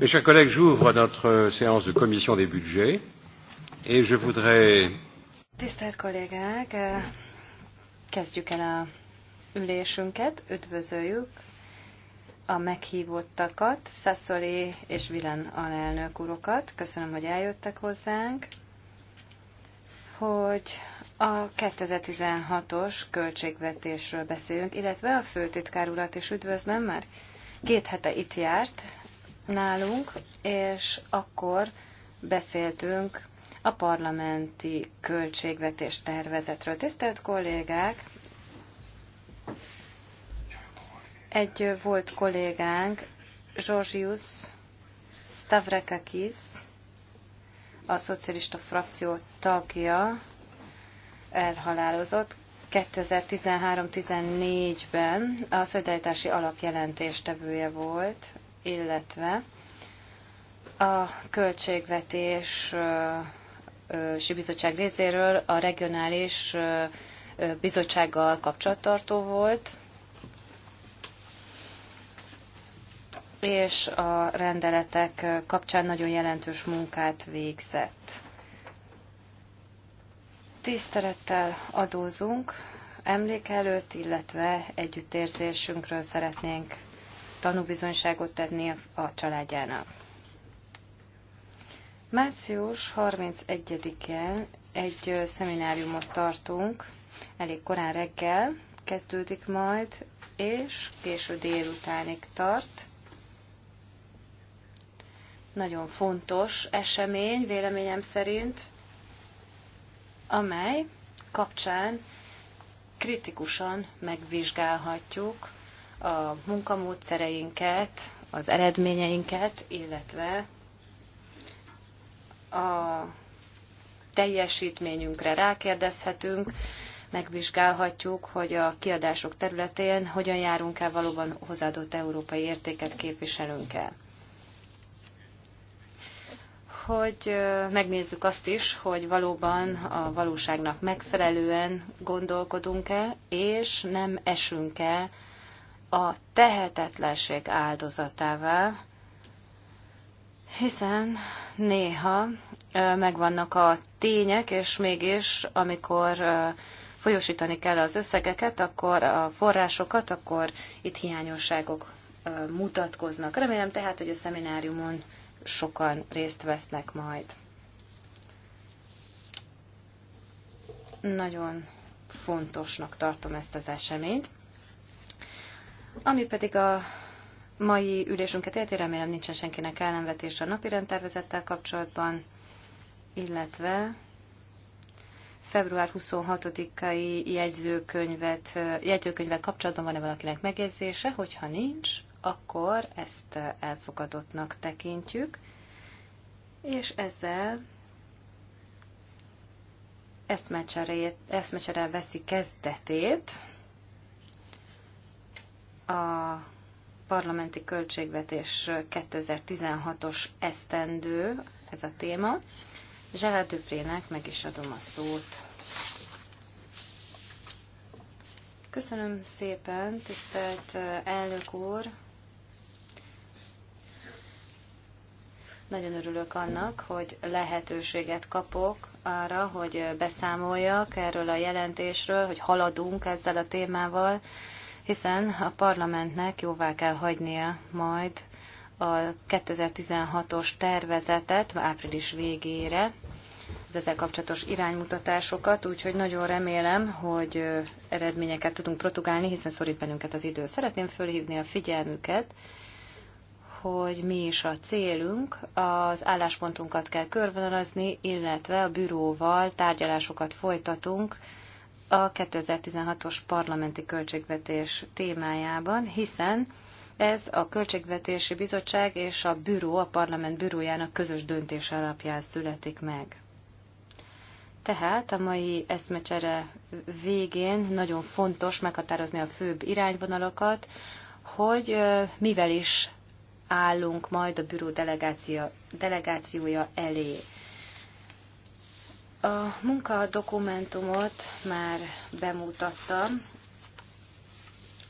Mes chers collègues, j'ouvre notre euh, séance de commission des budgets et je voudrais. Tisztelt kollégák, euh, kezdjük el a ülésünket, üdvözöljük a meghívottakat, Szaszoli és Vilen alelnök urokat. Köszönöm, hogy eljöttek hozzánk, hogy a 2016-os költségvetésről beszélünk, illetve a főtitkár urat is üdvözlöm, már két hete itt járt, nálunk, és akkor beszéltünk a parlamenti költségvetés tervezetről. Tisztelt kollégák, egy volt kollégánk, Zsorzsius Stavrekakis, a szocialista frakció tagja, elhalálozott 2013-14-ben a szolidaritási alapjelentéstevője volt illetve a költségvetés bizottság részéről a regionális bizottsággal kapcsolattartó volt, és a rendeletek kapcsán nagyon jelentős munkát végzett. Tisztelettel adózunk emlék előtt, illetve együttérzésünkről szeretnénk tanúbizonyságot tenni a családjának. Március 31-én egy szemináriumot tartunk, elég korán reggel kezdődik majd, és késő délutánig tart. Nagyon fontos esemény véleményem szerint, amely kapcsán kritikusan megvizsgálhatjuk a munkamódszereinket, az eredményeinket, illetve a teljesítményünkre rákérdezhetünk, megvizsgálhatjuk, hogy a kiadások területén hogyan járunk el valóban hozzáadott európai értéket képviselünk el. Hogy megnézzük azt is, hogy valóban a valóságnak megfelelően gondolkodunk-e, és nem esünk-e a tehetetlenség áldozatává, hiszen néha megvannak a tények, és mégis, amikor folyosítani kell az összegeket, akkor a forrásokat, akkor itt hiányosságok mutatkoznak. Remélem tehát, hogy a szemináriumon sokan részt vesznek majd. Nagyon fontosnak tartom ezt az eseményt. Ami pedig a mai ülésünket érti, remélem nincsen senkinek ellenvetés a napi rendtervezettel kapcsolatban, illetve február 26-ai jegyzőkönyvet, jegyzőkönyvvel kapcsolatban van-e valakinek megjegyzése, hogyha nincs, akkor ezt elfogadottnak tekintjük, és ezzel eszmecsere, eszmecsere veszi kezdetét a parlamenti költségvetés 2016-os esztendő, ez a téma. Zselá Döprének meg is adom a szót. Köszönöm szépen, tisztelt elnök úr! Nagyon örülök annak, hogy lehetőséget kapok arra, hogy beszámoljak erről a jelentésről, hogy haladunk ezzel a témával hiszen a parlamentnek jóvá kell hagynia majd a 2016-os tervezetet április végére, az ezzel kapcsolatos iránymutatásokat, úgyhogy nagyon remélem, hogy eredményeket tudunk protugálni, hiszen szorít bennünket az idő. Szeretném fölhívni a figyelmüket, hogy mi is a célunk, az álláspontunkat kell körvonalazni, illetve a büróval tárgyalásokat folytatunk a 2016-os parlamenti költségvetés témájában, hiszen ez a Költségvetési Bizottság és a büró, a parlament bürójának közös döntés alapján születik meg. Tehát a mai eszmecsere végén nagyon fontos meghatározni a főbb irányvonalakat, hogy mivel is állunk majd a büró delegáció, delegációja elé. A munka dokumentumot már bemutattam,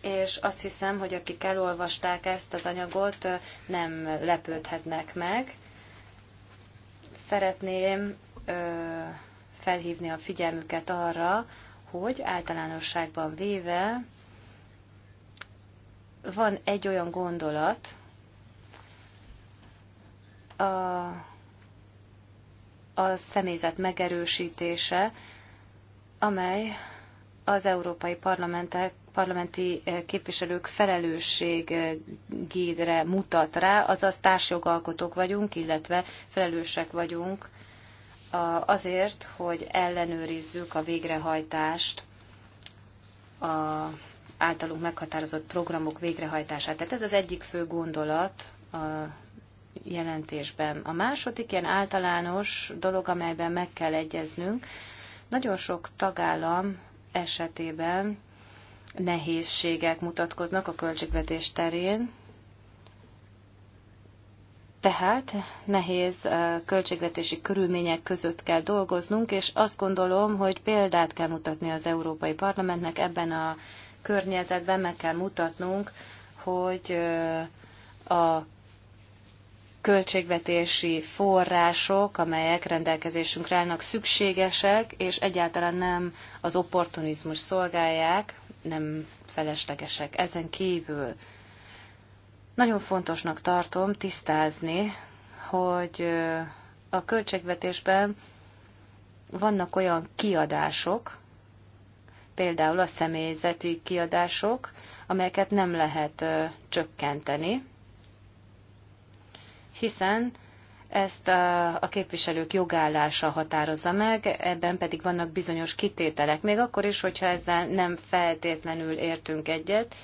és azt hiszem, hogy akik elolvasták ezt az anyagot, nem lepődhetnek meg. Szeretném ö, felhívni a figyelmüket arra, hogy általánosságban véve van egy olyan gondolat, a a személyzet megerősítése, amely az európai parlamentek, parlamenti eh, képviselők felelősségére mutat rá, azaz társjogalkotók vagyunk, illetve felelősek vagyunk azért, hogy ellenőrizzük a végrehajtást a általunk meghatározott programok végrehajtását. Tehát ez az egyik fő gondolat a jelentésben. A második ilyen általános dolog, amelyben meg kell egyeznünk, nagyon sok tagállam esetében nehézségek mutatkoznak a költségvetés terén, tehát nehéz költségvetési körülmények között kell dolgoznunk, és azt gondolom, hogy példát kell mutatni az Európai Parlamentnek ebben a környezetben, meg kell mutatnunk, hogy a költségvetési források, amelyek rendelkezésünkre állnak szükségesek, és egyáltalán nem az opportunizmus szolgálják, nem feleslegesek. Ezen kívül nagyon fontosnak tartom tisztázni, hogy a költségvetésben vannak olyan kiadások, például a személyzeti kiadások, amelyeket nem lehet csökkenteni, hiszen ezt a képviselők jogállása határozza meg, ebben pedig vannak bizonyos kitételek, még akkor is, hogyha ezzel nem feltétlenül értünk egyet.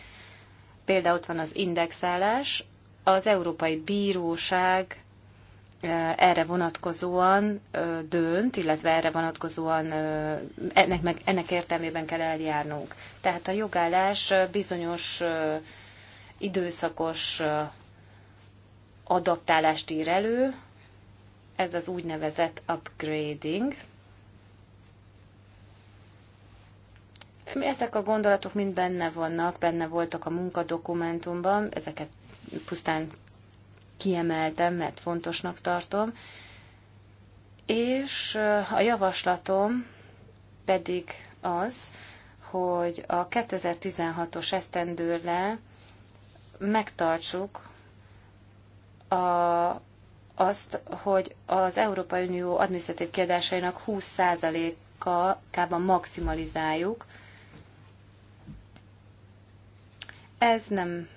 Például ott van az indexálás, az Európai Bíróság erre vonatkozóan dönt, illetve erre vonatkozóan ennek, meg, ennek értelmében kell eljárnunk. Tehát a jogállás bizonyos időszakos adaptálást ír elő, ez az úgynevezett upgrading. Ezek a gondolatok mind benne vannak, benne voltak a munkadokumentumban, ezeket pusztán kiemeltem, mert fontosnak tartom. És eh, a javaslatom pedig az, hogy a 2016-os esztendőre megtartsuk a, azt, hogy az Európai Unió adminisztratív kiadásainak 20 ában maximalizáljuk. Ez nem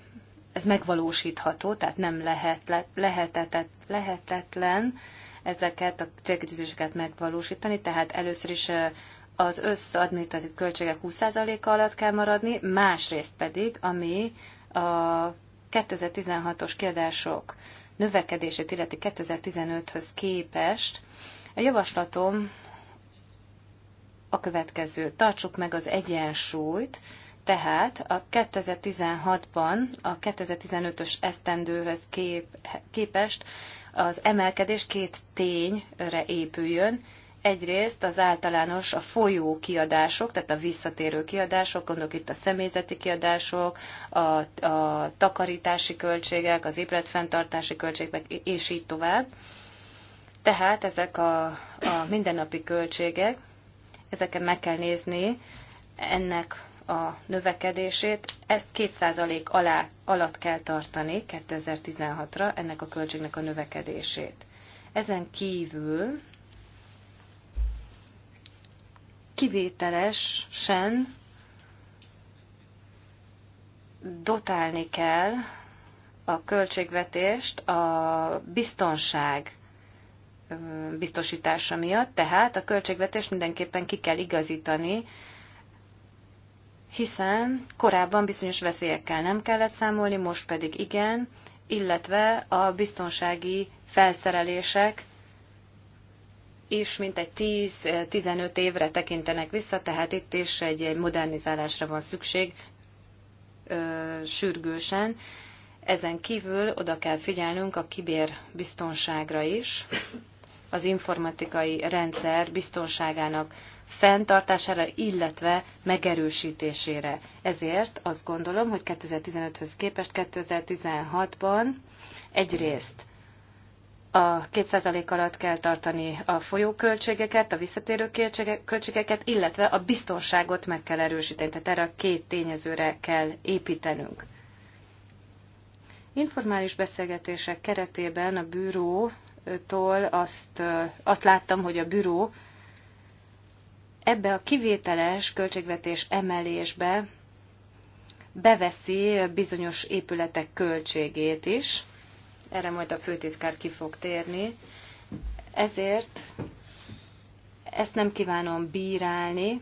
ez megvalósítható, tehát nem lehet lehetetet, lehetetlen ezeket a célkitűzéseket megvalósítani, tehát először is az összadminisztratív költségek 20%-a alatt kell maradni, másrészt pedig, ami a 2016-os kiadások növekedését illeti 2015-höz képest, a javaslatom a következő. Tartsuk meg az egyensúlyt, tehát a 2016-ban a 2015-ös esztendőhöz kép, képest az emelkedés két tényre épüljön, Egyrészt az általános, a folyó kiadások, tehát a visszatérő kiadások, gondolok itt a személyzeti kiadások, a, a takarítási költségek, az épületfenntartási költségek, és így tovább. Tehát ezek a, a mindennapi költségek, ezeket meg kell nézni ennek a növekedését. Ezt 2% alá, alatt kell tartani 2016-ra, ennek a költségnek a növekedését. Ezen kívül kivételesen dotálni kell a költségvetést a biztonság biztosítása miatt, tehát a költségvetést mindenképpen ki kell igazítani, hiszen korábban bizonyos veszélyekkel nem kellett számolni, most pedig igen, illetve a biztonsági felszerelések is mintegy 10-15 évre tekintenek vissza, tehát itt is egy, egy modernizálásra van szükség ö, sürgősen. Ezen kívül oda kell figyelnünk a kibérbiztonságra is, az informatikai rendszer biztonságának fenntartására, illetve megerősítésére. Ezért azt gondolom, hogy 2015-höz képest 2016-ban egyrészt a 2% alatt kell tartani a folyóköltségeket, a visszatérő költségeket, illetve a biztonságot meg kell erősíteni. Tehát erre a két tényezőre kell építenünk. Informális beszélgetések keretében a bűrótól azt, azt láttam, hogy a bűró ebbe a kivételes költségvetés emelésbe beveszi bizonyos épületek költségét is, erre majd a főtitkár ki fog térni. Ezért ezt nem kívánom bírálni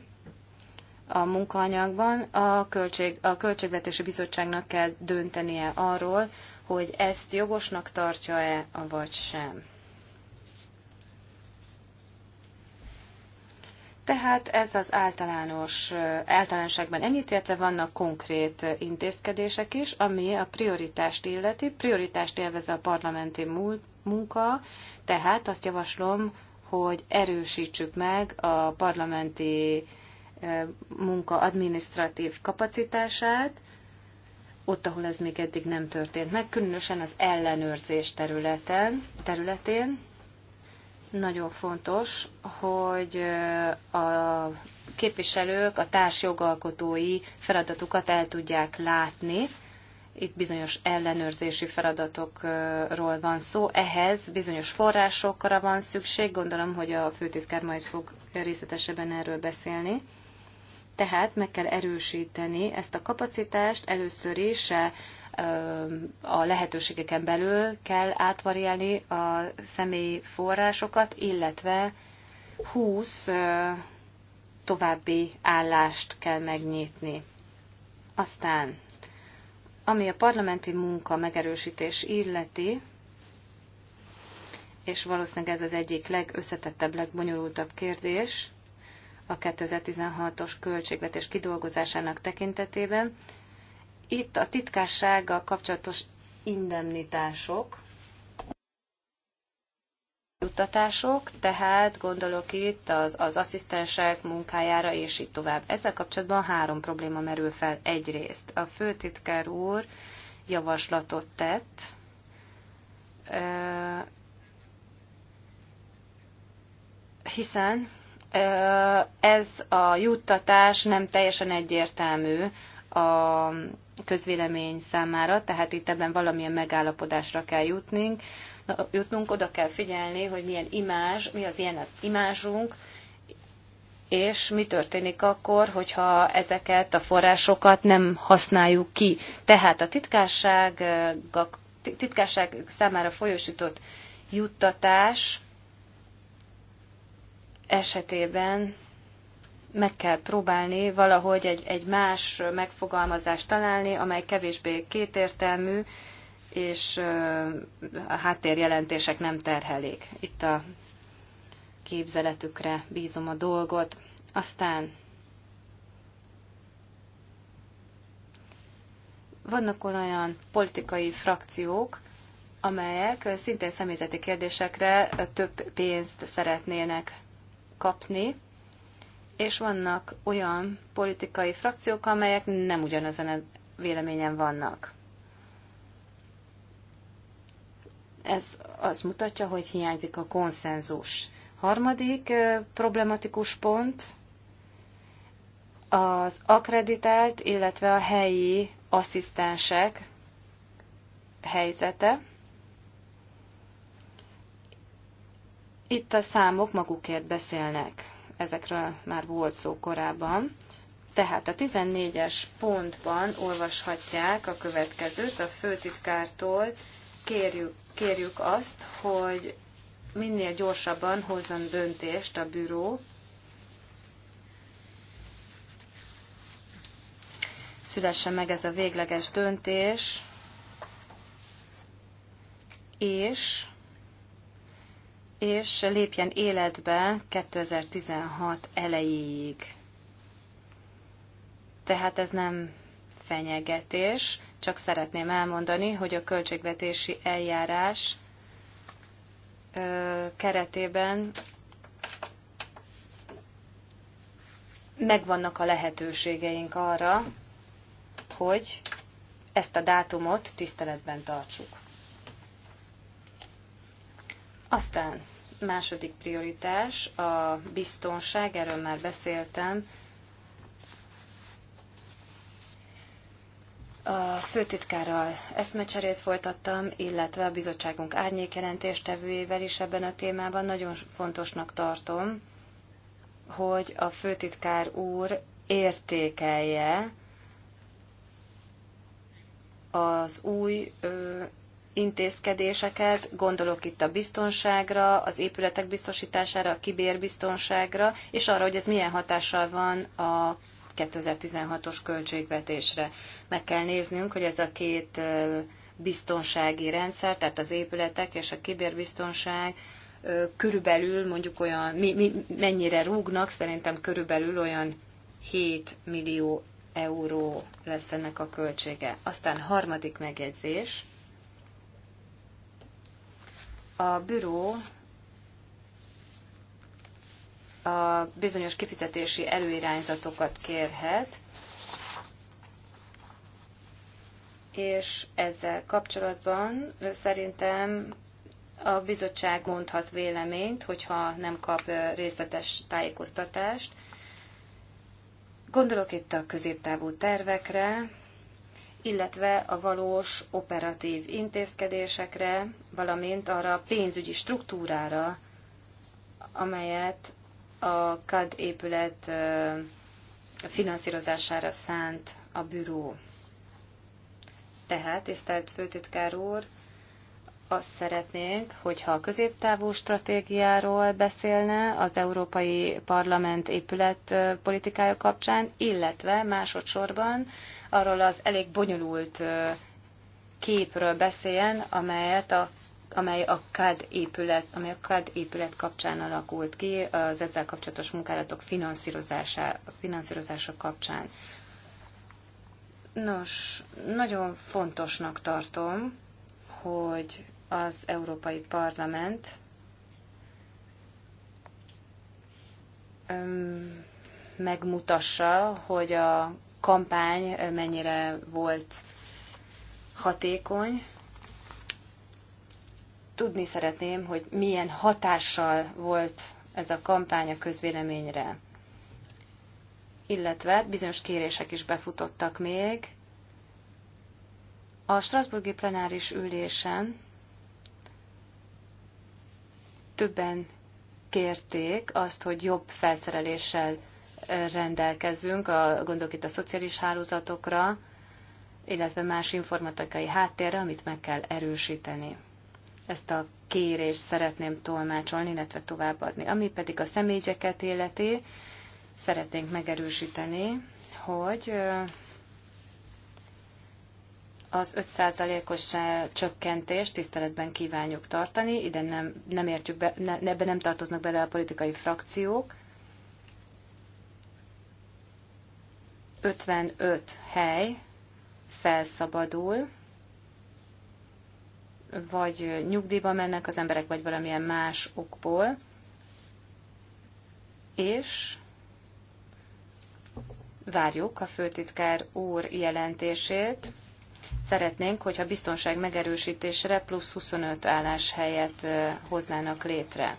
a munkaanyagban. A, költség, a Költségvetési Bizottságnak kell döntenie arról, hogy ezt jogosnak tartja-e, vagy sem. Tehát ez az általános, általánosságban ennyit, illetve vannak konkrét intézkedések is, ami a prioritást illeti. Prioritást élvez a parlamenti munka, tehát azt javaslom, hogy erősítsük meg a parlamenti munka adminisztratív kapacitását, ott, ahol ez még eddig nem történt meg, különösen az ellenőrzés területen, területén, nagyon fontos, hogy a képviselők a társjogalkotói feladatukat el tudják látni. Itt bizonyos ellenőrzési feladatokról van szó. Ehhez bizonyos forrásokra van szükség. Gondolom, hogy a főtitkár majd fog részletesebben erről beszélni. Tehát meg kell erősíteni ezt a kapacitást először is eh, a lehetőségeken belül kell átvariálni a személyi forrásokat, illetve 20 további állást kell megnyitni. Aztán, ami a parlamenti munka megerősítés illeti, és valószínűleg ez az egyik legösszetettebb, legbonyolultabb kérdés a 2016-os költségvetés kidolgozásának tekintetében, itt a titkássággal kapcsolatos indemnitások, juttatások, tehát gondolok itt az, az asszisztensek munkájára, és így tovább. Ezzel kapcsolatban három probléma merül fel. Egyrészt a főtitkár úr javaslatot tett, hiszen ez a juttatás nem teljesen egyértelmű a közvélemény számára, tehát itt ebben valamilyen megállapodásra kell jutnunk, jutnunk oda kell figyelni, hogy milyen imázs, mi az ilyen az imázsunk, és mi történik akkor, hogyha ezeket a forrásokat nem használjuk ki. Tehát a titkásság, a számára folyósított juttatás esetében meg kell próbálni valahogy egy, egy más megfogalmazást találni, amely kevésbé kétértelmű, és a háttérjelentések nem terhelik. Itt a képzeletükre bízom a dolgot. Aztán vannak olyan politikai frakciók, amelyek szintén személyzeti kérdésekre több pénzt szeretnének kapni, és vannak olyan politikai frakciók, amelyek nem ugyanezen a véleményen vannak. Ez azt mutatja, hogy hiányzik a konszenzus. Harmadik problematikus pont az akreditált, illetve a helyi asszisztensek helyzete. Itt a számok magukért beszélnek ezekről már volt szó korábban. Tehát a 14-es pontban olvashatják a következőt, a főtitkártól kérjük, kérjük azt, hogy minél gyorsabban hozzon döntést a büró. Szülesse meg ez a végleges döntés, és és lépjen életbe 2016 elejéig. Tehát ez nem fenyegetés, csak szeretném elmondani, hogy a költségvetési eljárás ö, keretében megvannak a lehetőségeink arra, hogy ezt a dátumot tiszteletben tartsuk. Aztán második prioritás a biztonság, erről már beszéltem. A főtitkárral eszmecserét folytattam, illetve a bizottságunk árnyékjelentéstevőjével is ebben a témában. Nagyon fontosnak tartom, hogy a főtitkár úr értékelje az új intézkedéseket, gondolok itt a biztonságra, az épületek biztosítására, a kibérbiztonságra, és arra, hogy ez milyen hatással van a 2016-os költségvetésre. Meg kell néznünk, hogy ez a két biztonsági rendszer, tehát az épületek és a kibérbiztonság körülbelül mondjuk olyan, mi, mi, mennyire rúgnak, szerintem körülbelül olyan 7 millió euró lesz ennek a költsége. Aztán harmadik megjegyzés, a büró a bizonyos kifizetési előirányzatokat kérhet, és ezzel kapcsolatban szerintem a bizottság mondhat véleményt, hogyha nem kap részletes tájékoztatást. Gondolok itt a középtávú tervekre, illetve a valós operatív intézkedésekre, valamint arra a pénzügyi struktúrára, amelyet a CAD épület finanszírozására szánt a büró. Tehát, tisztelt főtitkár úr, azt szeretnénk, hogyha a középtávú stratégiáról beszélne az Európai Parlament épület politikája kapcsán, illetve másodszorban arról az elég bonyolult képről beszéljen, amelyet a amely a CAD épület, amely a CAD épület kapcsán alakult ki az ezzel kapcsolatos munkálatok finanszírozása, finanszírozása kapcsán. Nos, nagyon fontosnak tartom, hogy az Európai Parlament megmutassa, hogy a kampány mennyire volt hatékony. Tudni szeretném, hogy milyen hatással volt ez a kampány a közvéleményre. Illetve bizonyos kérések is befutottak még. A Strasburgi plenáris ülésen többen kérték azt, hogy jobb felszereléssel rendelkezünk, a, gondolok itt a szociális hálózatokra, illetve más informatikai háttérre, amit meg kell erősíteni. Ezt a kérést szeretném tolmácsolni, illetve továbbadni. Ami pedig a személyeket illeti, szeretnénk megerősíteni, hogy az 5%-os csökkentést tiszteletben kívánjuk tartani, ide nem, nem értjük be, ne, ebbe nem tartoznak bele a politikai frakciók, 55 hely felszabadul, vagy nyugdíjba mennek az emberek, vagy valamilyen más okból, és várjuk a főtitkár úr jelentését. Szeretnénk, hogyha biztonság megerősítésre plusz 25 álláshelyet hoznának létre.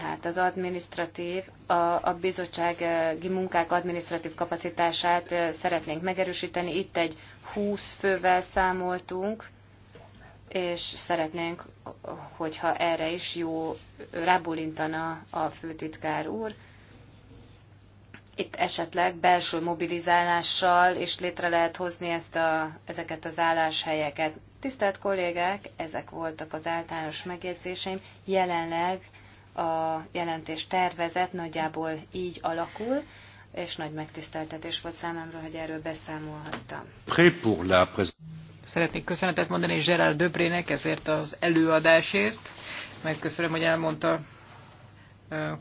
tehát az adminisztratív, a, a bizottsági munkák adminisztratív kapacitását szeretnénk megerősíteni. Itt egy 20 fővel számoltunk, és szeretnénk, hogyha erre is jó rábólintana a főtitkár úr. Itt esetleg belső mobilizálással is létre lehet hozni ezt a, ezeket az álláshelyeket. Tisztelt kollégák, ezek voltak az általános megjegyzéseim. Jelenleg a jelentés tervezet nagyjából így alakul, és nagy megtiszteltetés volt számomra, hogy erről beszámolhattam. Szeretnék köszönetet mondani Gerard Döbrének ezért az előadásért. Megköszönöm, hogy elmondta,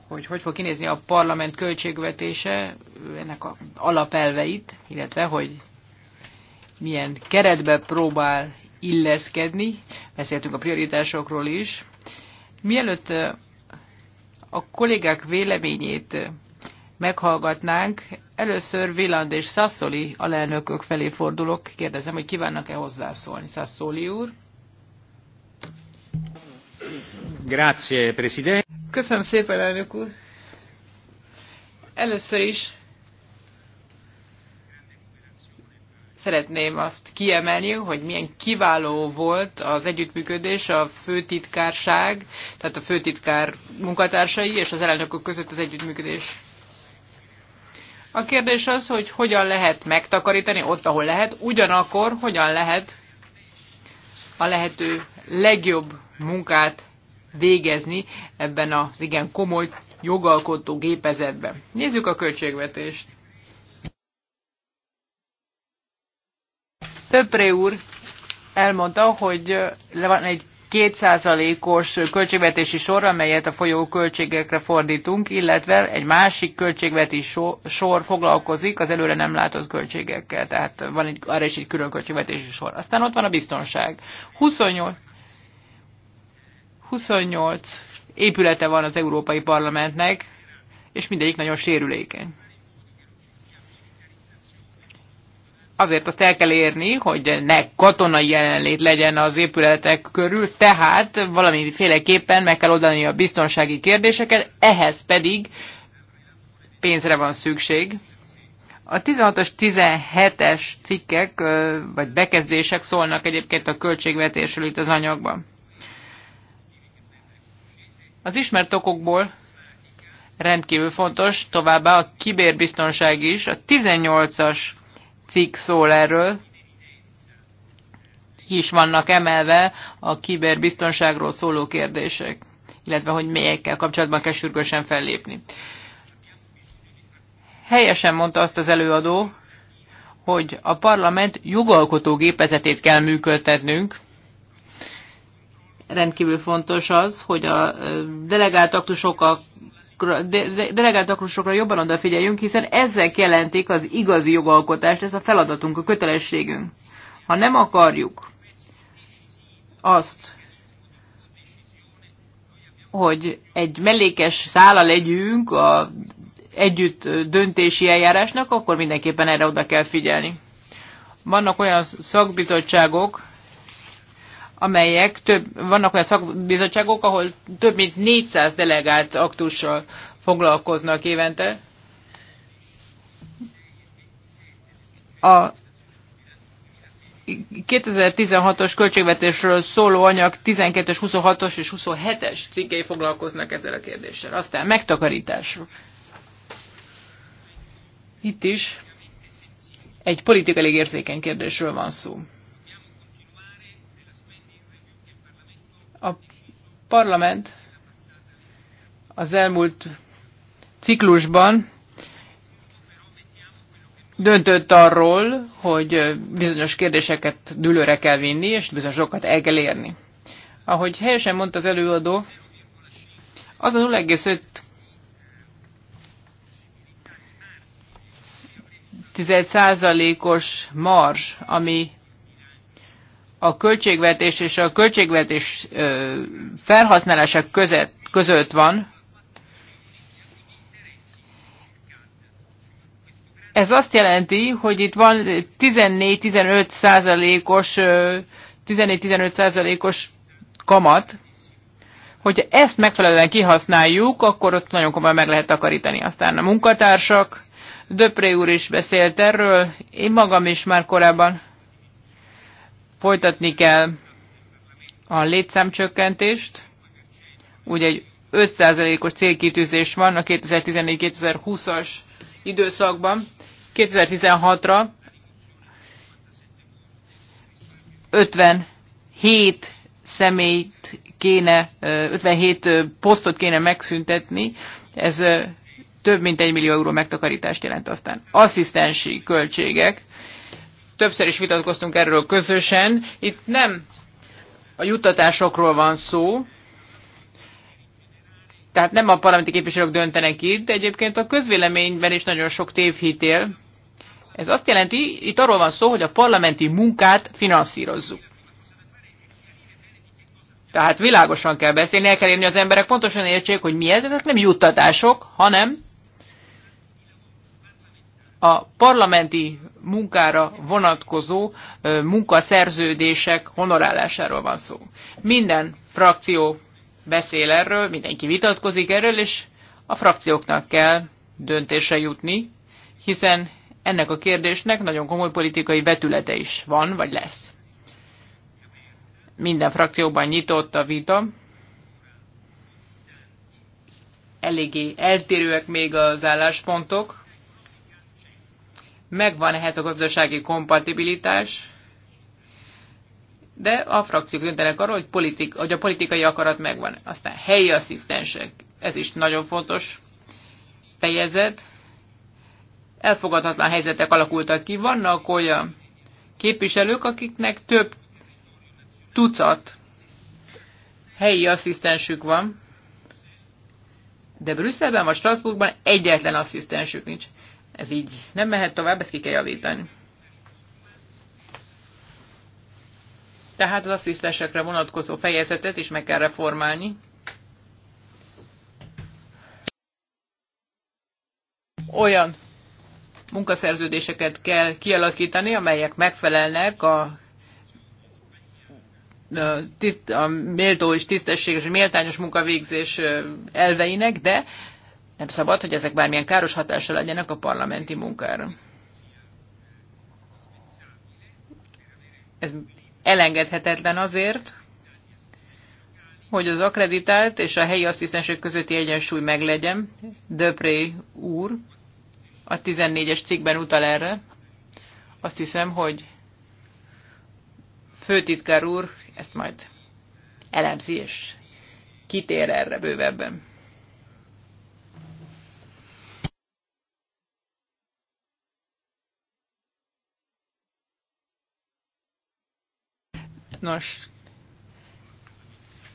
hogy hogy fog kinézni a parlament költségvetése, ennek a alapelveit, illetve hogy milyen keretbe próbál illeszkedni. Beszéltünk a prioritásokról is. Mielőtt a kollégák véleményét meghallgatnánk, először Villand és Szaszoli alelnökök felé fordulok. Kérdezem, hogy kívánnak-e hozzászólni. Szaszoli úr. Grazie, Presidente. Köszönöm szépen, elnök úr. Először is Szeretném azt kiemelni, hogy milyen kiváló volt az együttműködés a főtitkárság, tehát a főtitkár munkatársai és az elnökök között az együttműködés. A kérdés az, hogy hogyan lehet megtakarítani ott, ahol lehet, ugyanakkor hogyan lehet a lehető legjobb munkát végezni ebben az igen komoly jogalkotó gépezetben. Nézzük a költségvetést. Pöpré úr elmondta, hogy van egy kétszázalékos költségvetési sor, amelyet a folyó költségekre fordítunk, illetve egy másik költségvetési sor foglalkozik az előre nem látott költségekkel. Tehát van egy, arra is egy külön költségvetési sor. Aztán ott van a biztonság. 28, 28 épülete van az Európai Parlamentnek, és mindegyik nagyon sérülékeny. azért azt el kell érni, hogy ne katonai jelenlét legyen az épületek körül, tehát valamiféleképpen meg kell oldani a biztonsági kérdéseket, ehhez pedig pénzre van szükség. A 16-os, 17-es cikkek vagy bekezdések szólnak egyébként a költségvetésről itt az anyagban. Az ismert okokból rendkívül fontos, továbbá a kibérbiztonság is, a 18-as cikk szól erről. is vannak emelve a kiberbiztonságról szóló kérdések, illetve hogy melyekkel kapcsolatban kell sürgősen fellépni. Helyesen mondta azt az előadó, hogy a parlament jogalkotó gépezetét kell működtetnünk. Rendkívül fontos az, hogy a delegált aktusokkal delegált aktusokra jobban odafigyeljünk, hiszen ezek jelentik az igazi jogalkotást, ez a feladatunk, a kötelességünk. Ha nem akarjuk azt, hogy egy mellékes szála legyünk a együtt döntési eljárásnak, akkor mindenképpen erre oda kell figyelni. Vannak olyan szakbizottságok, amelyek több, vannak olyan szakbizottságok, ahol több mint 400 delegált aktussal foglalkoznak évente. A 2016-os költségvetésről szóló anyag 12-es, 26-os és 27-es cikkei foglalkoznak ezzel a kérdéssel. Aztán megtakarítás. Itt is egy politikai érzékeny kérdésről van szó. parlament az elmúlt ciklusban döntött arról, hogy bizonyos kérdéseket dülőre kell vinni, és bizonyosokat el kell érni. Ahogy helyesen mondta az előadó, az a 0,5 tized os marzs, ami a költségvetés és a költségvetés felhasználása között, között van. Ez azt jelenti, hogy itt van 14-15 százalékos 14-15 százalékos kamat, hogyha ezt megfelelően kihasználjuk, akkor ott nagyon komolyan meg lehet takarítani. Aztán a munkatársak, Döpré úr is beszélt erről, én magam is már korábban folytatni kell a létszámcsökkentést, úgy egy 5%-os célkitűzés van a 2014-2020-as időszakban. 2016-ra 57 személyt kéne, 57 posztot kéne megszüntetni, ez több mint egy millió euró megtakarítást jelent aztán. Asszisztensi költségek, többször is vitatkoztunk erről közösen. Itt nem a juttatásokról van szó, tehát nem a parlamenti képviselők döntenek itt, de egyébként a közvéleményben is nagyon sok tévhitél. Ez azt jelenti, itt arról van szó, hogy a parlamenti munkát finanszírozzuk. Tehát világosan kell beszélni, el kell érni az emberek, pontosan értsék, hogy mi ez, ezek nem juttatások, hanem a parlamenti munkára vonatkozó munkaszerződések honorálásáról van szó. Minden frakció beszél erről, mindenki vitatkozik erről, és a frakcióknak kell döntése jutni, hiszen ennek a kérdésnek nagyon komoly politikai vetülete is van, vagy lesz. Minden frakcióban nyitott a vita, eléggé eltérőek még az álláspontok, megvan ehhez a gazdasági kompatibilitás, de a frakciók döntenek arról, hogy, politik, hogy a politikai akarat megvan. Aztán helyi asszisztensek, ez is nagyon fontos fejezet. Elfogadhatatlan helyzetek alakultak ki. Vannak olyan képviselők, akiknek több tucat helyi asszisztensük van, de Brüsszelben vagy Strasbourgban egyetlen asszisztensük nincs ez így nem mehet tovább, ezt ki kell javítani. Tehát az asszisztensekre vonatkozó fejezetet is meg kell reformálni. Olyan munkaszerződéseket kell kialakítani, amelyek megfelelnek a a méltó és tisztességes, méltányos munkavégzés elveinek, de nem szabad, hogy ezek bármilyen káros hatással legyenek a parlamenti munkára. Ez elengedhetetlen azért, hogy az akreditált és a helyi asszisztensek közötti egyensúly meglegyen. Döpré úr a 14-es cikkben utal erre. Azt hiszem, hogy főtitkár úr ezt majd elemzi és kitér erre bővebben. Nos,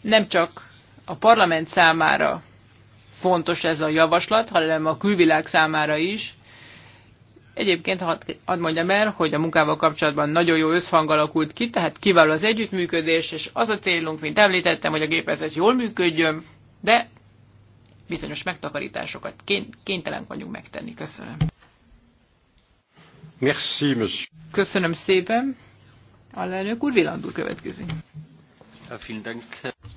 nem csak a parlament számára fontos ez a javaslat, hanem a külvilág számára is. Egyébként hadd mondjam el, hogy a munkával kapcsolatban nagyon jó összhang alakult ki, tehát kiváló az együttműködés, és az a célunk, mint említettem, hogy a gépezet jól működjön, de bizonyos megtakarításokat kénytelen vagyunk megtenni. Köszönöm. Merci, monsieur. Köszönöm szépen. Alelnök úr, Viland úr következik.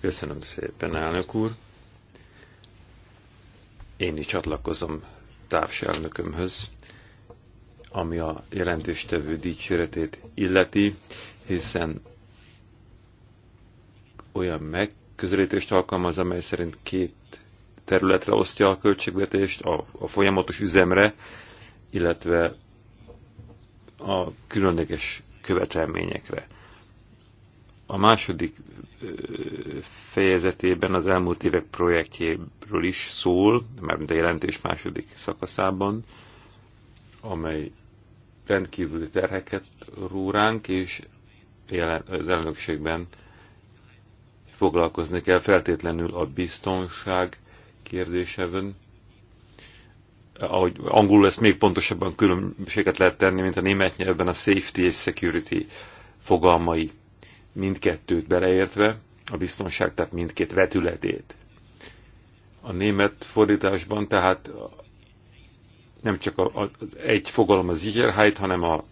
Köszönöm szépen, elnök úr. Én is csatlakozom társelnökömhöz, ami a jelentős tevő dicséretét illeti, hiszen olyan megközelítést alkalmaz, amely szerint két területre osztja a költségvetést, a, a folyamatos üzemre, illetve a különleges követelményekre. A második fejezetében az elmúlt évek projektjéről is szól, mert a jelentés második szakaszában, amely rendkívüli terheket róránk, és jelen, az elnökségben foglalkozni kell feltétlenül a biztonság kérdésevön ahogy angolul ezt még pontosabban különbséget lehet tenni, mint a német nyelvben a safety és security fogalmai mindkettőt beleértve, a biztonság tehát mindkét vetületét. A német fordításban tehát nem csak a, a, egy fogalom a Sicherheit, hanem a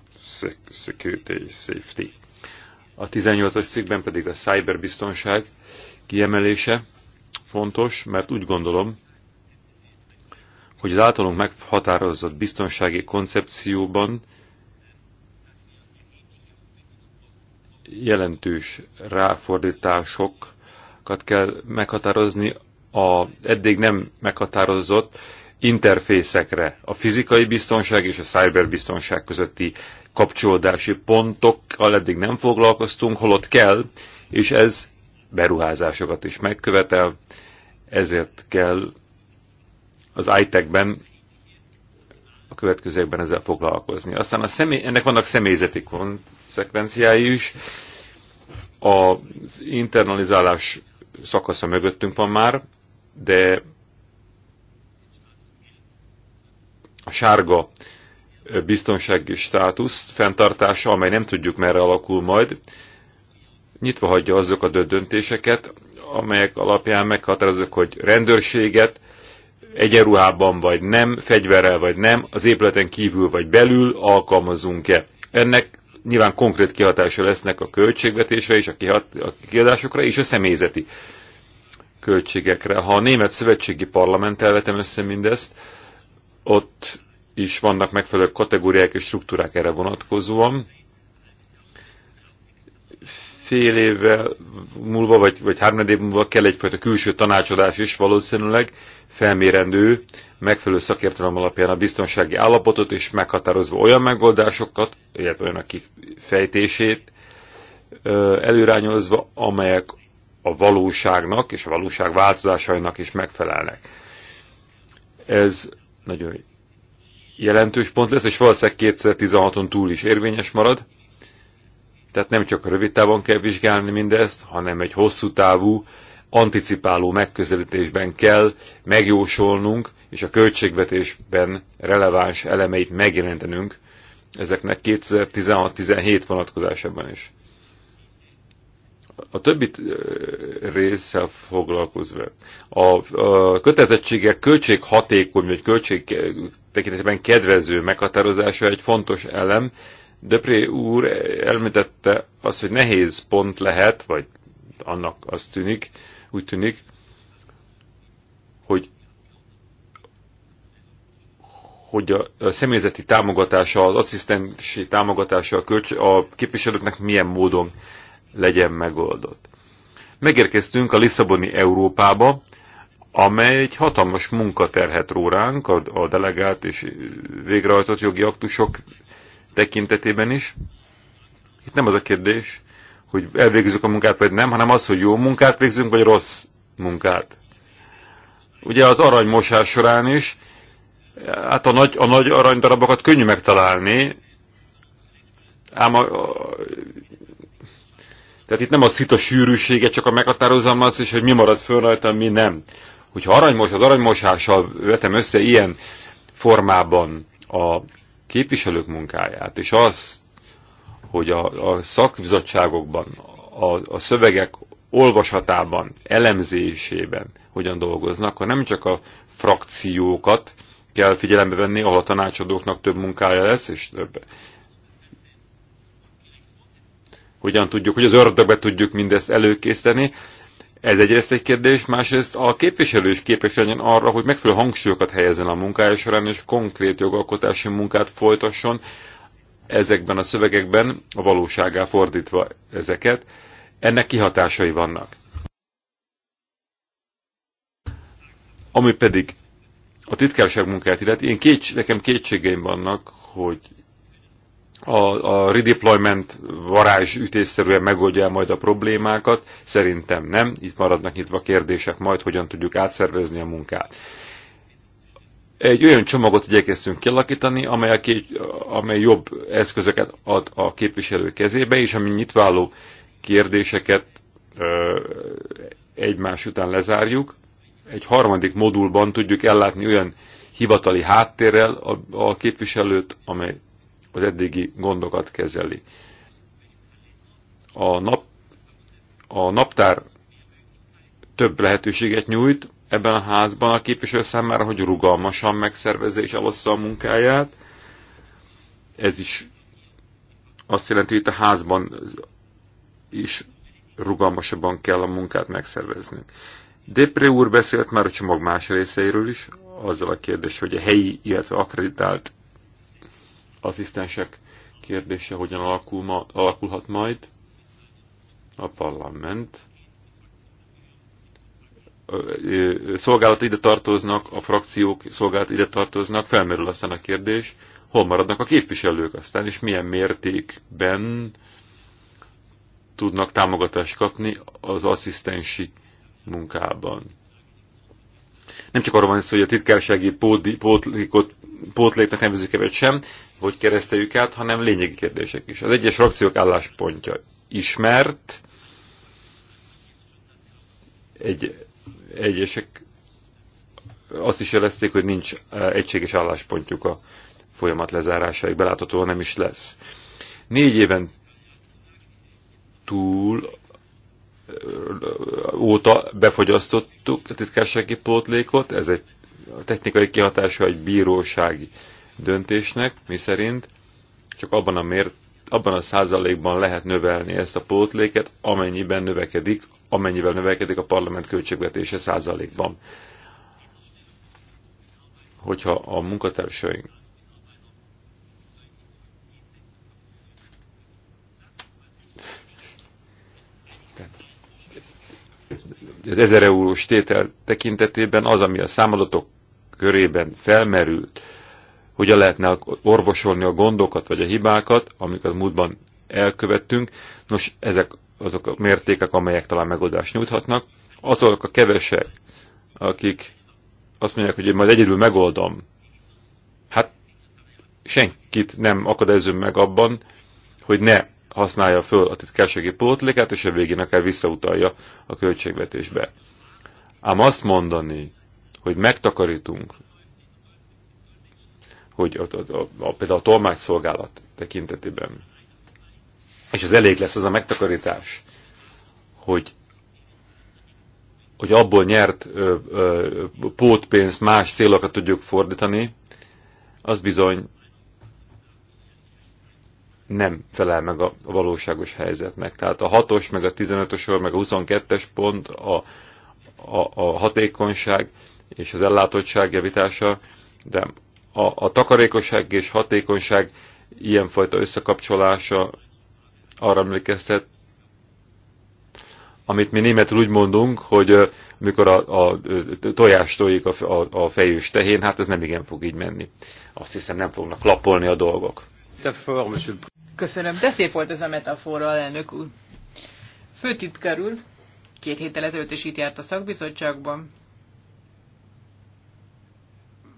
security és safety. A 18-as cikkben pedig a cyberbiztonság kiemelése fontos, mert úgy gondolom, hogy az általunk meghatározott biztonsági koncepcióban jelentős ráfordításokat kell meghatározni a eddig nem meghatározott interfészekre, a fizikai biztonság és a cyberbiztonság közötti kapcsolódási pontokkal eddig nem foglalkoztunk, holott kell, és ez beruházásokat is megkövetel, ezért kell az ITEC-ben a következőkben ezzel foglalkozni. Aztán a személy, ennek vannak személyzeti konsekvenciái is. Az internalizálás szakasza mögöttünk van már, de a sárga biztonsági státusz fenntartása, amely nem tudjuk merre alakul majd, nyitva hagyja azok a döntéseket, amelyek alapján meghatározok, hogy rendőrséget egyenruhában vagy nem, fegyverrel vagy nem, az épületen kívül vagy belül alkalmazunk-e. Ennek nyilván konkrét kihatása lesznek a költségvetésre és a, a kiadásokra és a személyzeti költségekre. Ha a német szövetségi parlament elvetem össze mindezt, ott is vannak megfelelő kategóriák és struktúrák erre vonatkozóan fél évvel múlva, vagy, vagy háromnegyed év múlva kell egyfajta külső tanácsadás is valószínűleg felmérendő, megfelelő szakértelem alapján a biztonsági állapotot, és meghatározva olyan megoldásokat, illetve olyan kifejtését előrányozva, amelyek a valóságnak és a valóság változásainak is megfelelnek. Ez nagyon jelentős pont lesz, és valószínűleg 2016-on túl is érvényes marad tehát nem csak a rövid távon kell vizsgálni mindezt, hanem egy hosszú távú, anticipáló megközelítésben kell megjósolnunk, és a költségvetésben releváns elemeit megjelentenünk ezeknek 2016-17 vonatkozásában is. A többi része foglalkozva. A, a kötelezettségek költséghatékony, vagy költség tekintetében kedvező meghatározása egy fontos elem, Depré úr elmítette azt, hogy nehéz pont lehet, vagy annak az tűnik, úgy tűnik, hogy, hogy a személyzeti támogatása, az asszisztensi támogatása a, kölcs, a képviselőknek milyen módon legyen megoldott. Megérkeztünk a Lisszaboni Európába, amely egy hatalmas munkaterhet ró ránk a, a delegált és végrehajtott jogi aktusok tekintetében is. Itt nem az a kérdés, hogy elvégzünk a munkát, vagy nem, hanem az, hogy jó munkát végzünk, vagy rossz munkát. Ugye az aranymosás során is, hát a nagy, a nagy aranydarabokat könnyű megtalálni, ám a, a, tehát itt nem a szita sűrűsége, csak a meghatározom az és hogy mi marad föl rajta, mi nem. Hogyha aranymos, az aranymosással vetem össze ilyen formában a képviselők munkáját, és az, hogy a, a szakbizottságokban, a, a szövegek olvasatában, elemzésében hogyan dolgoznak, akkor nem csak a frakciókat kell figyelembe venni, ahol a tanácsadóknak több munkája lesz, és több. Hogyan tudjuk, hogy az ördögbe tudjuk mindezt előkészíteni, ez egyrészt egy kérdés, másrészt a képviselő is képes legyen arra, hogy megfelelő hangsúlyokat helyezzen a munkája során, és konkrét jogalkotási munkát folytasson ezekben a szövegekben, a valóságá fordítva ezeket. Ennek kihatásai vannak. Ami pedig a titkárság munkáját illeti, én kéts, nekem kétségeim vannak, hogy a, a redeployment ütésszerűen megoldja majd a problémákat, szerintem nem, itt maradnak nyitva kérdések majd, hogyan tudjuk átszervezni a munkát. Egy olyan csomagot igyekeztünk kialakítani, amely, a két, amely jobb eszközöket ad a képviselő kezébe, és ami nyitváló kérdéseket ö, egymás után lezárjuk. Egy harmadik modulban tudjuk ellátni olyan hivatali háttérrel a, a képviselőt, amely az eddigi gondokat kezeli. A, nap, a naptár több lehetőséget nyújt ebben a házban a képviselő számára, hogy rugalmasan megszervezze és elossza a munkáját. Ez is azt jelenti, hogy itt a házban is rugalmasabban kell a munkát megszervezni. Depré úr beszélt már a csomag más részeiről is, azzal a kérdés, hogy a helyi, illetve akreditált asszisztensek kérdése hogyan alakul ma, alakulhat majd. A parlament szolgálat ide tartoznak, a frakciók szolgálat ide tartoznak, felmerül aztán a kérdés, hol maradnak a képviselők aztán, és milyen mértékben tudnak támogatást kapni az asszisztensi munkában. Nem csak arról van szó, hogy a titkársági pótlékot pótléknek nevezzük sem, hogy kereszteljük át, hanem lényegi kérdések is. Az egyes frakciók álláspontja ismert, egy, egyesek azt is jelezték, hogy nincs eh, egységes álláspontjuk a folyamat lezárásáig, belátható nem is lesz. Négy éven túl eh, óta befogyasztottuk a titkársági pótlékot, ez egy a technikai kihatása egy bírósági döntésnek, miszerint csak abban a, mért, abban a százalékban lehet növelni ezt a pótléket, amennyiben növekedik, amennyivel növekedik a parlament költségvetése százalékban. Hogyha a munkatársaink az ezer eurós tétel tekintetében az, ami a számadatok körében felmerült, hogyan lehetne orvosolni a gondokat vagy a hibákat, amiket múltban elkövettünk. Nos, ezek azok a mértékek, amelyek talán megoldást nyújthatnak. Azok a kevesek, akik azt mondják, hogy én majd egyedül megoldom, hát senkit nem akadályozom meg abban, hogy ne használja föl a titkársági pótlékát, és a végén akár visszautalja a költségvetésbe. Ám azt mondani, hogy megtakarítunk hogy a, a, a, a, például a tolmácsszolgálat tekintetében. És az elég lesz az a megtakarítás, hogy, hogy abból nyert ö, ö, pótpénzt más célokat tudjuk fordítani, az bizony nem felel meg a valóságos helyzetnek. Tehát a 6-os, meg a 15-ös meg a 22-es pont a, a, a hatékonyság és az ellátottság javítása, de a, a takarékosság és hatékonyság ilyenfajta összekapcsolása arra emlékeztet, amit mi németül úgy mondunk, hogy mikor a, a tojás tojik a, a, a fejős tehén, hát ez nem igen fog így menni. Azt hiszem nem fognak lapolni a dolgok. Köszönöm, de szép volt ez a metafora, elnök úr. Főtitkár úr, két héttel ezelőtt is itt járt a szakbizottságban,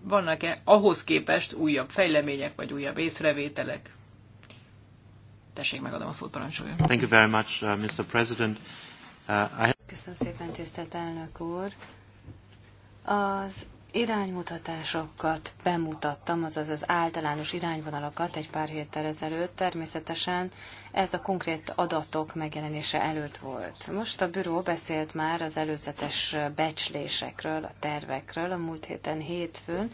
vannak-e ahhoz képest újabb fejlemények, vagy újabb észrevételek? Tessék, megadom a szót, parancsoljon. Thank you very much, uh, Mr. President. Uh, I... Köszönöm szépen, tisztelt elnök úr. Az iránymutatásokat bemutattam, azaz az általános irányvonalakat egy pár héttel ezelőtt. Természetesen ez a konkrét adatok megjelenése előtt volt. Most a büró beszélt már az előzetes becslésekről, a tervekről a múlt héten hétfőn,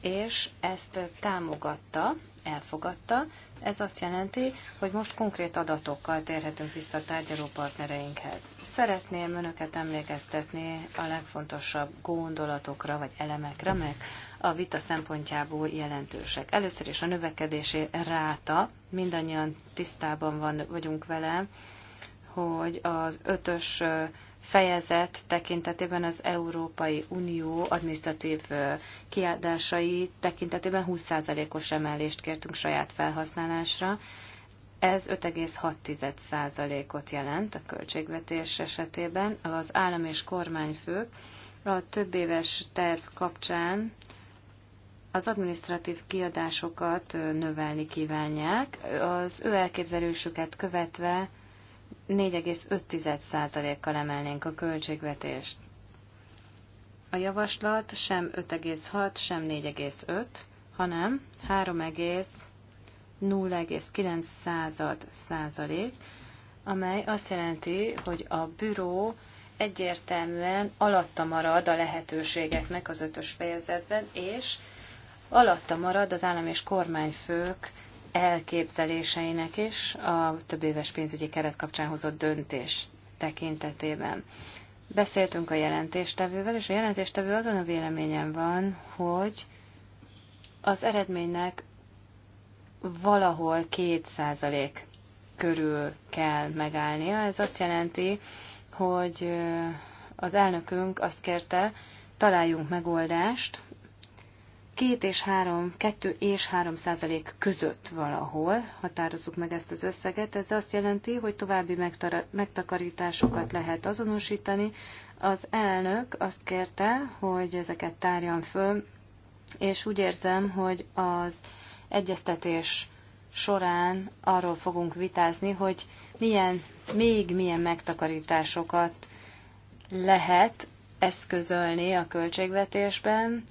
és ezt támogatta elfogadta. Ez azt jelenti, hogy most konkrét adatokkal térhetünk vissza a tárgyaló partnereinkhez. Szeretném önöket emlékeztetni a legfontosabb gondolatokra vagy elemekre, meg a vita szempontjából jelentősek. Először is a növekedési ráta, mindannyian tisztában van, vagyunk vele, hogy az ötös fejezet tekintetében az Európai Unió adminisztratív kiadásai tekintetében 20%-os emelést kértünk saját felhasználásra. Ez 5,6%-ot jelent a költségvetés esetében. Az állam és kormányfők a több éves terv kapcsán az adminisztratív kiadásokat növelni kívánják. Az ő elképzelésüket követve 4,5%-kal emelnénk a költségvetést. A javaslat sem 5,6, sem 4,5, hanem 3,0,9 amely azt jelenti, hogy a büró egyértelműen alatta marad a lehetőségeknek az ötös fejezetben, és alatta marad az állam és kormányfők elképzeléseinek is a több éves pénzügyi keret kapcsán hozott döntés tekintetében. Beszéltünk a jelentéstevővel, és a jelentéstevő azon a véleményen van, hogy az eredménynek valahol 2% körül kell megállnia. Ez azt jelenti, hogy az elnökünk azt kérte, találjunk megoldást, két és három, kettő és három százalék között valahol határozzuk meg ezt az összeget. Ez azt jelenti, hogy további megtakarításokat lehet azonosítani. Az elnök azt kérte, hogy ezeket tárjam föl, és úgy érzem, hogy az egyeztetés során arról fogunk vitázni, hogy milyen, még milyen megtakarításokat lehet eszközölni a költségvetésben,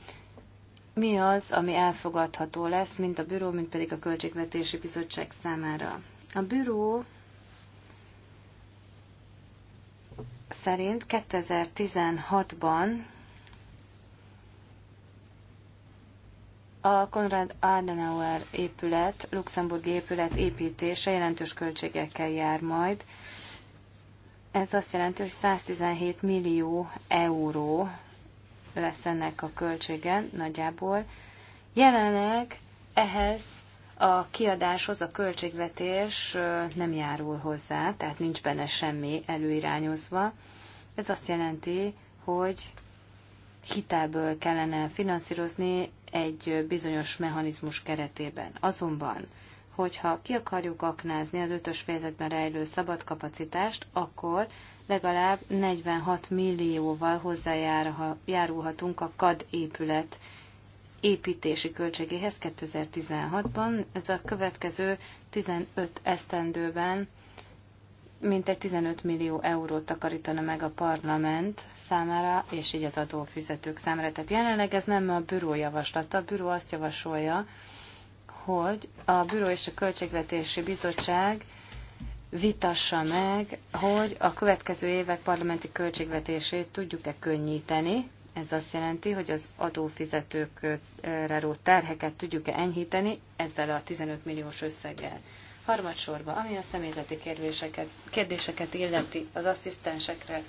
mi az, ami elfogadható lesz, mind a büró, mind pedig a Költségvetési Bizottság számára. A büró szerint 2016-ban a Konrad Adenauer épület, Luxemburg épület építése jelentős költségekkel jár majd. Ez azt jelenti, hogy 117 millió euró lesz ennek a költsége nagyjából. Jelenleg ehhez a kiadáshoz a költségvetés nem járul hozzá, tehát nincs benne semmi előirányozva. Ez azt jelenti, hogy hitelből kellene finanszírozni egy bizonyos mechanizmus keretében. Azonban, hogyha ki akarjuk aknázni az ötös fejezetben rejlő szabad kapacitást, akkor legalább 46 millióval hozzájárulhatunk a CAD épület építési költségéhez 2016-ban. Ez a következő 15 esztendőben mintegy 15 millió eurót takarítana meg a parlament számára, és így az adófizetők számára. Tehát jelenleg ez nem a büró javaslata. A büró azt javasolja, hogy a büró és a költségvetési bizottság vitassa meg, hogy a következő évek parlamenti költségvetését tudjuk-e könnyíteni. Ez azt jelenti, hogy az adófizetőkre ró terheket tudjuk-e enyhíteni ezzel a 15 milliós összeggel. Harmadsorban, ami a személyzeti kérdéseket, kérdéseket illeti az asszisztensekre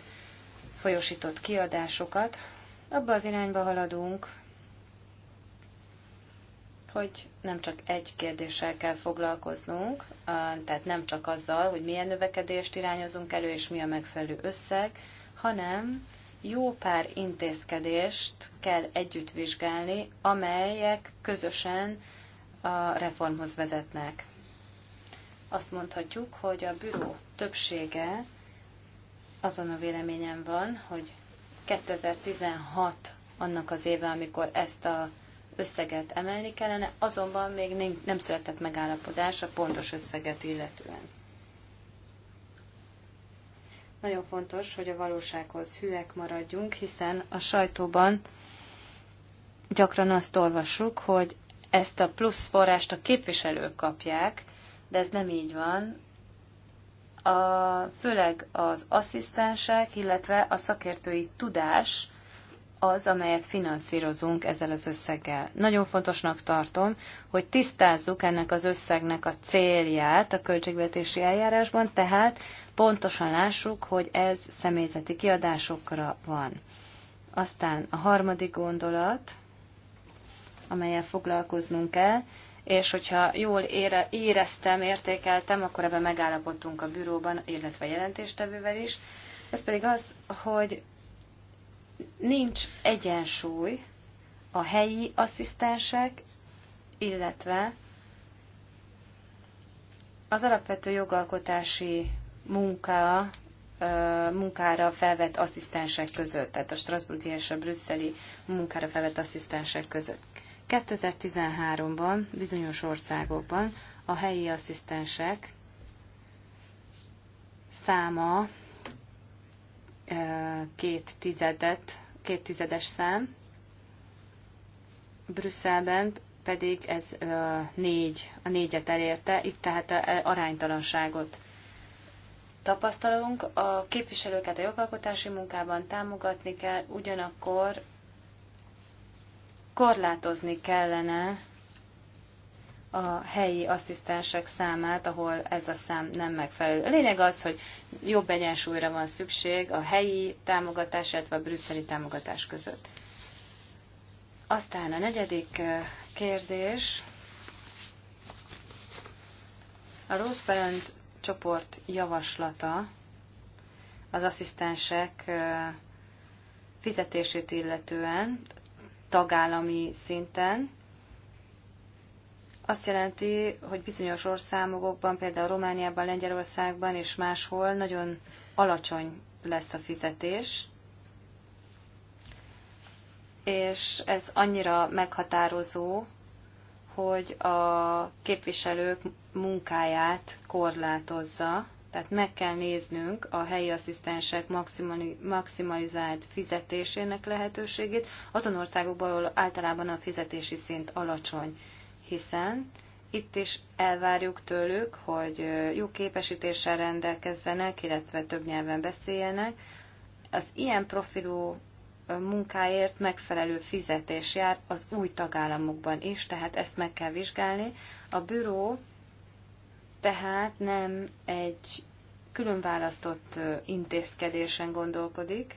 folyosított kiadásokat, abba az irányba haladunk, hogy nem csak egy kérdéssel kell foglalkoznunk, tehát nem csak azzal, hogy milyen növekedést irányozunk elő, és mi a megfelelő összeg, hanem jó pár intézkedést kell együtt vizsgálni, amelyek közösen a reformhoz vezetnek. Azt mondhatjuk, hogy a büró többsége azon a véleményem van, hogy 2016 annak az éve, amikor ezt a összeget emelni kellene, azonban még nem született megállapodás a pontos összeget illetően. Nagyon fontos, hogy a valósághoz hűek maradjunk, hiszen a sajtóban gyakran azt olvassuk, hogy ezt a plusz forrást a képviselők kapják, de ez nem így van. A, főleg az asszisztensek, illetve a szakértői tudás az, amelyet finanszírozunk ezzel az összeggel. Nagyon fontosnak tartom, hogy tisztázzuk ennek az összegnek a célját a költségvetési eljárásban, tehát pontosan lássuk, hogy ez személyzeti kiadásokra van. Aztán a harmadik gondolat, amelyel foglalkoznunk kell, és hogyha jól ére, éreztem, értékeltem, akkor ebben megállapodtunk a bűróban, illetve jelentéstevővel is. Ez pedig az, hogy nincs egyensúly a helyi asszisztensek, illetve az alapvető jogalkotási munka, munkára felvett asszisztensek között, tehát a Strasburgi és a brüsszeli munkára felvett asszisztensek között. 2013-ban bizonyos országokban a helyi asszisztensek száma két tizedet, két tizedes szám, Brüsszelben pedig ez négy, a négyet elérte, itt tehát e, aránytalanságot tapasztalunk. A képviselőket a jogalkotási munkában támogatni kell, ugyanakkor korlátozni kellene a helyi asszisztensek számát, ahol ez a szám nem megfelelő. A lényeg az, hogy jobb egyensúlyra van szükség a helyi támogatás, illetve a brüsszeli támogatás között. Aztán a negyedik eh, kérdés. A Roosevelt csoport javaslata az asszisztensek eh, fizetését illetően tagállami szinten azt jelenti, hogy bizonyos országokban, például Romániában, Lengyelországban és máshol nagyon alacsony lesz a fizetés, és ez annyira meghatározó, hogy a képviselők munkáját korlátozza, tehát meg kell néznünk a helyi asszisztensek maximalizált fizetésének lehetőségét. Azon országokban, ahol általában a fizetési szint alacsony hiszen itt is elvárjuk tőlük, hogy jó képesítéssel rendelkezzenek, illetve több nyelven beszéljenek. Az ilyen profilú munkáért megfelelő fizetés jár az új tagállamokban is, tehát ezt meg kell vizsgálni. A büró tehát nem egy különválasztott intézkedésen gondolkodik,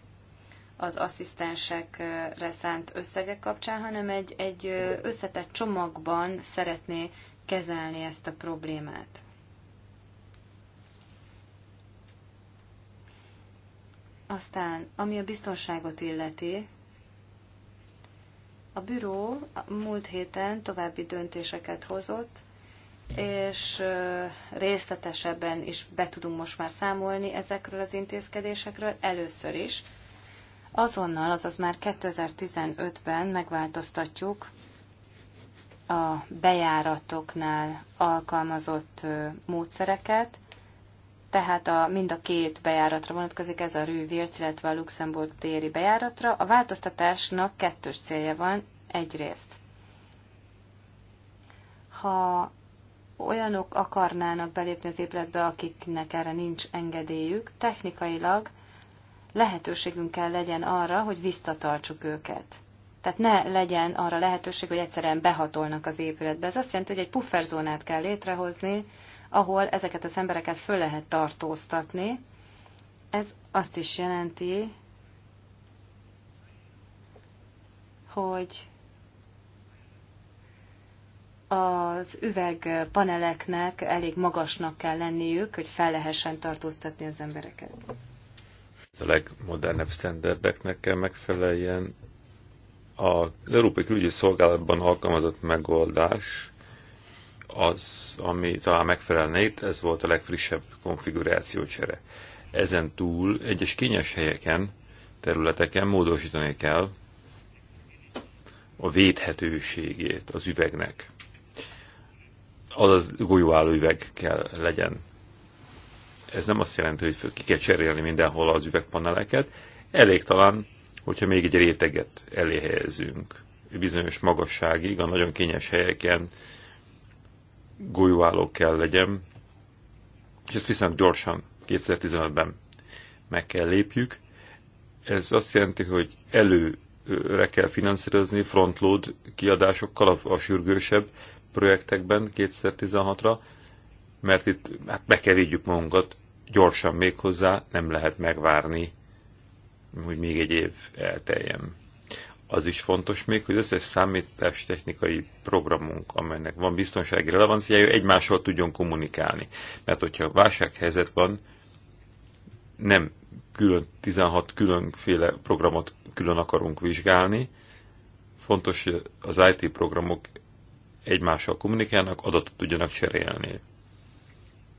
az asszisztensekre szánt összegek kapcsán, hanem egy, egy összetett csomagban szeretné kezelni ezt a problémát. Aztán, ami a biztonságot illeti, a büró múlt héten további döntéseket hozott, és részletesebben is be tudunk most már számolni ezekről az intézkedésekről először is azonnal, azaz már 2015-ben megváltoztatjuk a bejáratoknál alkalmazott módszereket, tehát a, mind a két bejáratra vonatkozik ez a Rűvirc, illetve a Luxemburg téri bejáratra. A változtatásnak kettős célja van egyrészt. Ha olyanok akarnának belépni az épületbe, akiknek erre nincs engedélyük, technikailag lehetőségünk kell legyen arra, hogy visszatartsuk őket. Tehát ne legyen arra lehetőség, hogy egyszerűen behatolnak az épületbe. Ez azt jelenti, hogy egy pufferzónát kell létrehozni, ahol ezeket az embereket föl lehet tartóztatni. Ez azt is jelenti, hogy az üvegpaneleknek elég magasnak kell lenniük, hogy fel lehessen tartóztatni az embereket a legmodernebb standardeknek kell megfeleljen. Az Európai Külügyi Szolgálatban alkalmazott megoldás az, ami talán megfelelne itt, ez volt a legfrissebb konfigurációcsere. Ezen túl egyes kényes helyeken, területeken módosítani kell a védhetőségét az üvegnek. Az golyóálló üveg kell legyen ez nem azt jelenti, hogy ki kell cserélni mindenhol az üvegpaneleket. Elég talán, hogyha még egy réteget elé helyezünk bizonyos magasságig, a nagyon kényes helyeken golyóálló kell legyen, és ezt viszont gyorsan 2015-ben meg kell lépjük. Ez azt jelenti, hogy előre kell finanszírozni frontload kiadásokkal a, sürgősebb projektekben 2016-ra, mert itt hát be kell védjük magunkat gyorsan még hozzá nem lehet megvárni, hogy még egy év elteljen. Az is fontos még, hogy az összes technikai programunk, amelynek van biztonsági relevanciája, egymással tudjon kommunikálni. Mert hogyha válsághelyzet van, nem külön 16 különféle programot külön akarunk vizsgálni. Fontos, hogy az IT programok egymással kommunikálnak, adatot tudjanak cserélni.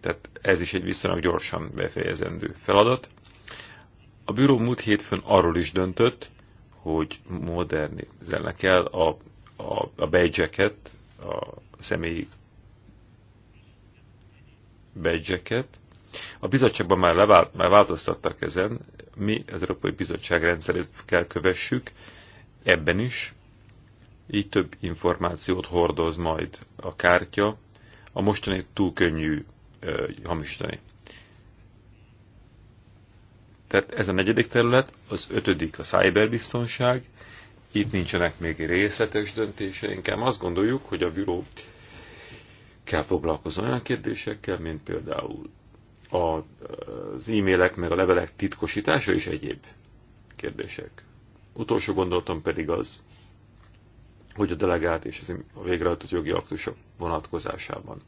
Tehát ez is egy viszonylag gyorsan befejezendő feladat. A bűró múlt hétfőn arról is döntött, hogy modernizálnak el a, a, a bejegyeket, a személyi bejegyeket. A bizottságban már, levált, már változtattak ezen, mi az Európai Bizottság rendszerét kell kövessük, ebben is, így több információt hordoz majd a kártya. A mostani túl könnyű hamisítani. Tehát ez a negyedik terület, az ötödik a cyberbiztonság, itt nincsenek még részletes döntéseink, ám azt gondoljuk, hogy a büró kell foglalkozni olyan kérdésekkel, mint például a, az e-mailek meg a levelek titkosítása és egyéb kérdések. Utolsó gondolatom pedig az, hogy a delegált és a végrehajtott jogi aktusok vonatkozásában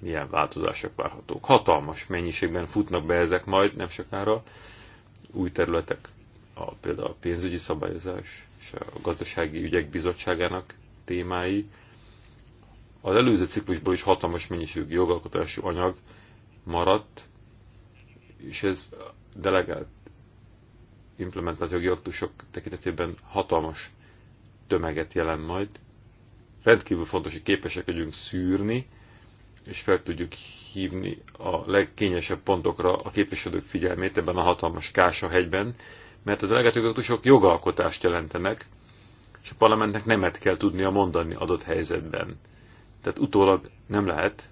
milyen változások várhatók. Hatalmas mennyiségben futnak be ezek majd nem sokára új területek, a, például a pénzügyi szabályozás és a gazdasági ügyek bizottságának témái. Az előző ciklusból is hatalmas mennyiségű jogalkotási anyag maradt, és ez delegált implementált jogi aktusok tekintetében hatalmas tömeget jelent majd. Rendkívül fontos, hogy képesek legyünk szűrni, és fel tudjuk hívni a legkényesebb pontokra a képviselők figyelmét ebben a hatalmas Kása hegyben, mert a delegációktusok jogalkotást jelentenek, és a parlamentnek nemet kell tudnia mondani adott helyzetben. Tehát utólag nem lehet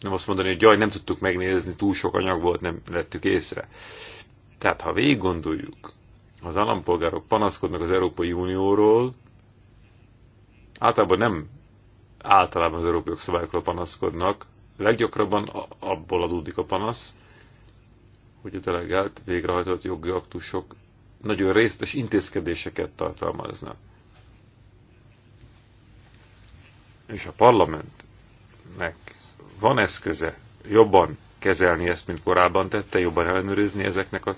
nem azt mondani, hogy jaj, nem tudtuk megnézni, túl sok anyag volt, nem lettük észre. Tehát, ha végig gondoljuk, az állampolgárok panaszkodnak az Európai Unióról, általában nem általában az európai jogszabályokról panaszkodnak. Leggyakrabban abból adódik a panasz, hogy a delegált végrehajtott jogi aktusok nagyon részletes intézkedéseket tartalmaznak. És a parlamentnek van eszköze jobban kezelni ezt, mint korábban tette, jobban ellenőrizni ezeknek a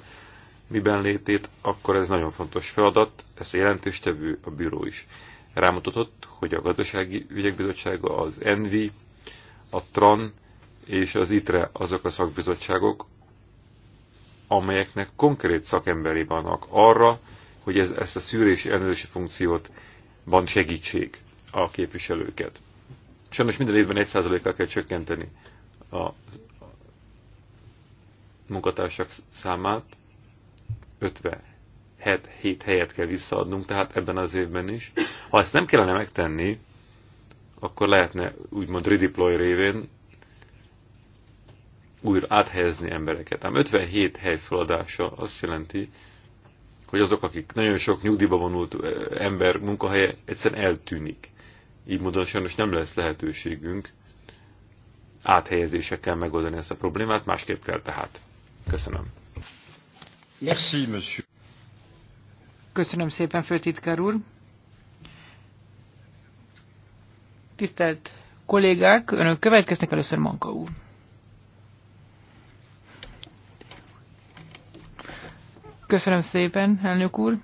miben létét, akkor ez nagyon fontos feladat, ez jelentéstevő a bíró is rámutatott, hogy a Gazdasági Ügyek Bizottsága, az ENVI, a TRAN és az ITRE azok a szakbizottságok, amelyeknek konkrét szakemberi vannak arra, hogy ez, ezt a szűrési ellenőrzési funkciót van segítség a képviselőket. Sajnos minden évben 1%-kal kell csökkenteni a munkatársak számát 50 7 helyet kell visszaadnunk, tehát ebben az évben is. Ha ezt nem kellene megtenni, akkor lehetne úgymond redeploy révén újra áthelyezni embereket. Ám 57 hely feladása azt jelenti, hogy azok, akik nagyon sok nyugdíjba vonult ember munkahelye egyszerűen eltűnik. Így módon sajnos nem lesz lehetőségünk áthelyezésekkel megoldani ezt a problémát, másképp kell tehát. Köszönöm. Merci, monsieur. Köszönöm szépen, főtitkár úr. Tisztelt kollégák, önök következnek először Manka úr. Köszönöm szépen, elnök úr.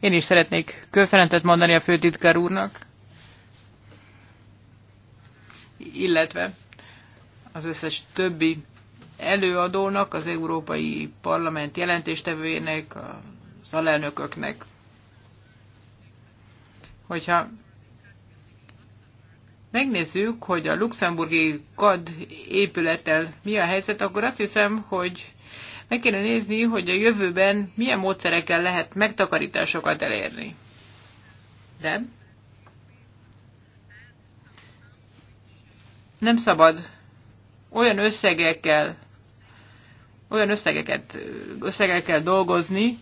Én is szeretnék köszönetet mondani a főtitkár úrnak, illetve az összes többi előadónak, az Európai Parlament jelentéstevőjének, a az alelnököknek, hogyha megnézzük, hogy a luxemburgi kad épülettel mi a helyzet, akkor azt hiszem, hogy meg kéne nézni, hogy a jövőben milyen módszerekkel lehet megtakarításokat elérni. De nem szabad olyan összegekkel olyan összegeket, összegekkel dolgozni,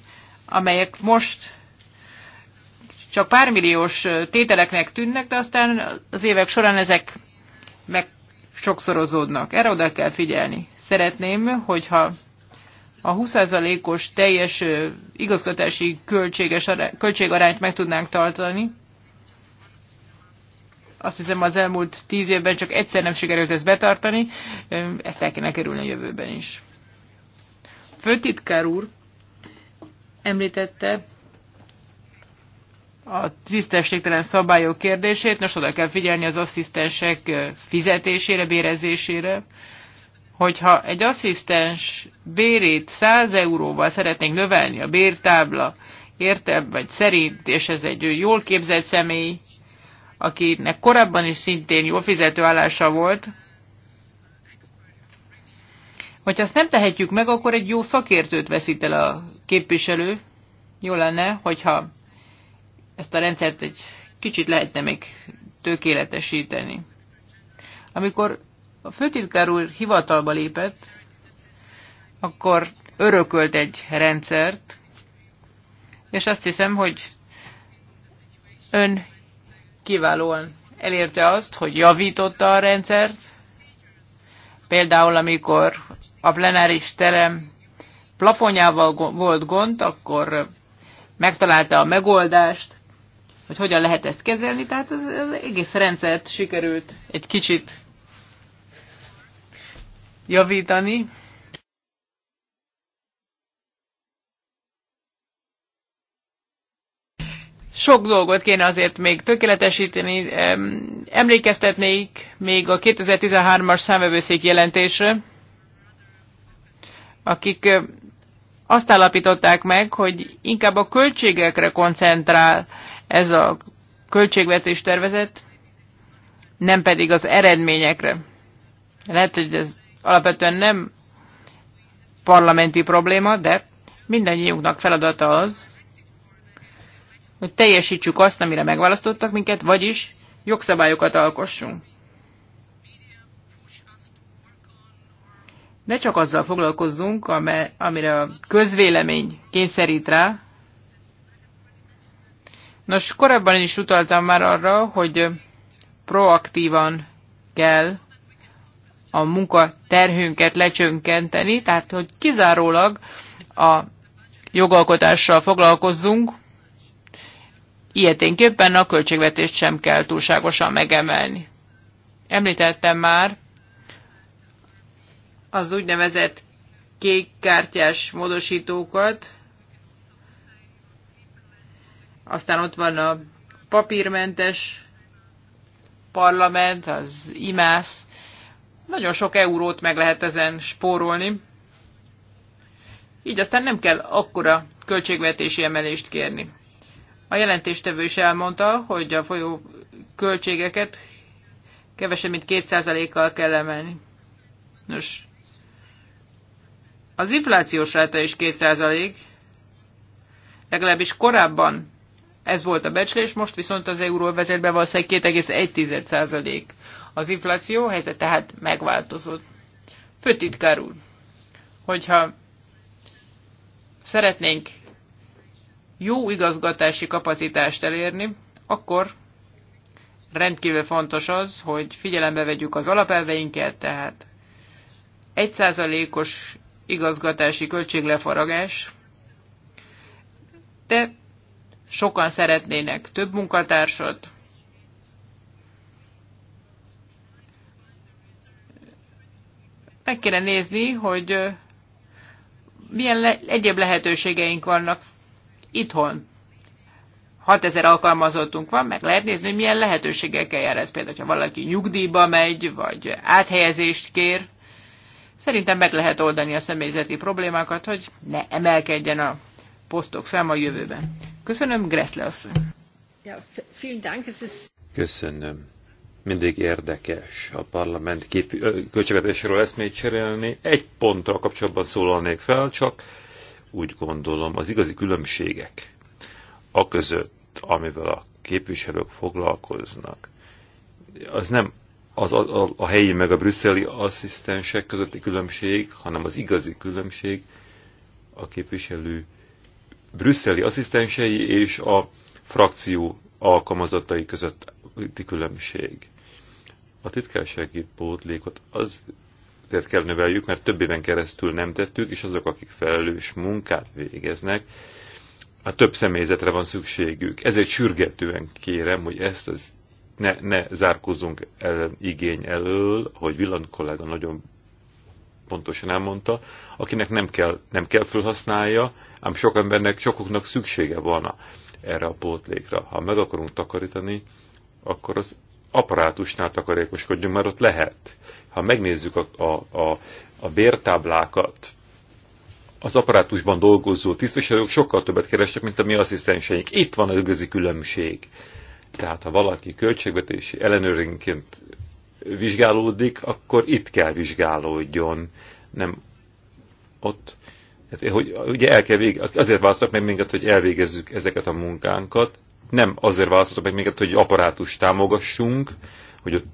amelyek most csak pár milliós tételeknek tűnnek, de aztán az évek során ezek meg sokszorozódnak. Erre oda kell figyelni. Szeretném, hogyha a 20%-os teljes igazgatási költséges, költségarányt meg tudnánk tartani. Azt hiszem az elmúlt tíz évben csak egyszer nem sikerült ezt betartani, ezt el kéne kerülni a jövőben is. Főtitkár úr említette a tisztességtelen szabályok kérdését. Nos, oda kell figyelni az asszisztensek fizetésére, bérezésére. Hogyha egy asszisztens bérét 100 euróval szeretnénk növelni a bértábla, értebb vagy szerint, és ez egy jól képzett személy, akinek korábban is szintén jó fizető állása volt, Hogyha ezt nem tehetjük meg, akkor egy jó szakértőt veszít el a képviselő. Jó lenne, hogyha ezt a rendszert egy kicsit lehetne még tökéletesíteni. Amikor a főtitkár úr hivatalba lépett, akkor örökölt egy rendszert, és azt hiszem, hogy ön kiválóan elérte azt, hogy javította a rendszert, például amikor a plenáris terem plafonjával volt gond, akkor megtalálta a megoldást, hogy hogyan lehet ezt kezelni, tehát az egész rendszert sikerült egy kicsit javítani. Sok dolgot kéne azért még tökéletesíteni. Emlékeztetnék még a 2013-as számvevőszék jelentésre, akik azt állapították meg, hogy inkább a költségekre koncentrál ez a költségvetés tervezet, nem pedig az eredményekre. Lehet, hogy ez alapvetően nem parlamenti probléma, de mindannyiunknak feladata az, hogy teljesítsük azt, amire megválasztottak minket, vagyis jogszabályokat alkossunk. ne csak azzal foglalkozzunk, amire a közvélemény kényszerít rá. Nos, korábban is utaltam már arra, hogy proaktívan kell a munka terhünket lecsökkenteni, tehát hogy kizárólag a jogalkotással foglalkozzunk, ilyeténképpen a költségvetést sem kell túlságosan megemelni. Említettem már, az úgynevezett kékkártyás módosítókat. Aztán ott van a papírmentes parlament, az IMÁSZ. Nagyon sok eurót meg lehet ezen spórolni. Így aztán nem kell akkora költségvetési emelést kérni. A jelentéstevő is elmondta, hogy a folyó költségeket kevesebb, mint 2%-kal kell emelni. Nos, az inflációs ráta is 2%, legalábbis korábban ez volt a becslés, most viszont az vezetben valószínűleg 2,1% az infláció helyzet tehát megváltozott. Főtitkár úr, hogyha szeretnénk jó igazgatási kapacitást elérni, akkor rendkívül fontos az, hogy figyelembe vegyük az alapelveinket, tehát 1%-os igazgatási költséglefaragás, de sokan szeretnének több munkatársat, meg kéne nézni, hogy milyen le- egyéb lehetőségeink vannak itthon. 6000 alkalmazottunk van, meg lehet nézni, hogy milyen lehetőségekkel jár ez. Például, ha valaki nyugdíjba megy, vagy áthelyezést kér, Szerintem meg lehet oldani a személyzeti problémákat, hogy ne emelkedjen a posztok száma a jövőben. Köszönöm, Gretle asszony. Köszönöm. Mindig érdekes a parlament kép... költségvetésről eszmét cserélni. Egy ponttal kapcsolatban szólalnék fel, csak úgy gondolom az igazi különbségek a között, amivel a képviselők foglalkoznak, az nem az, a, a helyi meg a brüsszeli asszisztensek közötti különbség, hanem az igazi különbség a képviselő brüsszeli asszisztensei és a frakció alkalmazatai közötti különbség. A titkársági pótlékot azért kell növeljük, mert több éven keresztül nem tettük, és azok, akik felelős munkát végeznek, a hát több személyzetre van szükségük. Ezért sürgetően kérem, hogy ezt az ne, ne zárkózzunk el, igény elől, hogy Villan kollega nagyon pontosan elmondta, akinek nem kell, nem kell felhasználja, ám sok embernek, sokoknak szüksége van erre a pótlékra. Ha meg akarunk takarítani, akkor az apparátusnál takarékoskodjunk, mert ott lehet. Ha megnézzük a, a, a, a bértáblákat, az apparátusban dolgozó tisztviselők sokkal többet keresnek, mint a mi asszisztenseink. Itt van az igazi különbség. Tehát ha valaki költségvetési ellenőrinként vizsgálódik, akkor itt kell vizsgálódjon, nem ott. Hát, hogy, ugye el kell vége, azért választok meg minket, hogy elvégezzük ezeket a munkánkat, nem azért választok meg minket, hogy aparátus támogassunk, hogy ott,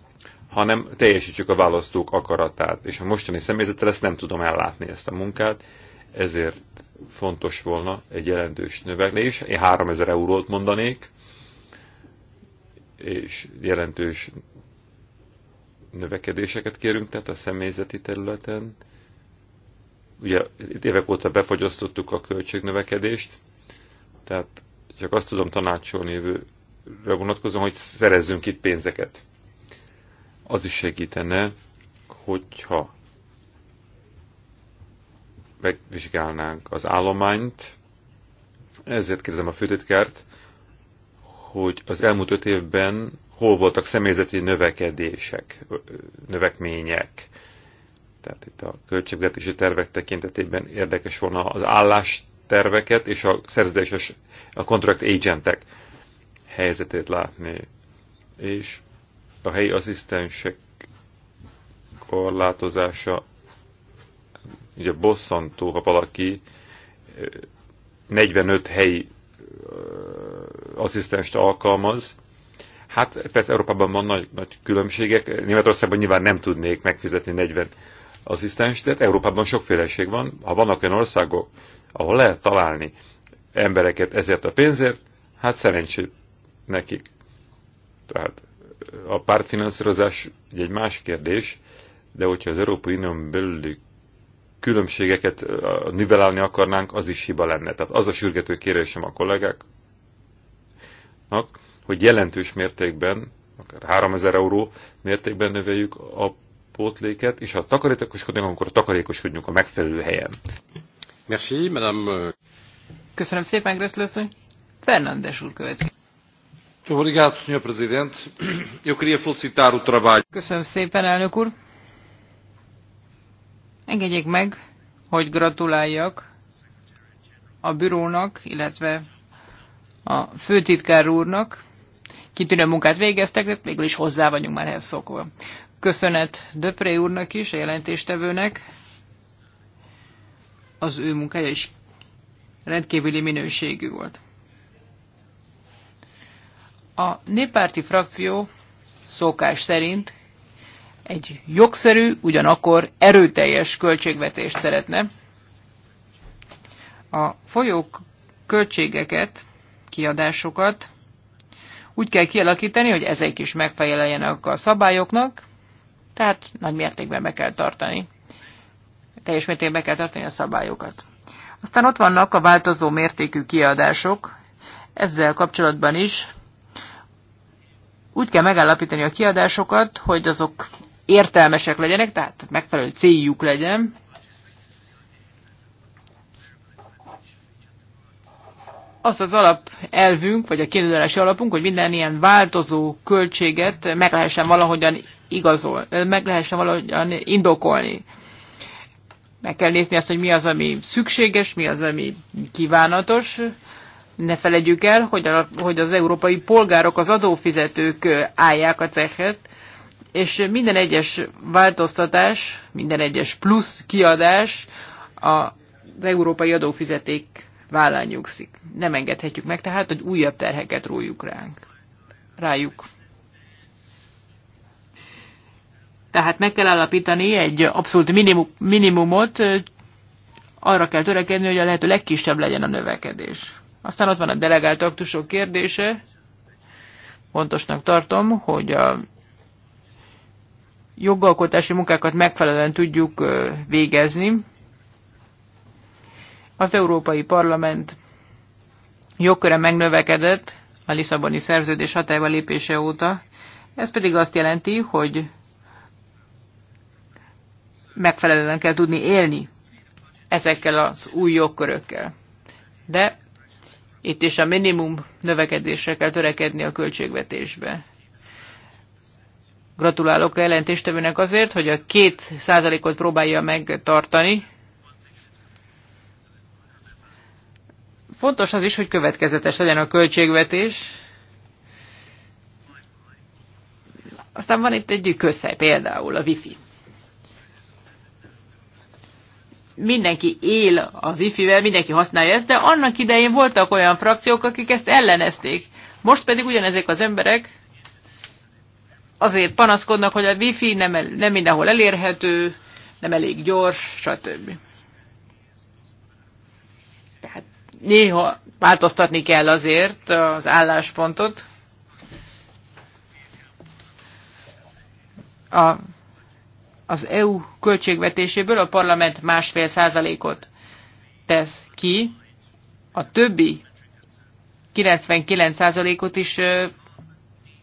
hanem teljesítsük a választók akaratát. És a mostani személyzettel ezt nem tudom ellátni, ezt a munkát, ezért fontos volna egy jelentős növeklés. Én 3000 eurót mondanék, és jelentős növekedéseket kérünk, tehát a személyzeti területen. Ugye évek óta befagyasztottuk a költségnövekedést, tehát csak azt tudom tanácsolni jövőre vonatkozom, hogy szerezzünk itt pénzeket. Az is segítene, hogyha megvizsgálnánk az állományt, ezért kérdezem a főtitkárt, hogy az elmúlt öt évben hol voltak személyzeti növekedések, növekmények. Tehát itt a költségvetési tervek tekintetében érdekes volna az állásterveket és a szerződéses, a contract agentek helyzetét látni. És a helyi asszisztensek korlátozása ugye bosszantó, ha valaki 45 helyi asszisztenst alkalmaz. Hát persze Európában van nagy, nagy különbségek, Németországban nyilván nem tudnék megfizetni 40 asszisztenst, de hát Európában sokféleség van. Ha vannak olyan országok, ahol lehet találni embereket ezért a pénzért, hát szerencsét nekik. Tehát a pártfinanszírozás egy más kérdés, de hogyha az Európai Unión belüli különbségeket nivellálni akarnánk, az is hiba lenne. Tehát az a sürgető kérésem a kollégáknak, hogy jelentős mértékben, akár 3000 euró mértékben növeljük a pótléket, és ha takarékoskodunk, akkor takarékoskodjunk a megfelelő helyen. Merci, madame. Köszönöm szépen, Gröszlőszony. Fernandes úr következik. Obrigado, Presidente. Eu queria felicitar o trabalho. Köszönöm szépen, elnök úr. Engedjék meg, hogy gratuláljak a bürónak, illetve a főtitkár úrnak. Kitűnő munkát végeztek, végül is hozzá vagyunk már ehhez szokva. Köszönet Döpré úrnak is, a jelentéstevőnek. Az ő munkája is rendkívüli minőségű volt. A néppárti frakció szokás szerint egy jogszerű, ugyanakkor erőteljes költségvetést szeretne. A folyók költségeket, kiadásokat úgy kell kialakítani, hogy ezek is megfeleljenek a szabályoknak, tehát nagy mértékben be kell tartani. Teljes mértékben be kell tartani a szabályokat. Aztán ott vannak a változó mértékű kiadások. Ezzel kapcsolatban is úgy kell megállapítani a kiadásokat, hogy azok értelmesek legyenek, tehát megfelelő céljuk legyen. Az az alap elvünk, vagy a kiindulási alapunk, hogy minden ilyen változó költséget meg lehessen valahogyan igazol, meg lehessen valahogyan indokolni. Meg kell nézni azt, hogy mi az, ami szükséges, mi az, ami kívánatos, ne felejtjük el, hogy, a, hogy az európai polgárok, az adófizetők állják a cehet, és minden egyes változtatás, minden egyes plusz kiadás az európai adófizeték vállán nyugszik. Nem engedhetjük meg tehát, hogy újabb terheket rójuk ránk. Rájuk. Tehát meg kell állapítani egy abszolút minimum, minimumot, arra kell törekedni, hogy a lehető legkisebb legyen a növekedés. Aztán ott van a delegált aktusok kérdése. Fontosnak tartom, hogy a jogalkotási munkákat megfelelően tudjuk végezni. Az Európai Parlament jogköre megnövekedett a Lisszaboni szerződés hatályba lépése óta. Ez pedig azt jelenti, hogy megfelelően kell tudni élni ezekkel az új jogkörökkel. De itt is a minimum növekedésre kell törekedni a költségvetésbe. Gratulálok a jelentéstevőnek azért, hogy a két százalékot próbálja megtartani. Fontos az is, hogy következetes legyen a költségvetés. Aztán van itt egy közhely, például a wifi. Mindenki él a wifi-vel, mindenki használja ezt, de annak idején voltak olyan frakciók, akik ezt ellenezték. Most pedig ugyanezek az emberek azért panaszkodnak, hogy a wifi nem, el, nem mindenhol elérhető, nem elég gyors, stb. Tehát néha változtatni kell azért az álláspontot. A, az EU költségvetéséből a parlament másfél százalékot tesz ki, a többi 99 százalékot is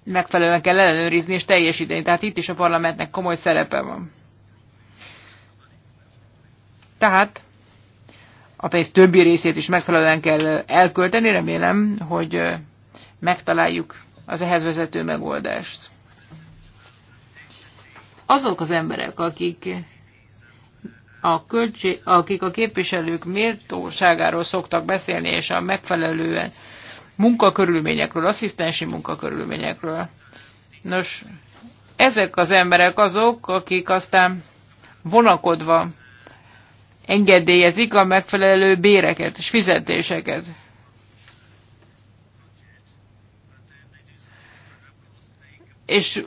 megfelelően kell ellenőrizni és teljesíteni. Tehát itt is a parlamentnek komoly szerepe van. Tehát a pénz többi részét is megfelelően kell elkölteni. Remélem, hogy megtaláljuk az ehhez vezető megoldást. Azok az emberek, akik a, költség, akik a képviselők méltóságáról szoktak beszélni, és a megfelelően munkakörülményekről, asszisztensi munkakörülményekről. Nos, ezek az emberek azok, akik aztán vonakodva engedélyezik a megfelelő béreket és fizetéseket. És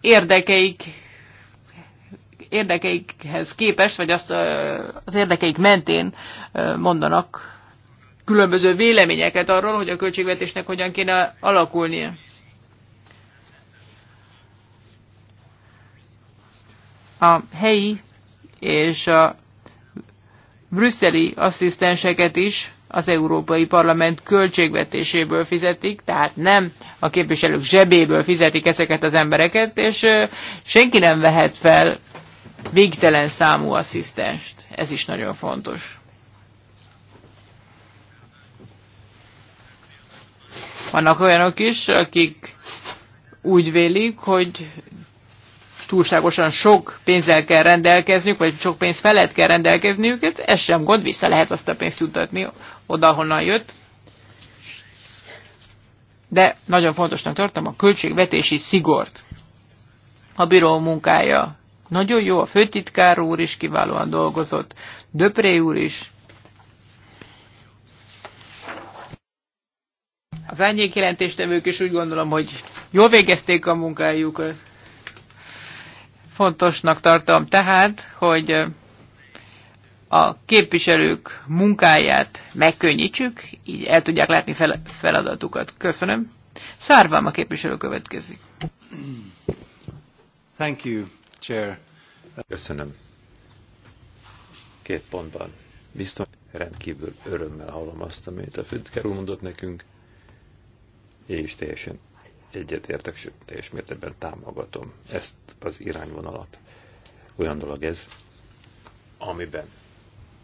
érdekeik érdekeikhez képest, vagy azt az érdekeik mentén mondanak különböző véleményeket arról, hogy a költségvetésnek hogyan kéne alakulnia. A helyi és a brüsszeli asszisztenseket is az Európai Parlament költségvetéséből fizetik, tehát nem a képviselők zsebéből fizetik ezeket az embereket, és senki nem vehet fel végtelen számú asszisztenst. Ez is nagyon fontos. Vannak olyanok is, akik úgy vélik, hogy túlságosan sok pénzzel kell rendelkezniük, vagy sok pénz felett kell rendelkezniük, ez, hát ez sem gond, vissza lehet azt a pénzt jutatni oda, honnan jött. De nagyon fontosnak tartom a költségvetési szigort. A bíró munkája nagyon jó, a főtitkár úr is kiválóan dolgozott, Döpré úr is, az árnyék jelentéstevők is úgy gondolom, hogy jól végezték a munkájukat. Fontosnak tartom tehát, hogy a képviselők munkáját megkönnyítsük, így el tudják látni fel feladatukat. Köszönöm. Szárvám a képviselő következik. Thank you, Chair. Köszönöm. Két pontban. Biztos rendkívül örömmel hallom azt, amit a Fütker úr mondott nekünk. Én is teljesen egyetértek, sőt, teljes mértékben támogatom ezt az irányvonalat. Olyan dolog ez, amiben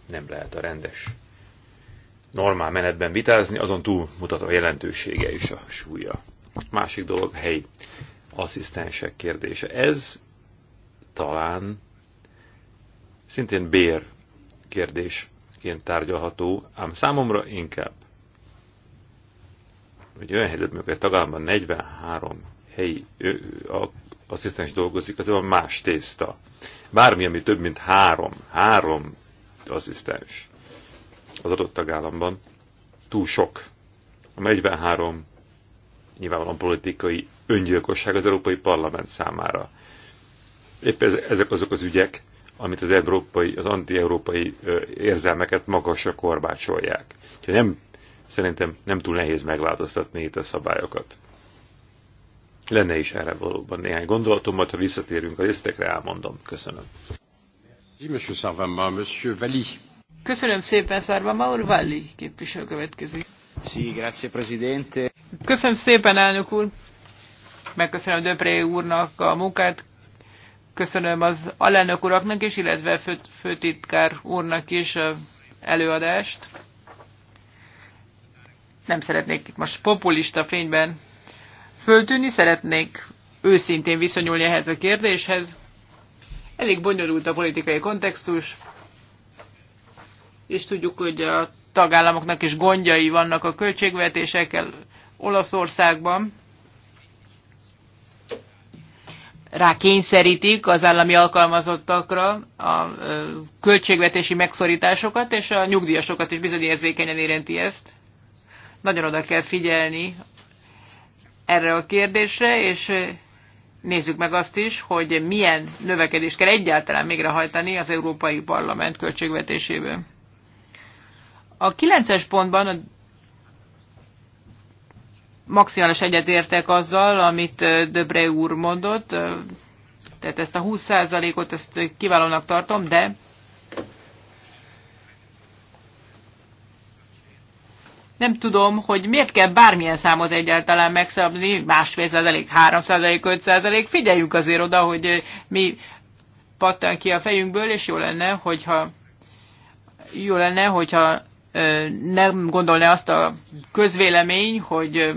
nem lehet a rendes normál menetben vitázni, azon túl mutat a jelentősége és a súlya. Másik dolog, helyi asszisztensek kérdése. Ez talán szintén bér kérdésként tárgyalható, ám számomra inkább hogy olyan helyzet, amikor a tagállamban 43 helyi asszisztens dolgozik, az van más tészta. Bármi, ami több, mint három, három asszisztens az adott tagállamban, túl sok. A 43 nyilvánvalóan politikai öngyilkosság az Európai Parlament számára. Épp ez, ezek azok az ügyek, amit az európai, az anti-európai érzelmeket magasra korbácsolják. Ha nem Szerintem nem túl nehéz megváltoztatni itt a szabályokat. Lenne is erre valóban néhány gondolatom, majd ha visszatérünk a résztekre, elmondom. Köszönöm. Köszönöm szépen, Szárvama Maur Valli képviselő következik. Köszönöm szépen, elnök úr. Megköszönöm Döpré úrnak a munkát. Köszönöm az alelnök uraknak is, illetve fő, főtitkár úrnak is előadást nem szeretnék itt most populista fényben föltűnni, szeretnék őszintén viszonyulni ehhez a kérdéshez. Elég bonyolult a politikai kontextus, és tudjuk, hogy a tagállamoknak is gondjai vannak a költségvetésekkel Olaszországban. Rá kényszerítik az állami alkalmazottakra a költségvetési megszorításokat, és a nyugdíjasokat is bizony érzékenyen érinti ezt. Nagyon oda kell figyelni erre a kérdésre, és nézzük meg azt is, hogy milyen növekedést kell egyáltalán hajtani az Európai Parlament költségvetéséből. A kilences pontban a maximális egyetértek azzal, amit Döbre úr mondott, tehát ezt a 20%-ot ezt kiválónak tartom, de Nem tudom, hogy miért kell bármilyen számot egyáltalán megszabni, másfél százalék, három százalék, öt százalék. Figyeljünk azért oda, hogy mi pattan ki a fejünkből, és jó lenne, hogyha jó lenne, hogyha nem gondolná azt a közvélemény, hogy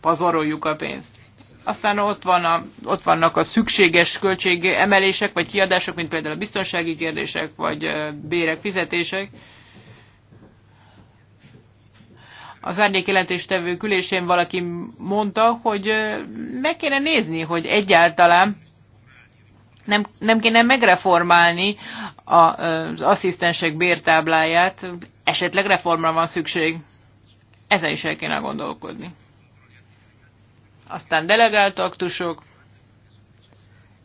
pazaroljuk a pénzt. Aztán ott, van a, ott vannak a szükséges költségemelések, vagy kiadások, mint például a biztonsági kérdések, vagy bérek, fizetések az árnyékjelentéstevő külésén valaki mondta, hogy meg kéne nézni, hogy egyáltalán nem, nem kéne megreformálni a, az asszisztensek bértábláját, esetleg reformra van szükség. Ezen is el kéne gondolkodni. Aztán delegált aktusok,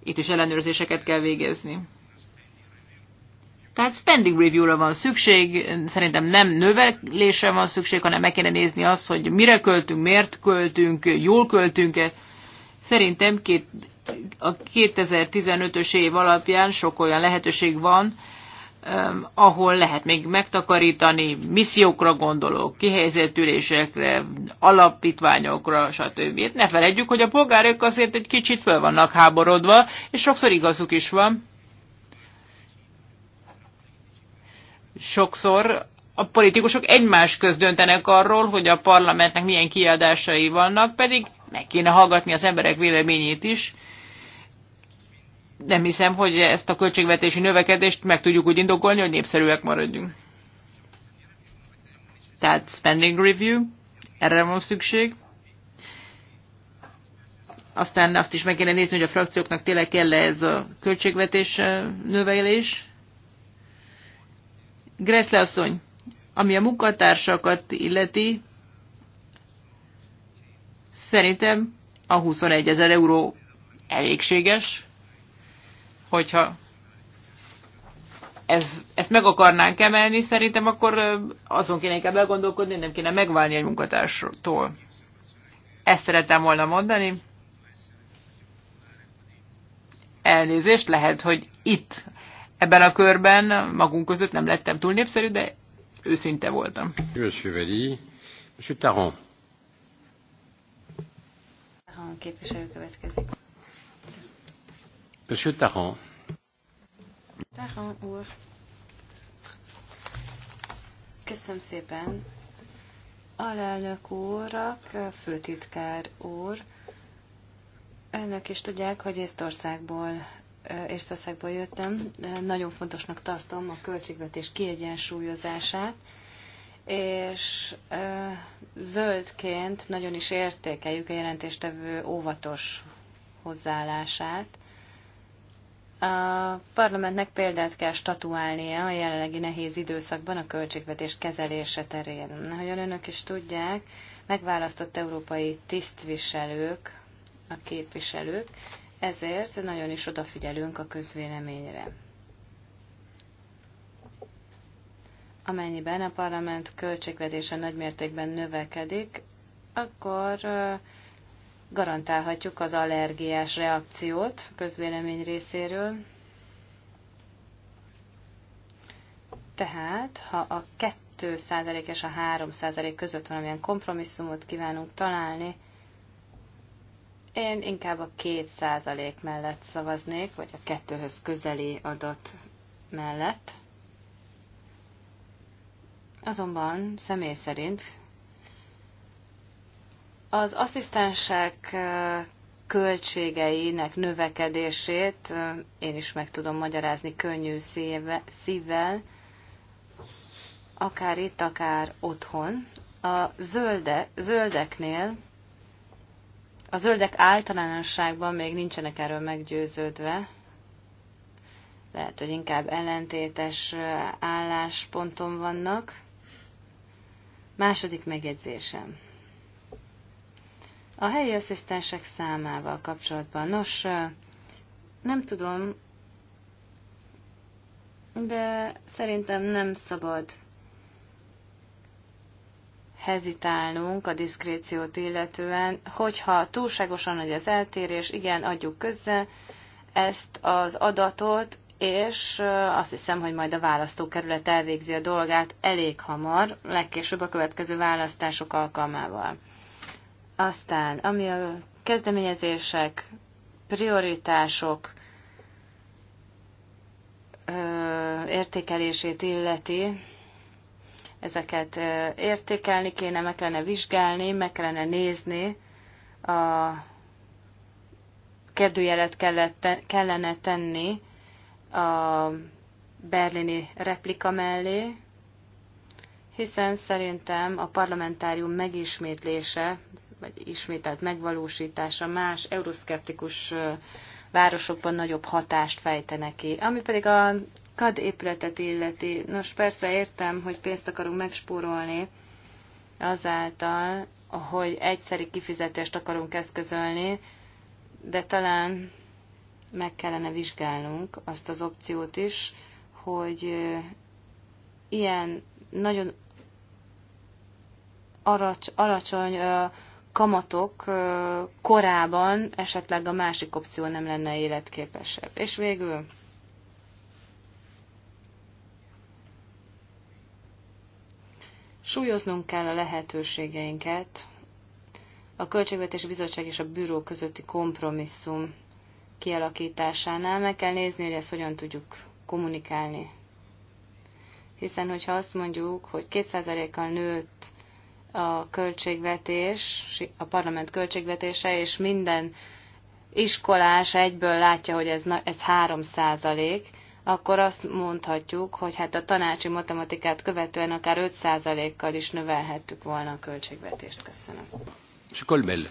itt is ellenőrzéseket kell végezni. Tehát spending review-ra van szükség, szerintem nem növelésre van szükség, hanem meg kéne nézni azt, hogy mire költünk, miért költünk, jól költünk-e. Szerintem két, a 2015-ös év alapján sok olyan lehetőség van, um, ahol lehet még megtakarítani, missziókra gondolok, kihelyezett ülésekre, alapítványokra, stb. Ne felejtjük, hogy a polgárok azért egy kicsit föl vannak háborodva, és sokszor igazuk is van. sokszor a politikusok egymás köz döntenek arról, hogy a parlamentnek milyen kiadásai vannak, pedig meg kéne hallgatni az emberek véleményét is. Nem hiszem, hogy ezt a költségvetési növekedést meg tudjuk úgy indokolni, hogy népszerűek maradjunk. Tehát spending review, erre van szükség. Aztán azt is meg kéne nézni, hogy a frakcióknak tényleg kell -e ez a költségvetés növelés. Gressle asszony, ami a munkatársakat illeti, szerintem a 21 ezer euró elégséges, hogyha ez, ezt meg akarnánk emelni, szerintem akkor azon kéne inkább elgondolkodni, nem kéne megválni egy munkatárstól. Ezt szerettem volna mondani. Elnézést, lehet, hogy itt ebben a körben, magunk között nem lettem túl népszerű, de őszinte voltam. Monsieur Taron. képviselő következik. Monsieur Taron. Taron úr. Köszönöm szépen. Alelnök úrak, főtitkár úr, önök is tudják, hogy Észtországból Észtországból jöttem, nagyon fontosnak tartom a költségvetés kiegyensúlyozását, és zöldként nagyon is értékeljük a jelentéstevő óvatos hozzáállását. A parlamentnek példát kell statuálnia a jelenlegi nehéz időszakban a költségvetés kezelése terén. Ahogyan önök is tudják, megválasztott európai tisztviselők, a képviselők, ezért nagyon is odafigyelünk a közvéleményre. Amennyiben a parlament költségvetése nagymértékben növekedik, akkor garantálhatjuk az allergiás reakciót közvélemény részéről. Tehát, ha a 2%-és a 3% között valamilyen kompromisszumot kívánunk találni, én inkább a két százalék mellett szavaznék, vagy a kettőhöz közeli adat mellett. Azonban személy szerint az asszisztensek költségeinek növekedését én is meg tudom magyarázni könnyű szívvel, akár itt, akár otthon. A zölde, zöldeknél a zöldek általánosságban még nincsenek erről meggyőződve. Lehet, hogy inkább ellentétes állásponton vannak. Második megjegyzésem. A helyi asszisztensek számával kapcsolatban. Nos, nem tudom, de szerintem nem szabad hezitálnunk a diszkréciót illetően, hogyha túlságosan nagy az eltérés, igen, adjuk közze ezt az adatot, és azt hiszem, hogy majd a választókerület elvégzi a dolgát elég hamar, legkésőbb a következő választások alkalmával. Aztán, ami a kezdeményezések, prioritások ö, értékelését illeti, ezeket értékelni kéne, meg kellene vizsgálni, meg kellene nézni, a kérdőjelet kellene tenni a berlini replika mellé, hiszen szerintem a parlamentárium megismétlése, vagy ismételt megvalósítása más euroszkeptikus városokban nagyobb hatást fejtenek ki. Ami pedig a kad épületet illeti. Nos, persze értem, hogy pénzt akarunk megspórolni azáltal, hogy egyszeri kifizetést akarunk eszközölni, de talán meg kellene vizsgálnunk azt az opciót is, hogy ilyen nagyon arac, alacsony kamatok korában esetleg a másik opció nem lenne életképesebb. És végül Súlyoznunk kell a lehetőségeinket. A Költségvetési Bizottság és a Bűró közötti kompromisszum kialakításánál meg kell nézni, hogy ezt hogyan tudjuk kommunikálni. Hiszen, hogyha azt mondjuk, hogy 2%-kal nőtt a költségvetés, a parlament költségvetése, és minden iskolás egyből látja, hogy ez, ez 3 százalék, akkor azt mondhatjuk, hogy hát a tanácsi matematikát követően akár 5%-kal is növelhettük volna a költségvetést. Köszönöm.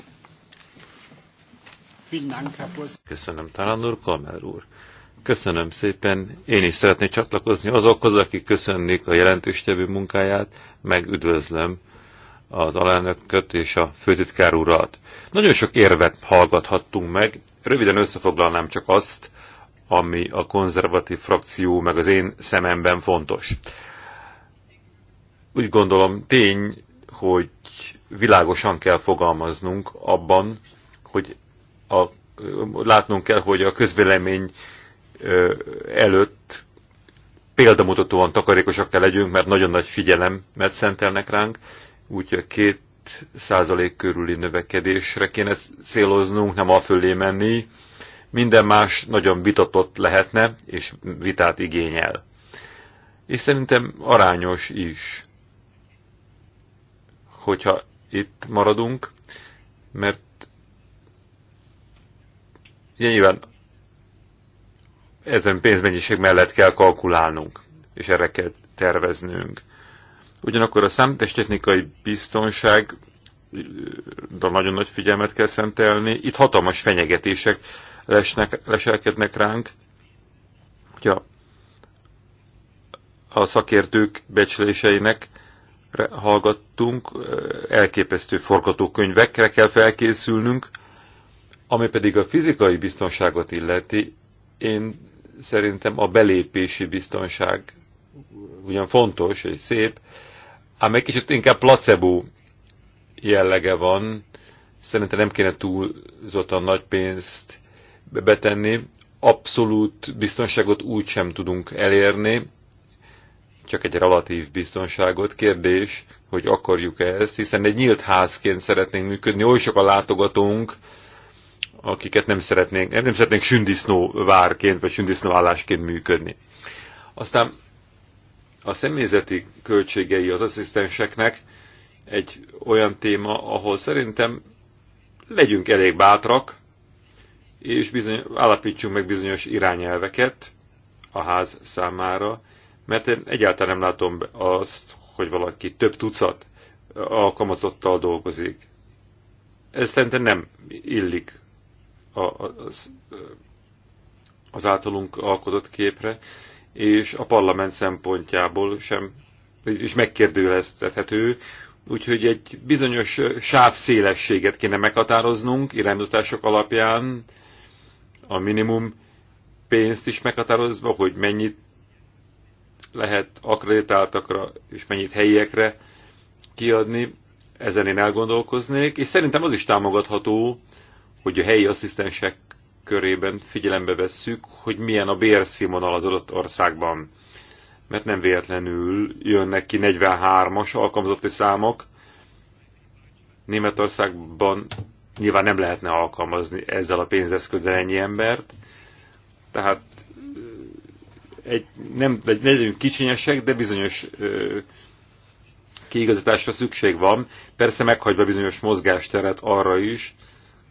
Köszönöm, Talán úr, Kolmel úr. Köszönöm szépen. Én is szeretnék csatlakozni azokhoz, akik köszönnék a jelentéstevő munkáját, meg üdvözlöm az alelnököt és a főtitkár urat. Nagyon sok érvet hallgathattunk meg. Röviden összefoglalnám csak azt, ami a konzervatív frakció meg az én szememben fontos. Úgy gondolom tény, hogy világosan kell fogalmaznunk abban, hogy a, látnunk kell, hogy a közvélemény előtt példamutatóan takarékosak kell legyünk, mert nagyon nagy figyelemet szentelnek ránk, úgyhogy két százalék körüli növekedésre kéne céloznunk, nem a fölé menni, minden más nagyon vitatott lehetne, és vitát igényel. És szerintem arányos is, hogyha itt maradunk, mert ugye nyilván ezen pénzmennyiség mellett kell kalkulálnunk, és erre kell terveznünk. Ugyanakkor a számítástechnikai biztonság de nagyon nagy figyelmet kell szentelni. Itt hatalmas fenyegetések lesnek, leselkednek ránk, hogyha a szakértők becsléseinek hallgattunk, elképesztő forgatókönyvekre kell felkészülnünk, ami pedig a fizikai biztonságot illeti, én szerintem a belépési biztonság ugyan fontos és szép, ám egy kicsit inkább placebo jellege van, szerintem nem kéne túlzottan nagy pénzt betenni, abszolút biztonságot úgy sem tudunk elérni, csak egy relatív biztonságot. Kérdés, hogy akarjuk-e ezt, hiszen egy nyílt házként szeretnénk működni, oly sok a látogatónk, akiket nem szeretnénk, nem szeretnénk sündisznó várként vagy sündisznó állásként működni. Aztán a személyzeti költségei az asszisztenseknek egy olyan téma, ahol szerintem legyünk elég bátrak, és bizony, állapítsunk meg bizonyos irányelveket a ház számára, mert én egyáltalán nem látom azt, hogy valaki több tucat alkalmazottal dolgozik. Ez szerintem nem illik az, az általunk alkotott képre, és a parlament szempontjából sem is megkérdőleztethető, úgyhogy egy bizonyos sávszélességet kéne meghatároznunk irányutatások alapján, a minimum pénzt is meghatározva, hogy mennyit lehet akreditáltakra és mennyit helyiekre kiadni, ezen én elgondolkoznék, és szerintem az is támogatható, hogy a helyi asszisztensek körében figyelembe vesszük, hogy milyen a bérszínvonal az adott országban. Mert nem véletlenül jönnek ki 43-as alkalmazotti számok. Németországban nyilván nem lehetne alkalmazni ezzel a pénzeszközzel ennyi embert, tehát egy, nem, egy, legyünk kicsinyesek, de bizonyos ö, kiigazításra szükség van, persze meghagyva bizonyos mozgásteret arra is,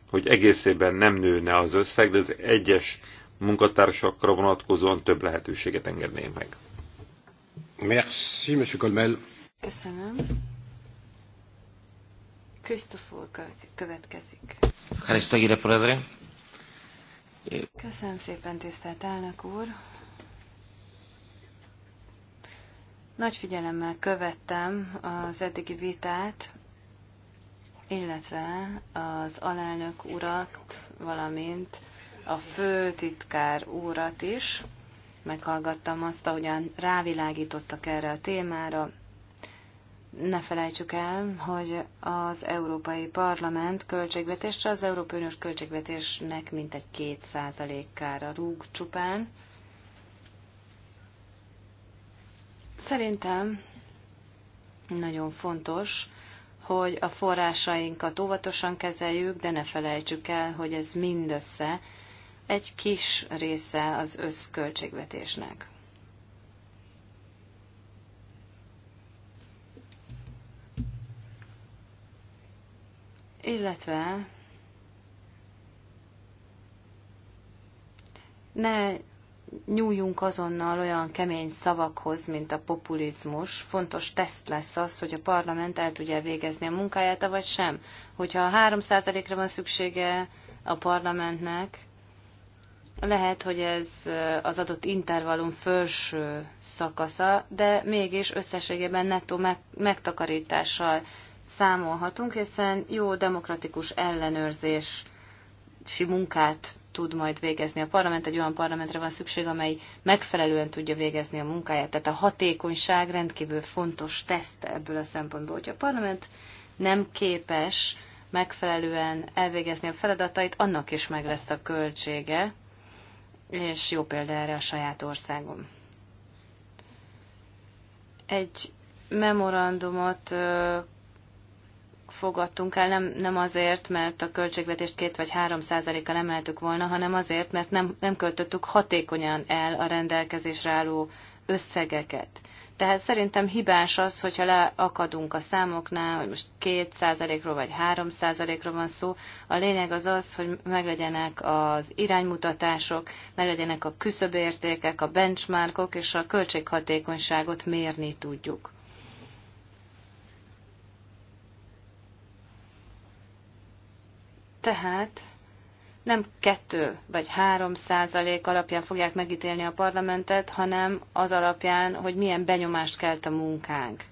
hogy egészében nem nőne az összeg, de az egyes munkatársakra vonatkozóan több lehetőséget engednénk meg. Merci, Monsieur Colmel. Köszönöm. Krisztofor következik. Köszönöm szépen, tisztelt elnök úr! Nagy figyelemmel követtem az eddigi vitát, illetve az alelnök urat, valamint a főtitkár úrat is. Meghallgattam azt, ahogyan rávilágítottak erre a témára, ne felejtsük el, hogy az Európai Parlament költségvetésre az Európai Uniós költségvetésnek mintegy két ára rúg csupán. Szerintem nagyon fontos, hogy a forrásainkat óvatosan kezeljük, de ne felejtsük el, hogy ez mindössze egy kis része az összköltségvetésnek. illetve ne nyúljunk azonnal olyan kemény szavakhoz, mint a populizmus. Fontos teszt lesz az, hogy a parlament el tudja végezni a munkáját, vagy sem. Hogyha 3%-ra van szüksége a parlamentnek, lehet, hogy ez az adott intervallum felső szakasza, de mégis összességében nettó megtakarítással számolhatunk, hiszen jó demokratikus ellenőrzési munkát tud majd végezni a parlament. Egy olyan parlamentre van szükség, amely megfelelően tudja végezni a munkáját. Tehát a hatékonyság rendkívül fontos teszt ebből a szempontból, hogy a parlament nem képes megfelelően elvégezni a feladatait, annak is meg lesz a költsége, és jó példa erre a saját országom. Egy memorandumot fogadtunk el, nem, nem azért, mert a költségvetést két vagy három százalékkal emeltük volna, hanem azért, mert nem, nem költöttük hatékonyan el a rendelkezésre álló összegeket. Tehát szerintem hibás az, hogyha leakadunk a számoknál, hogy most két százalékról vagy három százalékról van szó. A lényeg az az, hogy meglegyenek az iránymutatások, meglegyenek a küszöbértékek, a benchmarkok, és a költséghatékonyságot mérni tudjuk. Tehát nem kettő vagy három százalék alapján fogják megítélni a parlamentet, hanem az alapján, hogy milyen benyomást kelt a munkánk.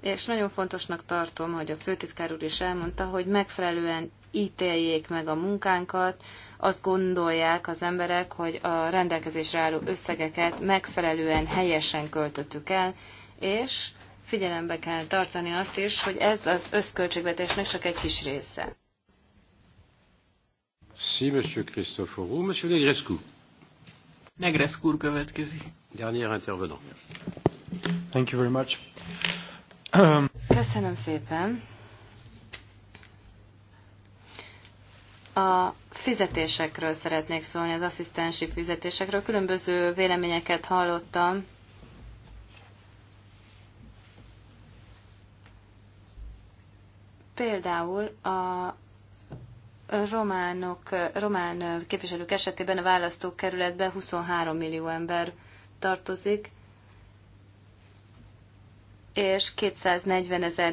És nagyon fontosnak tartom, hogy a főtitkár úr is elmondta, hogy megfelelően ítéljék meg a munkánkat, azt gondolják az emberek, hogy a rendelkezésre álló összegeket megfelelően helyesen költöttük el, és figyelembe kell tartani azt is, hogy ez az összköltségvetésnek csak egy kis része. Si, Monsieur Christophorou. Monsieur Negrescu. Negrescu következik. Dernier intervenant. Thank you very much. Um... Köszönöm szépen. A fizetésekről szeretnék szólni, az asszisztensi fizetésekről. Különböző véleményeket hallottam. Például a románok, román képviselők esetében a választókerületben 23 millió ember tartozik, és 240 ezer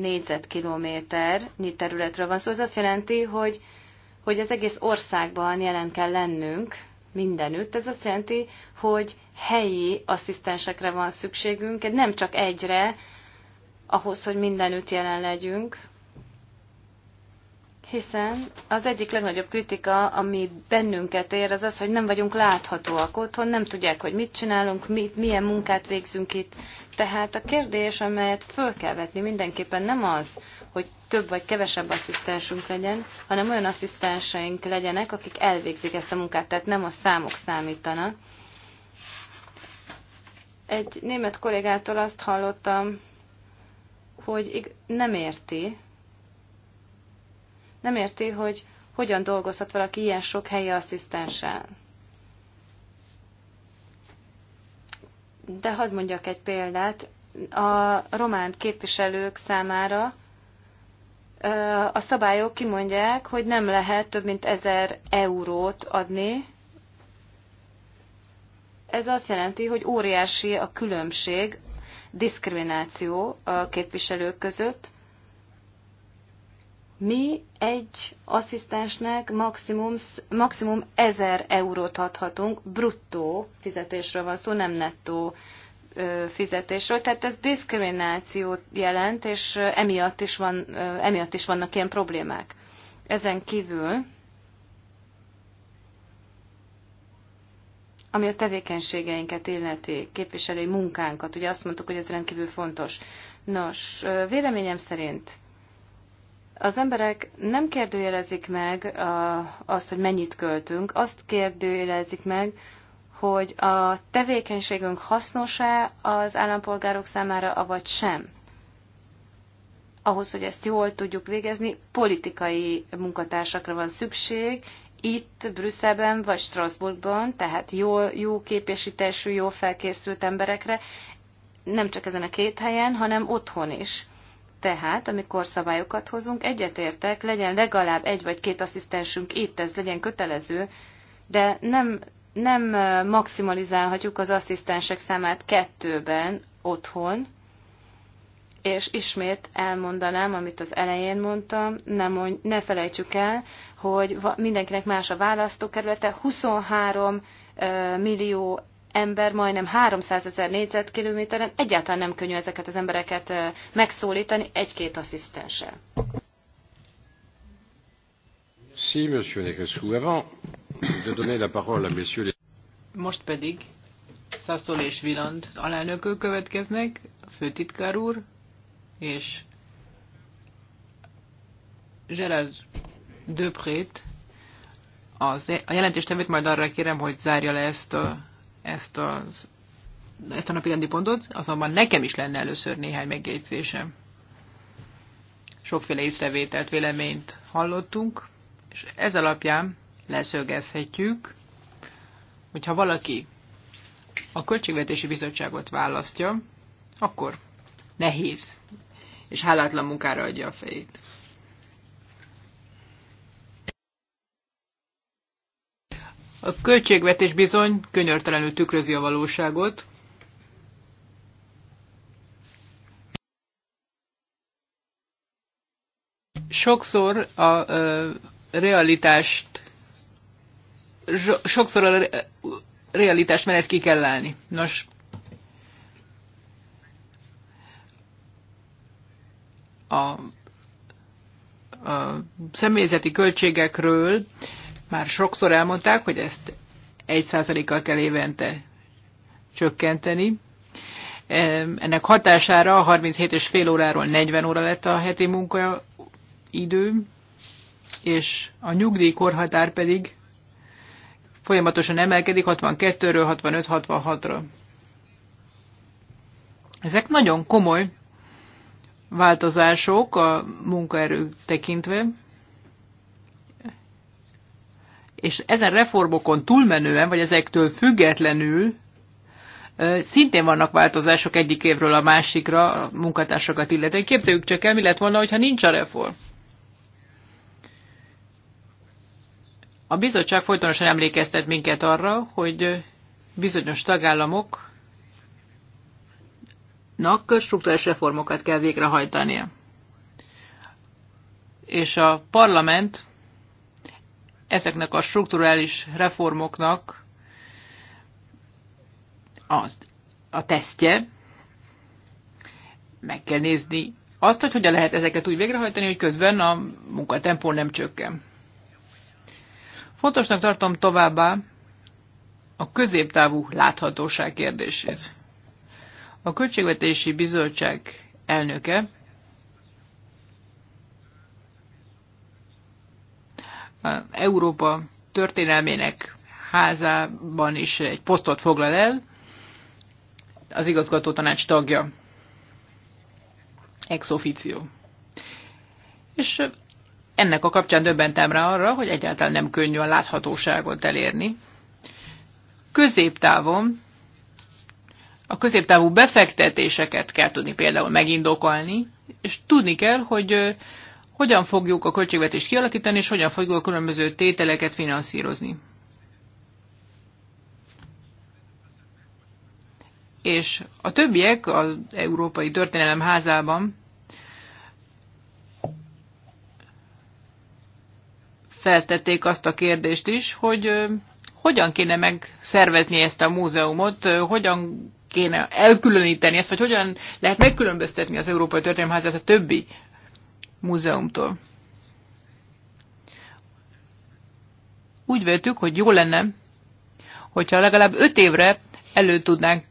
négyzetkilométernyi területről van szó. Szóval ez azt jelenti, hogy, hogy az egész országban jelen kell lennünk mindenütt. Ez azt jelenti, hogy helyi asszisztensekre van szükségünk, nem csak egyre, ahhoz, hogy mindenütt jelen legyünk hiszen az egyik legnagyobb kritika, ami bennünket ér, az az, hogy nem vagyunk láthatóak otthon, nem tudják, hogy mit csinálunk, mi, milyen munkát végzünk itt. Tehát a kérdés, amelyet föl kell vetni mindenképpen nem az, hogy több vagy kevesebb asszisztensünk legyen, hanem olyan asszisztenseink legyenek, akik elvégzik ezt a munkát, tehát nem a számok számítanak. Egy német kollégától azt hallottam, hogy nem érti, nem érti, hogy hogyan dolgozhat valaki ilyen sok helyi asszisztenssel. De hadd mondjak egy példát. A román képviselők számára a szabályok kimondják, hogy nem lehet több mint ezer eurót adni. Ez azt jelenti, hogy óriási a különbség, diszkrimináció a képviselők között, mi egy asszisztensnek maximum, maximum 1000 eurót adhatunk, bruttó fizetésről van szó, nem nettó fizetésről. Tehát ez diszkriminációt jelent, és emiatt is, van, emiatt is vannak ilyen problémák. Ezen kívül, ami a tevékenységeinket illeti, képviselői munkánkat, ugye azt mondtuk, hogy ez rendkívül fontos. Nos, véleményem szerint az emberek nem kérdőjelezik meg a, azt, hogy mennyit költünk, azt kérdőjelezik meg, hogy a tevékenységünk hasznos-e az állampolgárok számára, avagy sem. Ahhoz, hogy ezt jól tudjuk végezni, politikai munkatársakra van szükség, itt Brüsszelben vagy Strasbourgban, tehát jó, jó képesítésű, jó felkészült emberekre, nem csak ezen a két helyen, hanem otthon is. Tehát, amikor szabályokat hozunk, egyetértek, legyen legalább egy vagy két asszisztensünk itt, ez legyen kötelező, de nem, nem maximalizálhatjuk az asszisztensek számát kettőben otthon, és ismét elmondanám, amit az elején mondtam, ne, mondj, ne felejtsük el, hogy mindenkinek más a választókerülete, 23 millió ember majdnem 300 ezer négyzetkilométeren, egyáltalán nem könnyű ezeket az embereket megszólítani egy-két asszisztenssel. Si, monsieur Negrescu, avant de donner la parole à messieurs Most pedig Szaszol és Viland alelnökök következnek, főtitkár úr és Gerard Döprét, az, a jelentéstevét majd arra kérem, hogy zárja le ezt a ezt, az, ezt a rendi pontot, azonban nekem is lenne először néhány megjegyzésem. Sokféle észrevételt, véleményt hallottunk, és ez alapján leszögezhetjük, hogyha valaki a Költségvetési Bizottságot választja, akkor nehéz, és hálátlan munkára adja a fejét. A költségvetés bizony könyörtelenül tükrözi a valóságot. Sokszor a ö, realitást sokszor a realitást realitás mellett ki kell állni. Nos, a, a személyzeti költségekről már sokszor elmondták, hogy ezt 1%-kal kell évente csökkenteni. Ennek hatására 37 és fél óráról 40 óra lett a heti munkaidő, és a nyugdíjkorhatár pedig folyamatosan emelkedik 62-ről 65-66-ra. Ezek nagyon komoly változások a munkaerő tekintve, és ezen reformokon túlmenően, vagy ezektől függetlenül szintén vannak változások egyik évről a másikra a munkatársakat illetve. Képzeljük csak el, mi lett volna, hogyha nincs a reform. A bizottság folytonosan emlékeztet minket arra, hogy bizonyos tagállamoknak struktúrás reformokat kell végrehajtania. És a parlament ezeknek a strukturális reformoknak az, a tesztje. Meg kell nézni azt, hogy hogyan lehet ezeket úgy végrehajtani, hogy közben a munkatempó nem csökken. Fontosnak tartom továbbá a középtávú láthatóság kérdését. A Költségvetési Bizottság elnöke Európa történelmének házában is egy posztot foglal el, az igazgató tanács tagja, ex officio. És ennek a kapcsán döbbentem rá arra, hogy egyáltalán nem könnyű a láthatóságot elérni. Középtávon a középtávú befektetéseket kell tudni például megindokolni, és tudni kell, hogy hogyan fogjuk a költségvetést kialakítani, és hogyan fogjuk a különböző tételeket finanszírozni. És a többiek az Európai Történelem házában feltették azt a kérdést is, hogy hogyan kéne megszervezni ezt a múzeumot, hogyan kéne elkülöníteni ezt, vagy hogyan lehet megkülönböztetni az Európai Történelemházat a többi múzeumtól. Úgy véltük, hogy jó lenne, hogyha legalább öt évre elő tudnánk,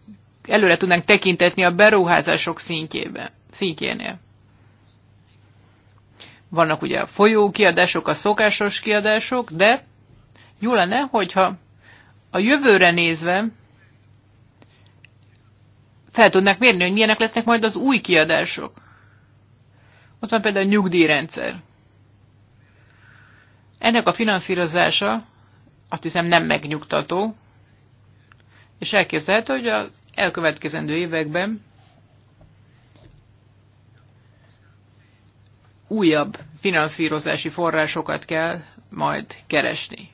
előre tudnánk tekintetni a beruházások szintjébe, szintjénél. Vannak ugye a folyó kiadások, a szokásos kiadások, de jó lenne, hogyha a jövőre nézve fel tudnánk mérni, hogy milyenek lesznek majd az új kiadások. Ott van például a nyugdíjrendszer. Ennek a finanszírozása azt hiszem nem megnyugtató, és elképzelhető, hogy az elkövetkezendő években újabb finanszírozási forrásokat kell majd keresni.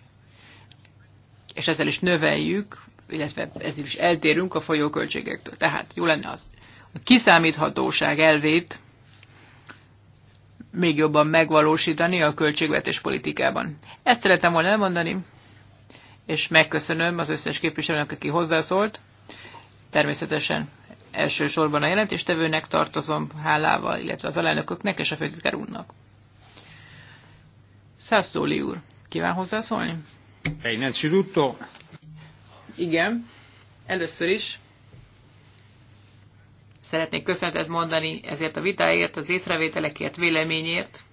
És ezzel is növeljük, illetve ezzel is eltérünk a folyóköltségektől. Tehát jó lenne az a kiszámíthatóság elvét még jobban megvalósítani a költségvetés politikában. Ezt szeretem volna elmondani, és megköszönöm az összes képviselőnek, aki hozzászólt. Természetesen elsősorban a jelentéstevőnek tartozom hálával, illetve az alelnököknek és a főtitkár úrnak. Szászóli úr, kíván hozzászólni? Igen, először is Szeretnék köszönetet mondani ezért a vitáért, az észrevételekért, véleményért.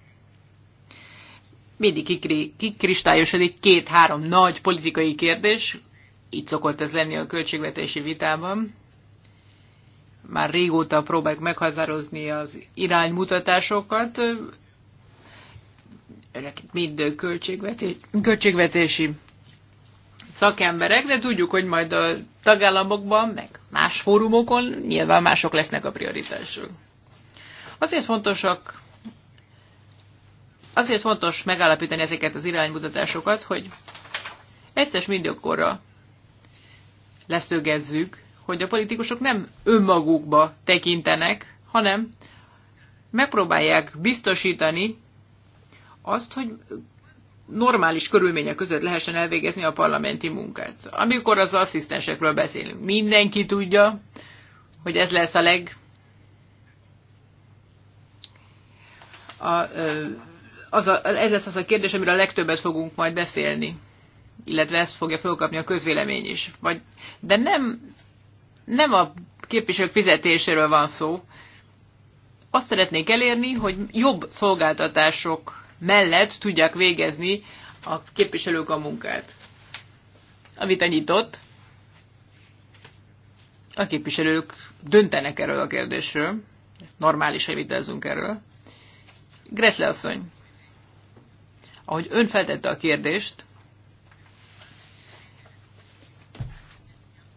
Mindig kikristályosodik két-három nagy politikai kérdés, így szokott ez lenni a költségvetési vitában. Már régóta próbáljuk meghazározni az iránymutatásokat, mind költségvetési, költségvetési szakemberek, de tudjuk, hogy majd a tagállamokban, meg más fórumokon nyilván mások lesznek a prioritások. Azért fontosak Azért fontos megállapítani ezeket az iránymutatásokat, hogy egyszer mindjogkorra leszögezzük, hogy a politikusok nem önmagukba tekintenek, hanem megpróbálják biztosítani azt, hogy normális körülmények között lehessen elvégezni a parlamenti munkát. Amikor az asszisztensekről beszélünk, mindenki tudja, hogy ez lesz a leg a, az a, ez lesz az a kérdés, amiről a legtöbbet fogunk majd beszélni, illetve ezt fogja fölkapni a közvélemény is. Vagy, de nem, nem a képviselők fizetéséről van szó. Azt szeretnék elérni, hogy jobb szolgáltatások mellett tudják végezni a képviselők a munkát. A nyitott. A képviselők döntenek erről a kérdésről. Normálisan vitázunk erről. Gressle asszony, ahogy ön feltette a kérdést,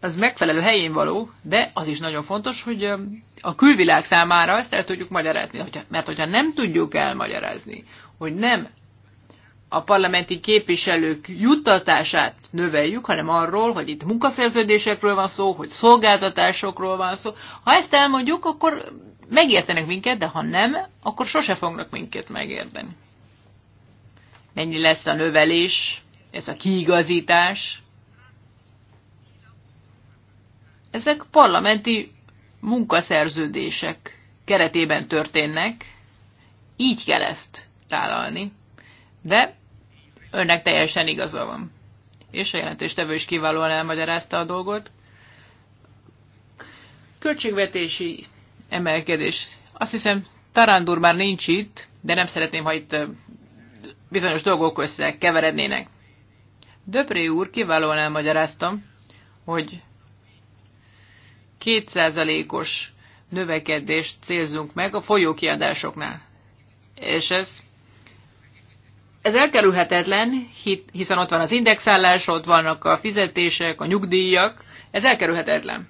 az megfelelő helyén való, de az is nagyon fontos, hogy a külvilág számára ezt el tudjuk magyarázni, hogyha, mert hogyha nem tudjuk elmagyarázni, hogy nem a parlamenti képviselők juttatását növeljük, hanem arról, hogy itt munkaszerződésekről van szó, hogy szolgáltatásokról van szó. Ha ezt elmondjuk, akkor megértenek minket, de ha nem, akkor sose fognak minket megérteni. Mennyi lesz a növelés, ez a kiigazítás, Ezek parlamenti munkaszerződések keretében történnek, így kell ezt tálalni. De önnek teljesen igaza van. És a jelentéstevő is kiválóan elmagyarázta a dolgot. Költségvetési emelkedés. Azt hiszem, Tarandur már nincs itt, de nem szeretném, ha itt bizonyos dolgok összekeverednének. Döpré úr kiválóan elmagyaráztam, hogy 2%-os növekedést célzunk meg a folyókiadásoknál. És ez, ez elkerülhetetlen, hiszen ott van az indexállás, ott vannak a fizetések, a nyugdíjak, ez elkerülhetetlen.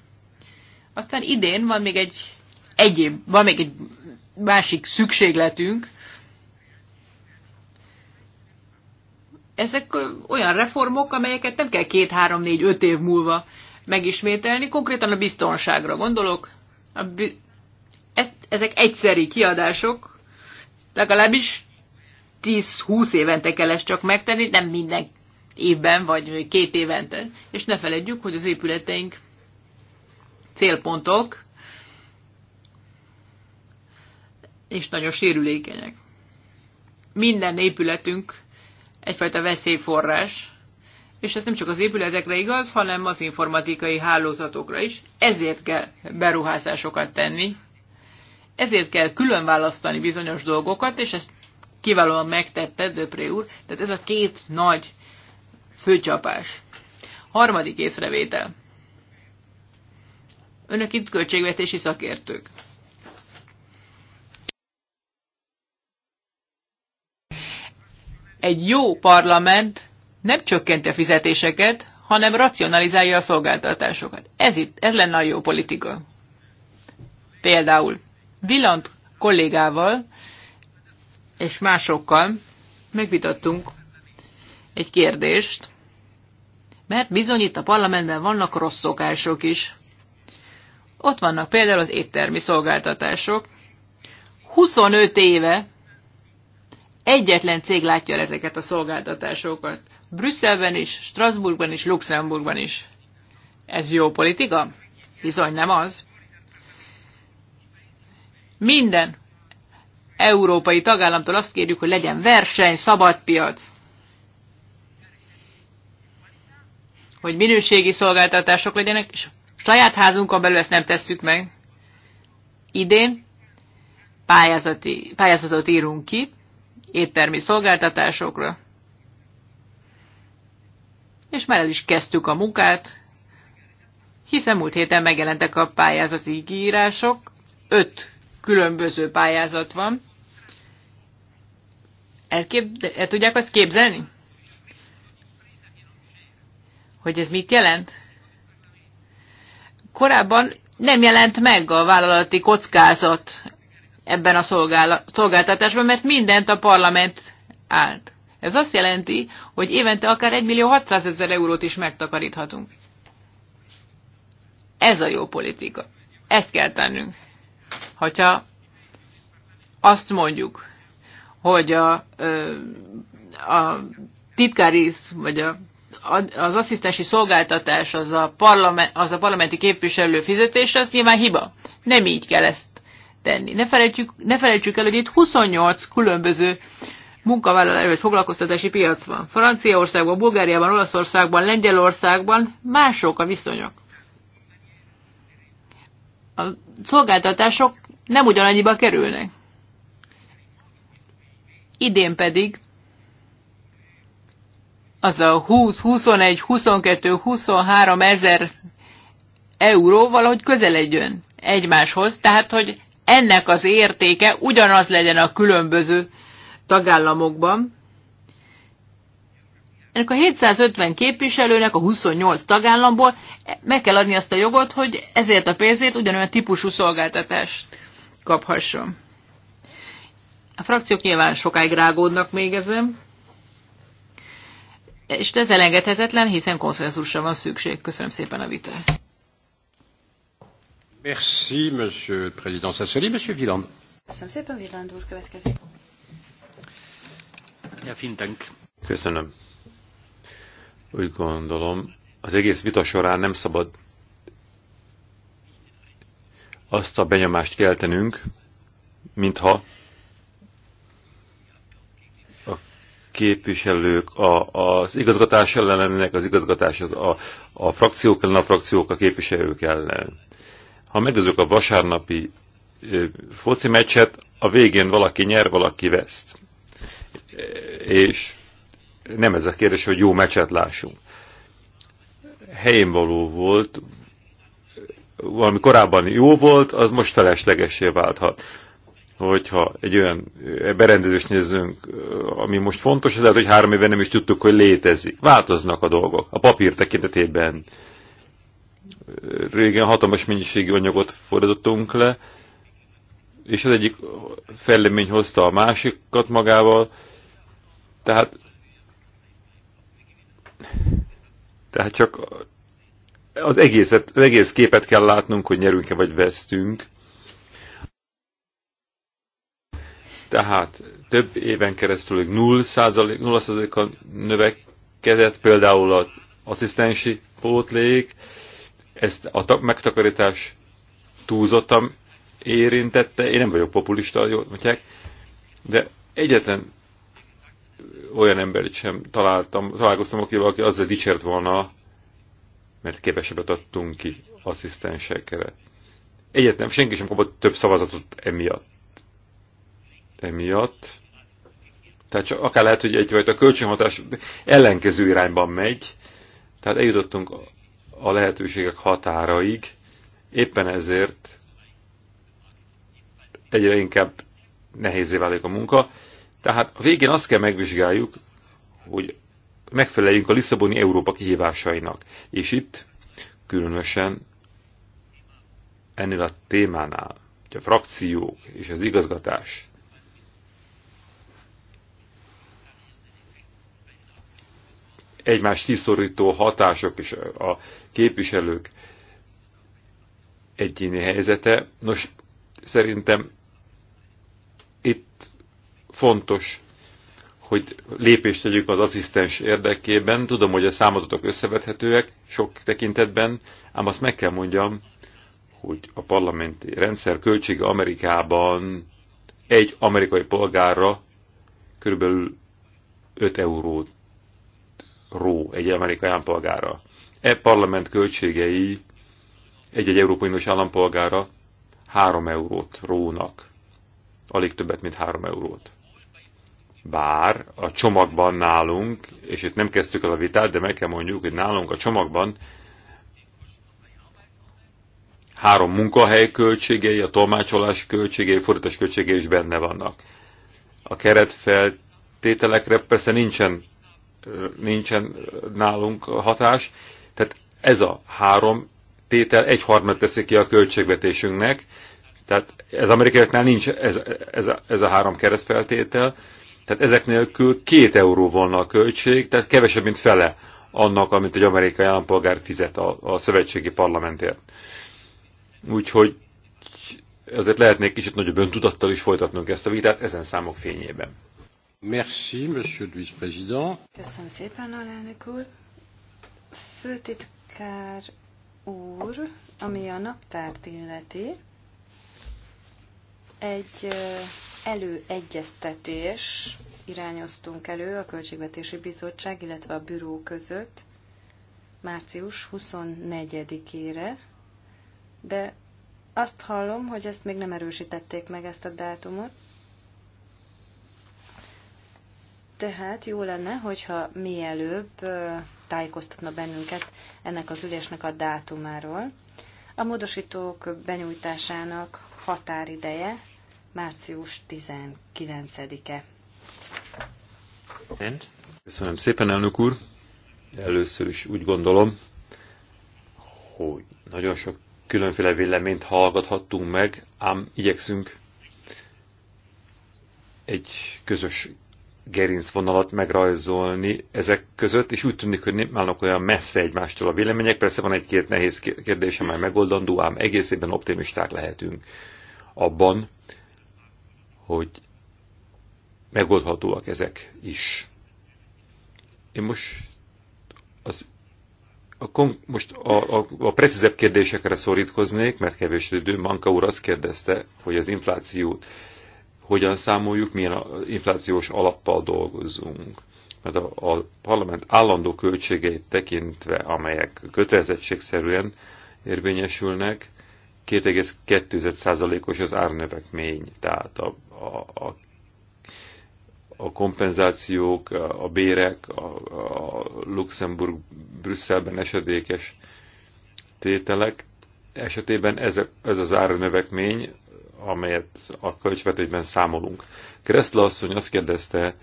Aztán idén van még egy egyéb, van még egy másik szükségletünk. Ezek olyan reformok, amelyeket nem kell két, három, négy, öt év múlva megismételni. Konkrétan a biztonságra gondolok. A bi- ezt, ezek egyszeri kiadások, legalábbis 10-20 évente kell ezt csak megtenni, nem minden évben, vagy két évente. És ne feledjük, hogy az épületeink célpontok, és nagyon sérülékenyek. Minden épületünk egyfajta veszélyforrás és ez nem csak az épületekre igaz, hanem az informatikai hálózatokra is. Ezért kell beruházásokat tenni, ezért kell külön választani bizonyos dolgokat, és ezt kiválóan megtette Döpré úr. Tehát ez a két nagy főcsapás. Harmadik észrevétel. Önök itt költségvetési szakértők. Egy jó parlament nem csökkenti a fizetéseket, hanem racionalizálja a szolgáltatásokat. Ez, itt, ez lenne a jó politika. Például Villant kollégával és másokkal megvitattunk egy kérdést, mert bizony itt a parlamentben vannak rossz szokások is. Ott vannak például az éttermi szolgáltatások. 25 éve egyetlen cég látja el ezeket a szolgáltatásokat. Brüsszelben is, Strasbourgban is, Luxemburgban is. Ez jó politika? Bizony nem az. Minden európai tagállamtól azt kérjük, hogy legyen verseny, szabad piac. Hogy minőségi szolgáltatások legyenek, és saját házunkon belül ezt nem tesszük meg. Idén pályázati, pályázatot írunk ki éttermi szolgáltatásokra és már el is kezdtük a munkát, hiszen múlt héten megjelentek a pályázati ígírások, öt különböző pályázat van. Elkép... El tudják azt képzelni? Hogy ez mit jelent? Korábban nem jelent meg a vállalati kockázat ebben a szolgáltatásban, mert mindent a parlament állt. Ez azt jelenti, hogy évente akár 1 millió 600 ezer eurót is megtakaríthatunk. Ez a jó politika. Ezt kell tennünk. Hogyha azt mondjuk, hogy a, a titkáris, vagy a, az asszisztensi szolgáltatás az a, parlament, az a parlamenti képviselő fizetése, az nyilván hiba. Nem így kell ezt tenni. Ne felejtsük, ne felejtsük el, hogy itt 28 különböző munkavállalás vagy foglalkoztatási piac van. Franciaországban, Bulgáriában, Olaszországban, Lengyelországban mások a viszonyok. A szolgáltatások nem ugyanannyiba kerülnek. Idén pedig az a 20, 21, 22, 23 ezer euró valahogy közeledjön egymáshoz, tehát hogy ennek az értéke ugyanaz legyen a különböző tagállamokban. Ennek a 750 képviselőnek a 28 tagállamból meg kell adni azt a jogot, hogy ezért a pénzért ugyanolyan típusú szolgáltatást kaphasson. A frakciók nyilván sokáig rágódnak még ezen, és ez elengedhetetlen, hiszen konszenzusra van szükség. Köszönöm szépen a vitát. Merci, Monsieur le Président Sassoli. Monsieur Villand. Köszönöm szépen, Villand úr következik. Ja, Köszönöm. Úgy gondolom, az egész vita során nem szabad azt a benyomást keltenünk, mintha a képviselők a, az igazgatás ellen lennének, az igazgatás az a, a frakciók ellen, a frakciók a képviselők ellen. Ha megnézzük a vasárnapi foci meccset, a végén valaki nyer, valaki veszt és nem ez a kérdés, hogy jó meccset lássunk. Helyén való volt, valami korábban jó volt, az most feleslegesé válthat. Hogyha egy olyan berendezést nézzünk, ami most fontos, az lehet, hogy három éve nem is tudtuk, hogy létezik. Változnak a dolgok. A papír tekintetében régen hatalmas mennyiségű anyagot fordítottunk le, és az egyik fellemény hozta a másikat magával, tehát, tehát csak az, egészet, az egész képet kell látnunk, hogy nyerünk-e vagy vesztünk. Tehát több éven keresztül 0%-a növekedett például az asszisztensi pótlék, ezt a megtakarítás túlzottan érintette, én nem vagyok populista, jól mondják, de egyetlen olyan embert sem találtam, találkoztam, akivel, aki azzal dicsért volna, mert kevesebbet adtunk ki asszisztensekre. Egyetlen, senki sem kapott több szavazatot emiatt. Emiatt. Tehát csak, akár lehet, hogy egyfajta kölcsönhatás ellenkező irányban megy, tehát eljutottunk a lehetőségek határaig, éppen ezért egyre inkább nehézé válik a munka. Tehát a végén azt kell megvizsgáljuk, hogy megfeleljünk a Lisszaboni Európa kihívásainak. És itt különösen ennél a témánál, hogy a frakciók és az igazgatás egymást kiszorító hatások és a képviselők egyéni helyzete. Nos, szerintem itt fontos, hogy lépést tegyük az asszisztens érdekében. Tudom, hogy a számotok összevethetőek sok tekintetben, ám azt meg kell mondjam, hogy a parlamenti rendszer költsége Amerikában egy amerikai polgárra körülbelül 5 eurót ró egy amerikai állampolgára. E parlament költségei egy-egy Európai Uniós állampolgára 3 eurót rónak. Alig többet, mint 3 eurót. Bár a csomagban nálunk, és itt nem kezdtük el a vitát, de meg kell mondjuk, hogy nálunk a csomagban három munkahely költségei, a tolmácsolás költségei, fordítás költségei is benne vannak. A keretfeltételekre persze nincsen, nincsen nálunk hatás, tehát ez a három tétel egyharmad teszi ki a költségvetésünknek, tehát ez amerikaiaknál nincs ez, ez, a, ez a három keretfeltétel, tehát ezek nélkül két euró volna a költség, tehát kevesebb, mint fele annak, amit egy amerikai állampolgár fizet a, a szövetségi parlamentért. Úgyhogy azért lehetnék kicsit nagyobb öntudattal is folytatnunk ezt a vitát ezen számok fényében. Merci, monsieur le vice-président. Köszönöm szépen, alelnök úr. Főtitkár úr, ami a naptárt illeti, egy előegyeztetés irányoztunk elő a Költségvetési Bizottság, illetve a büró között március 24-ére, de azt hallom, hogy ezt még nem erősítették meg ezt a dátumot. Tehát jó lenne, hogyha mielőbb tájékoztatna bennünket ennek az ülésnek a dátumáról. A módosítók benyújtásának határideje március 19-e. Köszönöm szépen, elnök úr! Először is úgy gondolom, hogy nagyon sok különféle véleményt hallgathattunk meg, ám igyekszünk egy közös gerincvonalat megrajzolni ezek között, és úgy tűnik, hogy nem állnak olyan messze egymástól a vélemények. Persze van egy-két nehéz kérdés, amely megoldandó, ám egészében optimisták lehetünk abban, hogy megoldhatóak ezek is. Én most az a most a, a, a precízebb kérdésekre szorítkoznék, mert kevés idő. Manka úr azt kérdezte, hogy az inflációt hogyan számoljuk, milyen inflációs alappal dolgozunk. Mert a, a parlament állandó költségeit tekintve, amelyek kötelezettségszerűen érvényesülnek, 2,2%-os az árnövekmény, tehát a a, a, a kompenzációk, a bérek, a, a Luxemburg-Brüsszelben esedékes tételek esetében ez, ez az árnövekmény, amelyet a költségvetésben számolunk. Kresszla asszony azt kérdezte,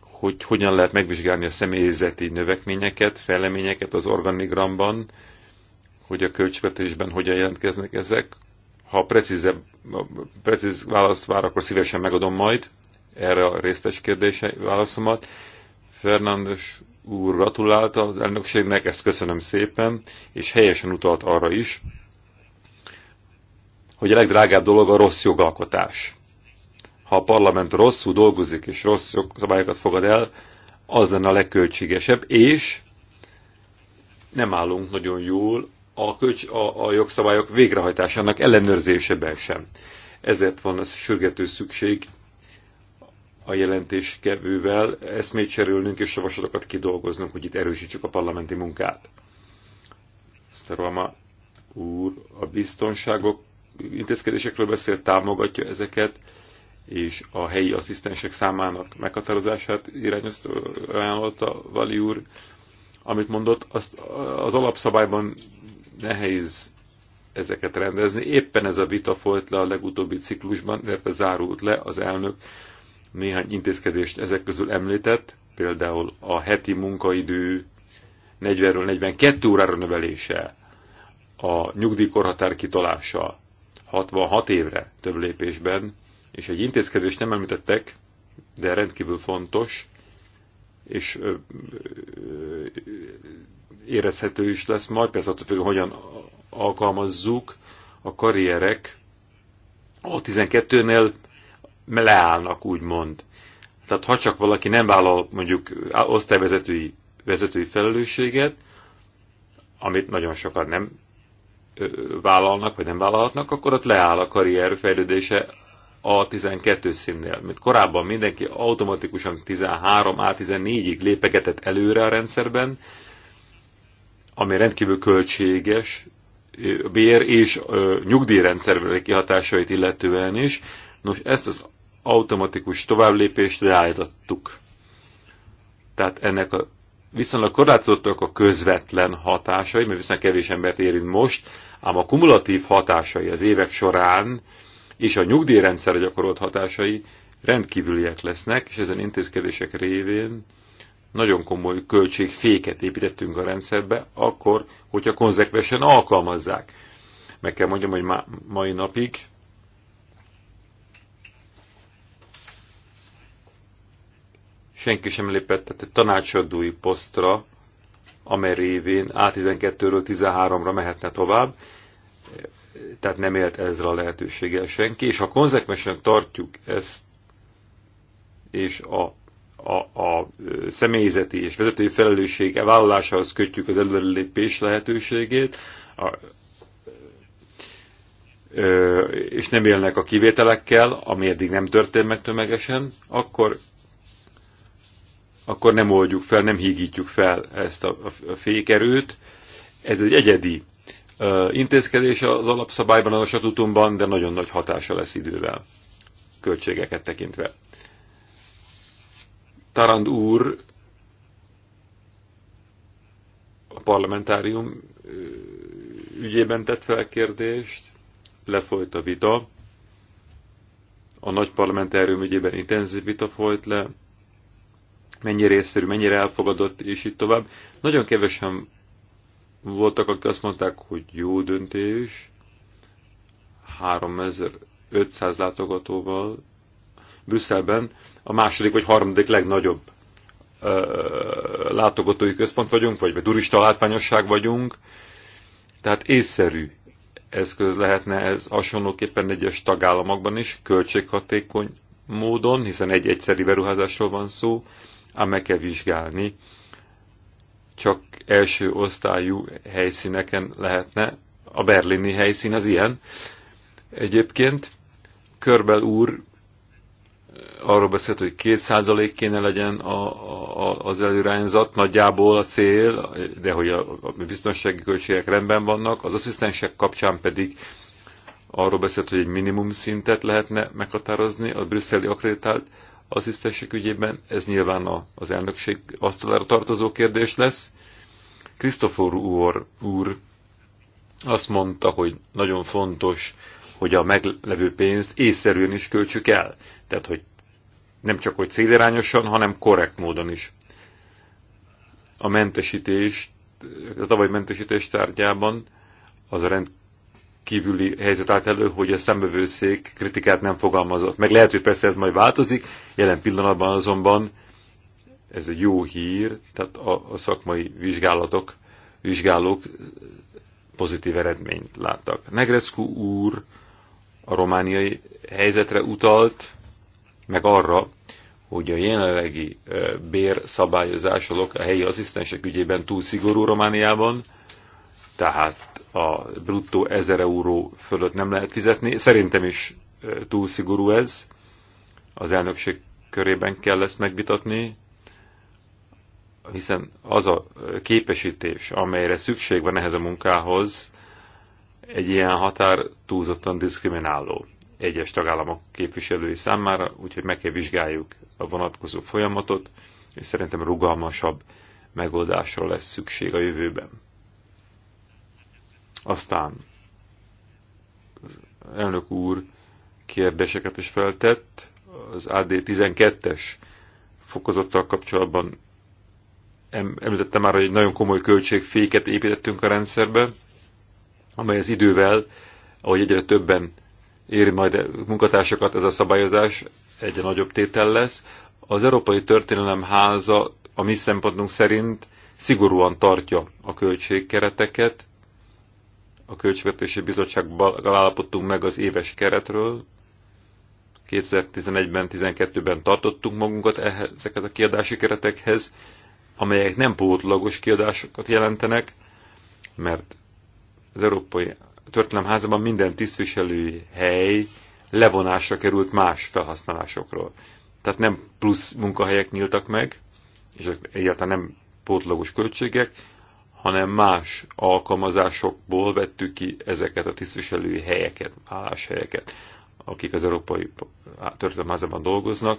hogy hogyan lehet megvizsgálni a személyzeti növekményeket, fejleményeket az organigramban, hogy a költségvetésben hogyan jelentkeznek ezek. Ha precízebb, precíz válasz vár, akkor szívesen megadom majd erre a részletes kérdése válaszomat. Fernándes úr gratulálta az elnökségnek, ezt köszönöm szépen, és helyesen utalt arra is, hogy a legdrágább dolog a rossz jogalkotás. Ha a parlament rosszul dolgozik és rossz szabályokat fogad el, az lenne a legköltségesebb, és nem állunk nagyon jól a, kölcs, a, a jogszabályok végrehajtásának ellenőrzésében sem. Ezért van ez sürgető szükség a jelentéskevővel eszmét cserélnünk és javaslatokat kidolgoznunk, hogy itt erősítsük a parlamenti munkát. Szterolma úr a biztonságok intézkedésekről beszélt, támogatja ezeket, és a helyi asszisztensek számának meghatározását irányozta, ajánlotta Vali úr, amit mondott, azt az alapszabályban nehéz ezeket rendezni. Éppen ez a vita folyt le a legutóbbi ciklusban, illetve zárult le az elnök néhány intézkedést ezek közül említett, például a heti munkaidő 40-ről 42 órára növelése, a nyugdíjkorhatár kitolása 66 évre több lépésben, és egy intézkedést nem említettek, de rendkívül fontos, és ö, ö, érezhető is lesz majd, persze attól függ, hogyan alkalmazzuk a karrierek a 12-nél leállnak, úgymond. Tehát ha csak valaki nem vállal mondjuk osztályvezetői vezetői felelősséget, amit nagyon sokan nem vállalnak, vagy nem vállalhatnak, akkor ott leáll a karrier fejlődése a 12 színnél. Mint korábban mindenki automatikusan 13A14-ig lépegetett előre a rendszerben, ami rendkívül költséges, bér és ö, nyugdíjrendszerbeli kihatásait illetően is. Nos, ezt az automatikus továbblépést leállítottuk. Tehát ennek a viszonylag korlátozottak a közvetlen hatásai, mert viszont kevés embert érint most, ám a kumulatív hatásai az évek során és a nyugdíjrendszer gyakorolt hatásai rendkívüliek lesznek, és ezen intézkedések révén nagyon komoly költségféket építettünk a rendszerbe, akkor, hogyha konzekvesen alkalmazzák. Meg kell mondjam, hogy ma- mai napig senki sem lépett egy tanácsadói posztra, amely révén A12-ről 13-ra mehetne tovább, tehát nem élt ezzel a lehetőséggel senki, és ha konzekvensen tartjuk ezt, és a, a, a személyzeti és vezetői felelősség vállalásához kötjük az előrelépés lehetőségét, a, ö, és nem élnek a kivételekkel, ami eddig nem történt meg tömegesen, akkor, akkor nem oldjuk fel, nem hígítjuk fel ezt a, a, a fékerőt. Ez egy egyedi intézkedés az alapszabályban, a statutumban, de nagyon nagy hatása lesz idővel, költségeket tekintve. Tarand úr a parlamentárium ügyében tett fel kérdést, lefolyt a vita, a nagy parlamentárium ügyében intenzív vita folyt le, mennyire észszerű, mennyire elfogadott, és így tovább. Nagyon kevesen voltak, akik azt mondták, hogy jó döntés, 3500 látogatóval Brüsszelben a második vagy harmadik legnagyobb ö, látogatói központ vagyunk, vagy, vagy turista látványosság vagyunk. Tehát észszerű eszköz lehetne ez hasonlóképpen egyes tagállamokban is, költséghatékony módon, hiszen egy egyszeri beruházásról van szó, ám meg kell vizsgálni csak első osztályú helyszíneken lehetne. A berlini helyszín az ilyen. Egyébként Körbel úr eh, arról beszélt, hogy két százalék kéne legyen a, a, az előrányzat, nagyjából a cél, de hogy a, a biztonsági költségek rendben vannak, az asszisztensek kapcsán pedig arról beszélt, hogy egy minimum szintet lehetne meghatározni, a brüsszeli akreditált asszisztensek ügyében, ez nyilván a, az elnökség asztalára tartozó kérdés lesz. Krisztofor úr, úr azt mondta, hogy nagyon fontos, hogy a meglevő pénzt észszerűen is költsük el. Tehát, hogy nem csak, hogy célirányosan, hanem korrekt módon is. A mentesítés, a tavaly mentesítés tárgyában az a rend, kívüli helyzet állt elő, hogy a szembevőszék kritikát nem fogalmazott. Meg lehet, hogy persze ez majd változik, jelen pillanatban azonban ez egy jó hír, tehát a, a szakmai vizsgálatok, vizsgálók pozitív eredményt láttak. Negrescu úr a romániai helyzetre utalt, meg arra, hogy a jelenlegi bérszabályozás a helyi asszisztensek ügyében túl szigorú Romániában, tehát a bruttó 1000 euró fölött nem lehet fizetni. Szerintem is túl szigorú ez. Az elnökség körében kell ezt megvitatni, hiszen az a képesítés, amelyre szükség van ehhez a munkához, egy ilyen határ túlzottan diszkrimináló egyes tagállamok képviselői számára, úgyhogy meg kell vizsgáljuk a vonatkozó folyamatot, és szerintem rugalmasabb megoldásra lesz szükség a jövőben. Aztán az elnök úr kérdéseket is feltett, az AD12-es fokozottal kapcsolatban említettem már, hogy egy nagyon komoly költségféket építettünk a rendszerbe, amely az idővel, ahogy egyre többen éri majd munkatársakat ez a szabályozás, egyre nagyobb tétel lesz. Az Európai Történelem Háza a mi szempontunk szerint szigorúan tartja a költségkereteket, a Költségvetési Bizottságban állapodtunk meg az éves keretről. 2011-ben, 12-ben tartottunk magunkat ezeket a kiadási keretekhez, amelyek nem pótlagos kiadásokat jelentenek, mert az Európai Történelemházában minden tisztviselői hely levonásra került más felhasználásokról. Tehát nem plusz munkahelyek nyíltak meg, és egyáltalán nem pótlagos költségek, hanem más alkalmazásokból vettük ki ezeket a tisztviselői helyeket, álláshelyeket, akik az Európai történelmázában dolgoznak.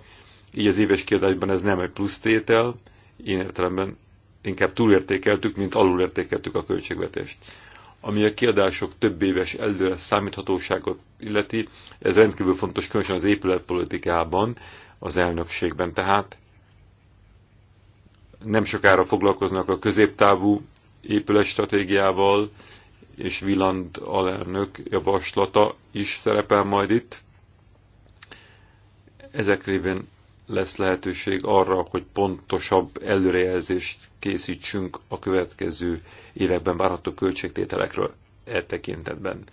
Így az éves kiadásban ez nem egy plusz tétel, én értelemben inkább túlértékeltük, mint alulértékeltük a költségvetést. Ami a kiadások több éves előre számíthatóságot illeti, ez rendkívül fontos, különösen az épületpolitikában, az elnökségben tehát. Nem sokára foglalkoznak a középtávú épületstratégiával, és Viland alelnök javaslata is szerepel majd itt. Ezek révén lesz lehetőség arra, hogy pontosabb előrejelzést készítsünk a következő években várható költségtételekről e tekintetben.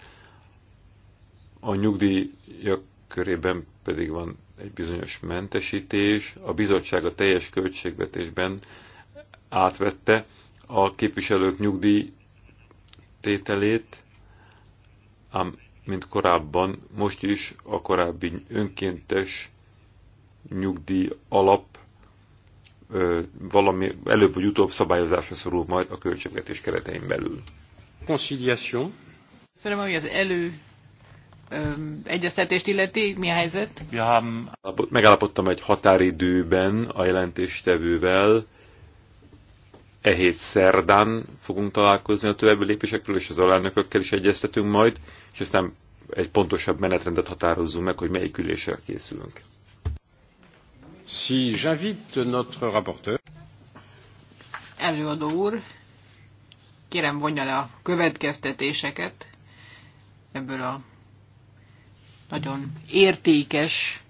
A nyugdíjak körében pedig van egy bizonyos mentesítés, a bizottság a teljes költségvetésben átvette, a képviselők nyugdíj tételét, ám mint korábban, most is a korábbi önkéntes nyugdíj alap ö, valami előbb vagy utóbb szabályozásra szorul majd a költségvetés keretein belül. Conciliation. Szerintem, hogy az elő egyeztetést illeti, mi a helyzet? Ja, megállapodtam egy határidőben a jelentéstevővel, e hét szerdán fogunk találkozni a további lépésekről, és az alelnökökkel is egyeztetünk majd, és aztán egy pontosabb menetrendet határozzunk meg, hogy melyik üléssel készülünk. Si j'invite notre rapporteur. Előadó úr, kérem vonja le a következtetéseket ebből a nagyon értékes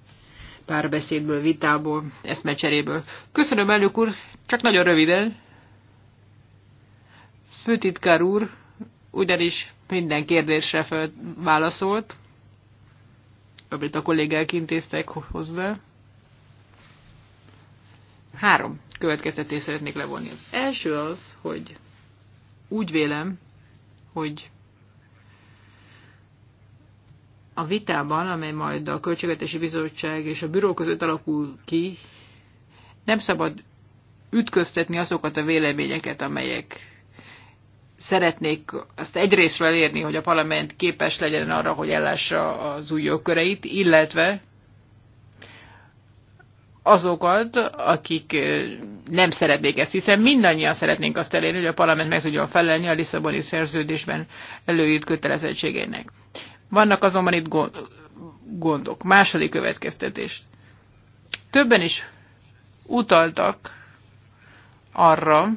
párbeszédből, vitából, eszmecseréből. Köszönöm, elnök úr, csak nagyon röviden főtitkár úr ugyanis minden kérdésre válaszolt, amit a kollégák intéztek hozzá. Három következtetés szeretnék levonni. Az első az, hogy úgy vélem, hogy a vitában, amely majd a Költségvetési Bizottság és a büró között alakul ki, nem szabad ütköztetni azokat a véleményeket, amelyek szeretnék azt egyrészt elérni, hogy a parlament képes legyen arra, hogy ellássa az új jogköreit, illetve azokat, akik nem szeretnék ezt, hiszen mindannyian szeretnénk azt elérni, hogy a parlament meg tudjon felelni a Lisszaboni szerződésben előírt kötelezettségének. Vannak azonban itt gondok. Második következtetés. Többen is utaltak arra,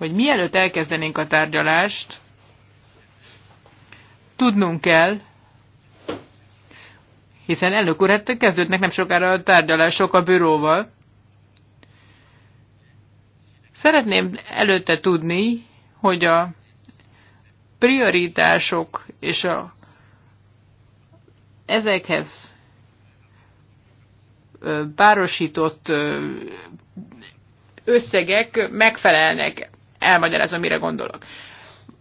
hogy mielőtt elkezdenénk a tárgyalást, tudnunk kell, hiszen elnök úr, hát kezdődnek nem sokára a tárgyalások a büróval. Szeretném előtte tudni, hogy a prioritások és a ezekhez párosított összegek megfelelnek elmagyarázom, mire gondolok.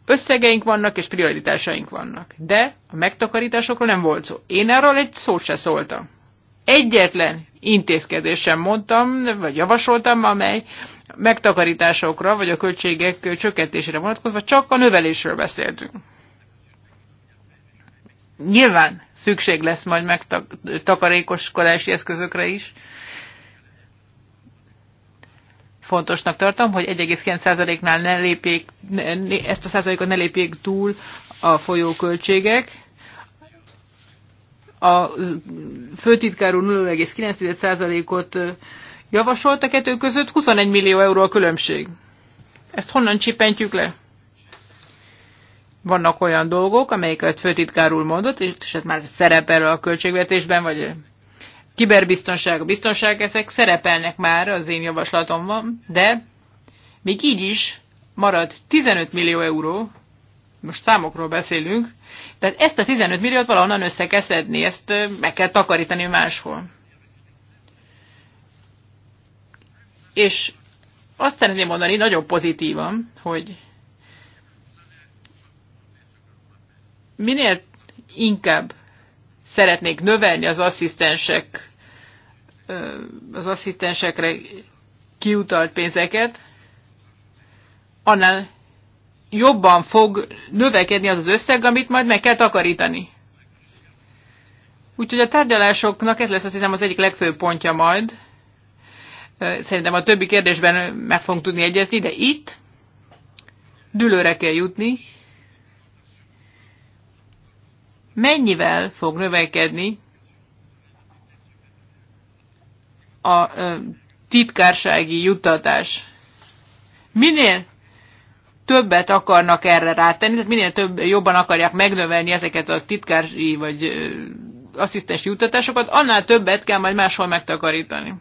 Összegeink vannak, és prioritásaink vannak. De a megtakarításokról nem volt szó. Én erről egy szót se szóltam. Egyetlen intézkedés sem mondtam, vagy javasoltam, amely megtakarításokra, vagy a költségek csökkentésére vonatkozva csak a növelésről beszéltünk. Nyilván szükség lesz majd megtakarékoskodási eszközökre is, fontosnak tartom, hogy 1,9%-nál ne lépjék, ezt a százalékot ne lépjék túl a folyóköltségek. A főtitkár úr 0,9%-ot javasolt a kettő között, 21 millió euró a különbség. Ezt honnan csipentjük le? Vannak olyan dolgok, amelyeket főtitkár úr mondott, és hát már szerepel a költségvetésben, vagy kiberbiztonság, a biztonság, ezek szerepelnek már az én javaslatomban, de még így is marad 15 millió euró, most számokról beszélünk, tehát ezt a 15 milliót valahonnan össze kell szedni, ezt meg kell takarítani máshol. És azt szeretném mondani nagyon pozitívan, hogy minél inkább szeretnék növelni az asszisztensek az asszisztensekre kiutalt pénzeket, annál jobban fog növekedni az az összeg, amit majd meg kell takarítani. Úgyhogy a tárgyalásoknak ez lesz azt hiszem az egyik legfőbb pontja majd. Szerintem a többi kérdésben meg fogunk tudni egyezni, de itt dülőre kell jutni, mennyivel fog növekedni a titkársági juttatás. Minél többet akarnak erre rátenni, tehát minél több, jobban akarják megnövelni ezeket a titkársi vagy asszisztens juttatásokat, annál többet kell majd máshol megtakarítani.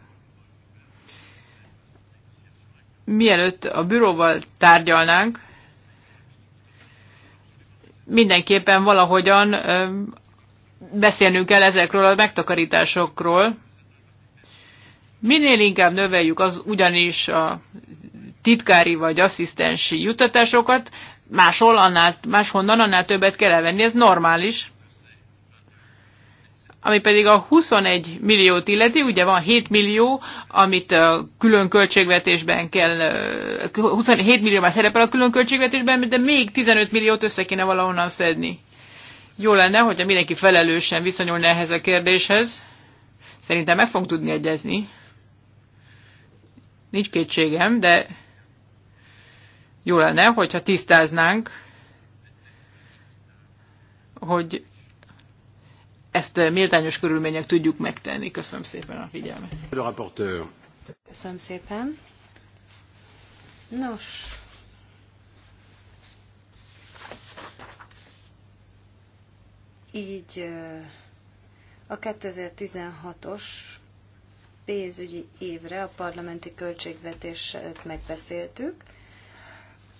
Mielőtt a büróval tárgyalnánk, mindenképpen valahogyan beszélnünk kell ezekről a megtakarításokról. Minél inkább növeljük az ugyanis a titkári vagy asszisztensi juttatásokat, máshol, annál, máshonnan annál többet kell elvenni, ez normális. Ami pedig a 21 milliót illeti, ugye van 7 millió, amit a külön költségvetésben kell, 27 millió már szerepel a külön költségvetésben, de még 15 milliót össze kéne valahonnan szedni. Jó lenne, hogyha mindenki felelősen viszonyulna ehhez a kérdéshez. Szerintem meg fogunk tudni egyezni. Nincs kétségem, de jó lenne, hogyha tisztáznánk, hogy ezt eh, méltányos körülmények tudjuk megtenni. Köszönöm szépen a figyelmet. Köszönöm szépen. Nos. Így eh, a 2016-os pénzügyi évre a parlamenti költségvetéset megbeszéltük.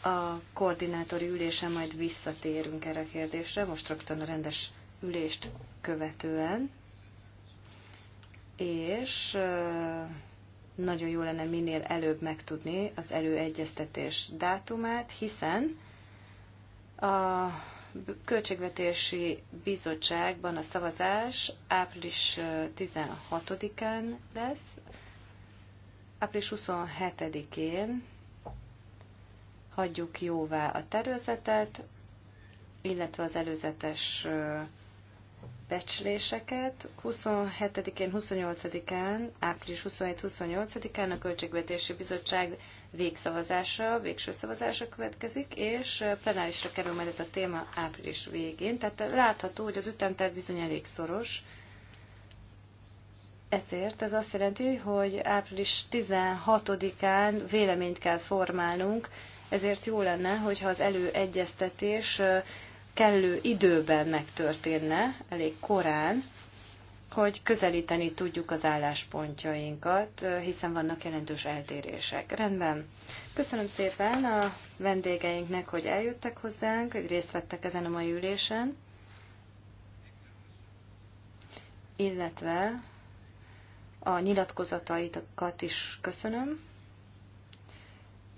A koordinátori ülésen majd visszatérünk erre a kérdésre, most rögtön a rendes ülést követően, és nagyon jó lenne minél előbb megtudni az előegyeztetés dátumát, hiszen a Költségvetési Bizottságban a szavazás április 16-án lesz, április 27-én hagyjuk jóvá a tervezetet, illetve az előzetes becsléseket. 27-én, 28-án, április 27-28-án a Költségvetési Bizottság végszavazása, végső szavazása következik, és plenárisra kerül majd ez a téma április végén. Tehát látható, hogy az ütemterv bizony elég szoros. Ezért ez azt jelenti, hogy április 16-án véleményt kell formálnunk, ezért jó lenne, hogyha az előegyeztetés kellő időben megtörténne, elég korán, hogy közelíteni tudjuk az álláspontjainkat, hiszen vannak jelentős eltérések. Rendben. Köszönöm szépen a vendégeinknek, hogy eljöttek hozzánk, hogy részt vettek ezen a mai ülésen, illetve a nyilatkozataitokat is köszönöm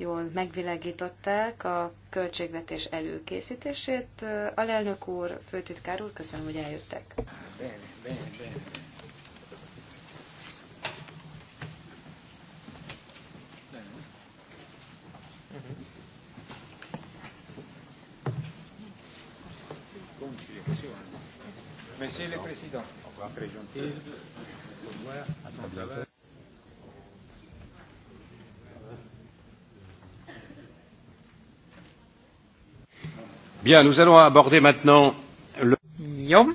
jól megvilágították a költségvetés előkészítését. Alelnök úr, főtitkár úr, köszönöm, hogy eljöttek. Monsieur le Président, après Gentil, Bien, nous allons aborder maintenant le... Jó.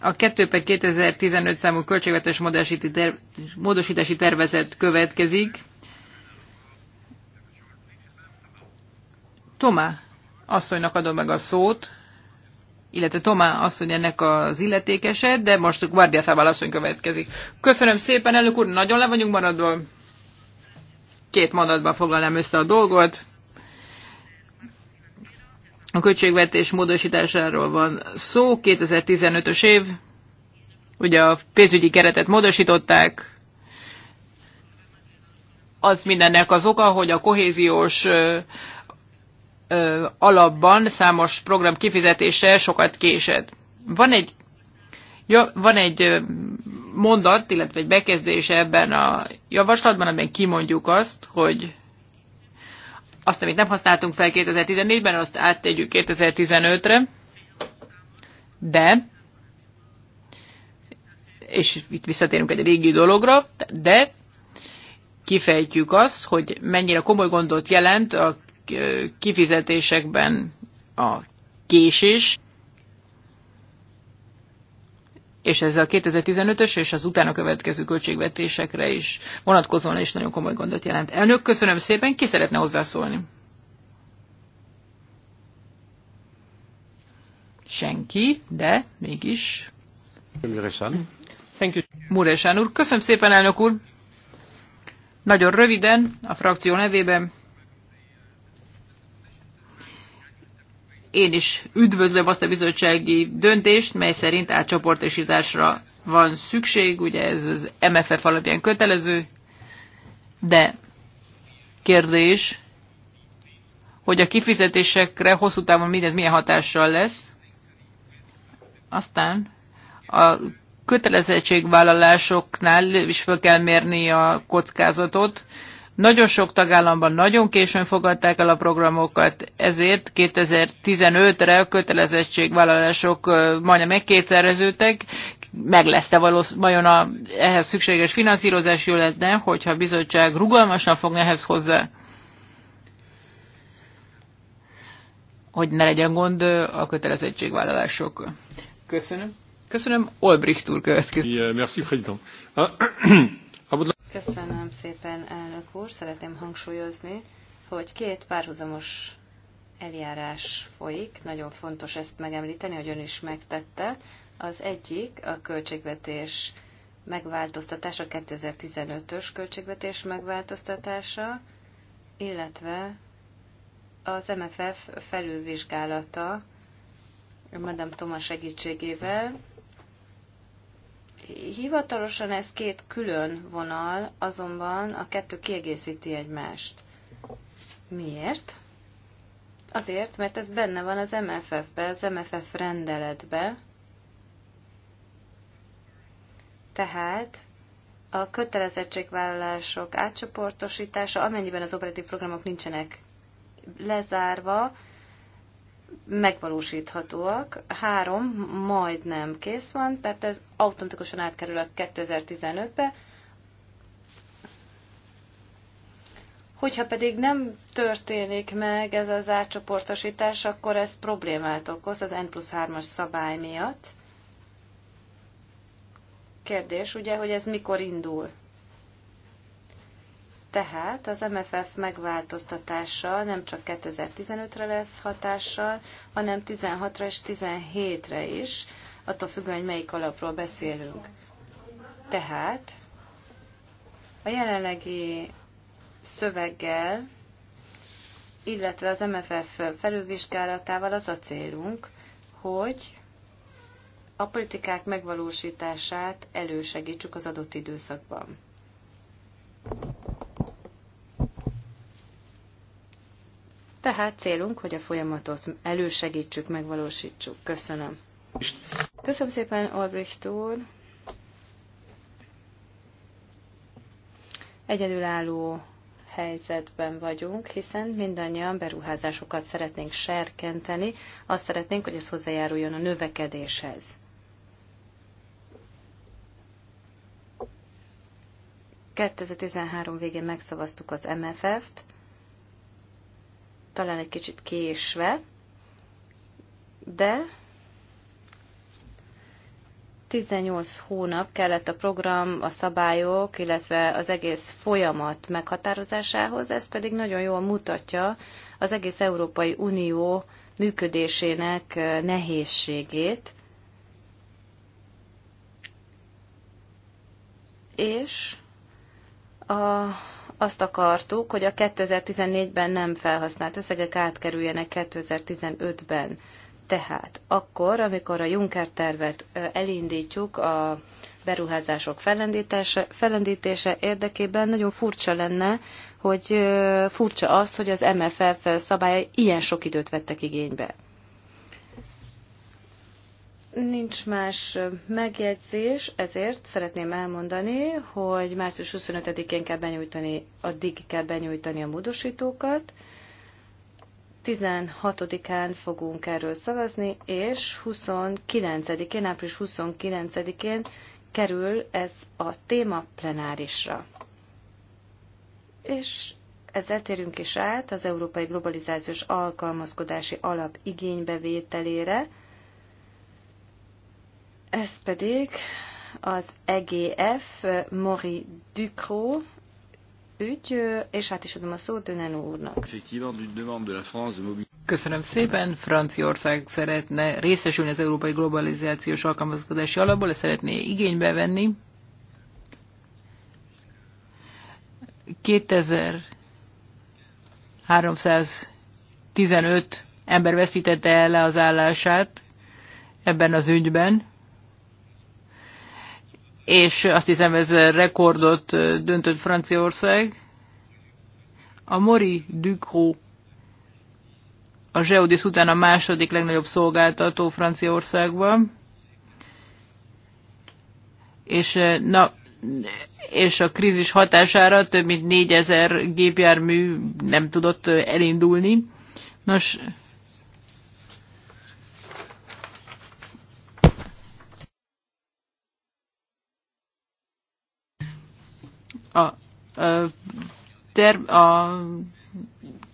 A kettő per 2015 számú költségvetés módosítási, tervezet következik. Tomá asszonynak adom meg a szót, illetve Tomá asszony ennek az illetékese, de most Szával asszony következik. Köszönöm szépen, elnök úr, nagyon le vagyunk maradva. Két mondatban foglalnám össze a dolgot. A költségvetés módosításáról van szó, 2015-ös év, ugye a pénzügyi keretet módosították, az mindennek az oka, hogy a kohéziós alapban számos program kifizetése sokat késed. Van egy, ja, van egy mondat, illetve egy bekezdés ebben a javaslatban, amiben kimondjuk azt, hogy azt, amit nem használtunk fel 2014-ben, azt áttegyük 2015-re, de, és itt visszatérünk egy régi dologra, de kifejtjük azt, hogy mennyire komoly gondot jelent a kifizetésekben a késés, és ez a 2015-ös és az utána következő költségvetésekre is vonatkozóan is nagyon komoly gondot jelent. Elnök, köszönöm szépen, ki szeretne hozzászólni? Senki, de mégis. Muresán. úr, köszönöm szépen, elnök úr. Nagyon röviden, a frakció nevében Én is üdvözlöm azt a bizottsági döntést, mely szerint átcsoportosításra van szükség, ugye ez az MFF alapján kötelező, de kérdés, hogy a kifizetésekre hosszú távon mindez milyen hatással lesz. Aztán a kötelezettségvállalásoknál is fel kell mérni a kockázatot. Nagyon sok tagállamban nagyon későn fogadták el a programokat, ezért 2015-re a kötelezettségvállalások majdnem megkétszereződtek, meg lesz-e vajon a, ehhez szükséges finanszírozás jó lenne, hogyha a bizottság rugalmasan fog ehhez hozzá? Hogy ne legyen gond a kötelezettségvállalások. Köszönöm. Köszönöm. Olbricht úr következik. Merci, président. Ah, Köszönöm szépen, elnök úr. Szeretném hangsúlyozni, hogy két párhuzamos eljárás folyik. Nagyon fontos ezt megemlíteni, hogy ön is megtette. Az egyik a költségvetés megváltoztatása, 2015-ös költségvetés megváltoztatása, illetve az MFF felülvizsgálata Madame Thomas segítségével Hivatalosan ez két külön vonal, azonban a kettő kiegészíti egymást. Miért? Azért, mert ez benne van az MFF-be, az MFF rendeletbe. Tehát a kötelezettségvállalások átcsoportosítása, amennyiben az operatív programok nincsenek lezárva, megvalósíthatóak. Három majdnem kész van, tehát ez automatikusan átkerül a 2015-be. Hogyha pedig nem történik meg ez az átcsoportosítás, akkor ez problémát okoz az N plusz 3-as szabály miatt. Kérdés ugye, hogy ez mikor indul? Tehát az MFF megváltoztatása nem csak 2015-re lesz hatással, hanem 16-ra és 17-re is, attól függően, hogy melyik alapról beszélünk. Tehát a jelenlegi szöveggel, illetve az MFF felülvizsgálatával az a célunk, hogy a politikák megvalósítását elősegítsük az adott időszakban. Tehát célunk, hogy a folyamatot elősegítsük, megvalósítsuk. Köszönöm. Köszönöm szépen, Albrecht úr. Egyedülálló helyzetben vagyunk, hiszen mindannyian beruházásokat szeretnénk serkenteni, azt szeretnénk, hogy ez hozzájáruljon a növekedéshez. ...2013 végén megszavaztuk az MFF-t, talán egy kicsit késve, de 18 hónap kellett a program, a szabályok, illetve az egész folyamat meghatározásához, ez pedig nagyon jól mutatja az egész Európai Unió működésének nehézségét. És a azt akartuk, hogy a 2014-ben nem felhasznált összegek átkerüljenek 2015-ben. Tehát akkor, amikor a Juncker tervet elindítjuk a beruházások felendítése érdekében, nagyon furcsa lenne, hogy furcsa az, hogy az MFF szabályai ilyen sok időt vettek igénybe. Nincs más megjegyzés, ezért szeretném elmondani, hogy március 25-én kell benyújtani, addig kell benyújtani a módosítókat. 16-án fogunk erről szavazni, és 29-én, április 29-én kerül ez a téma plenárisra. És ezzel térünk is át az Európai Globalizációs Alkalmazkodási Alap igénybevételére, ez pedig az EGF Mori Ducro ügy, és hát is adom a szót Dönen úrnak. Köszönöm szépen. Franciaország szeretne részesülni az európai globalizációs alkalmazkodási alapból, ezt szeretné igénybe venni. 2315 ember veszítette el az állását ebben az ügyben és azt hiszem ez rekordot döntött Franciaország. A Mori Ducro a Geodis után a második legnagyobb szolgáltató Franciaországban, és, na, és a krízis hatására több mint 4000 gépjármű nem tudott elindulni. Nos, ter- a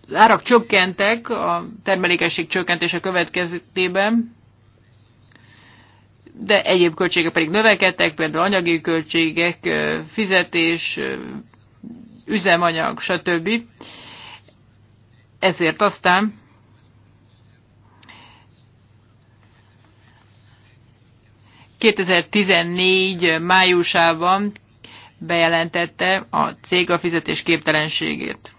az árak csökkentek a termelékenység csökkentése következtében, de egyéb költségek pedig növekedtek, például anyagi költségek, fizetés, üzemanyag, stb. Ezért aztán ...2014 májusában bejelentette a cég a fizetés képtelenségét.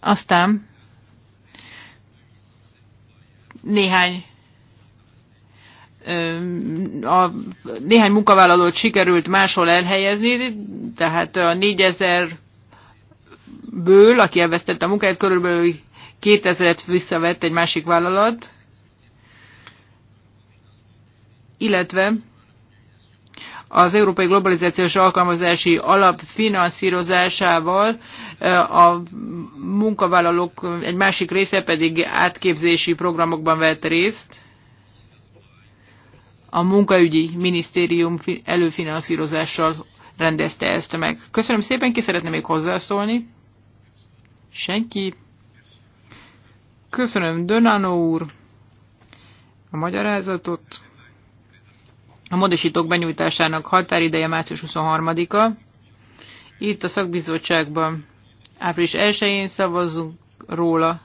Aztán néhány a néhány munkavállalót sikerült máshol elhelyezni, tehát a 4000-ből, aki elvesztette a munkáját, körülbelül 2000-et visszavett egy másik vállalat illetve az Európai Globalizációs Alkalmazási Alap finanszírozásával a munkavállalók egy másik része pedig átképzési programokban vett részt. A munkaügyi minisztérium előfinanszírozással rendezte ezt meg. Köszönöm szépen, ki szeretne még hozzászólni? Senki? Köszönöm Dönano úr a magyarázatot. A módosítók benyújtásának határideje március 23-a. Itt a szakbizottságban április 1-én szavazunk róla,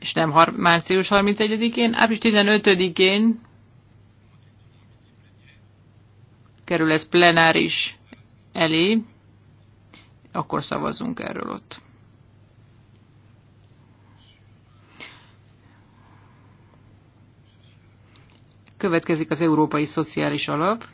és nem har- március 31-én, április 15-én kerül ez plenáris elé, akkor szavazunk erről ott. Következik az Európai Szociális Alap.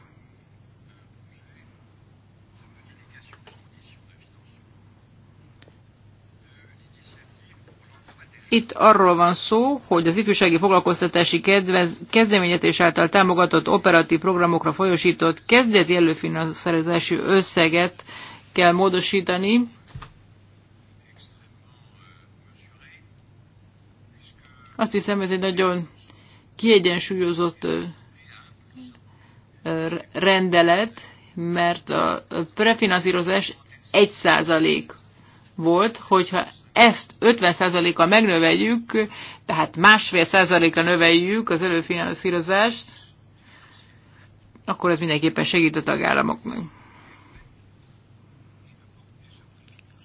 Itt arról van szó, hogy az ifjúsági foglalkoztatási kedvez, kezdeményezés által támogatott operatív programokra folyosított kezdeti előfinanszírozási összeget kell módosítani. Azt hiszem, ez egy nagyon kiegyensúlyozott rendelet, mert a prefinanszírozás 1% volt, hogyha ezt 50%-kal megnöveljük, tehát másfél százalékra növeljük az előfinanszírozást, akkor ez mindenképpen segít a tagállamoknak.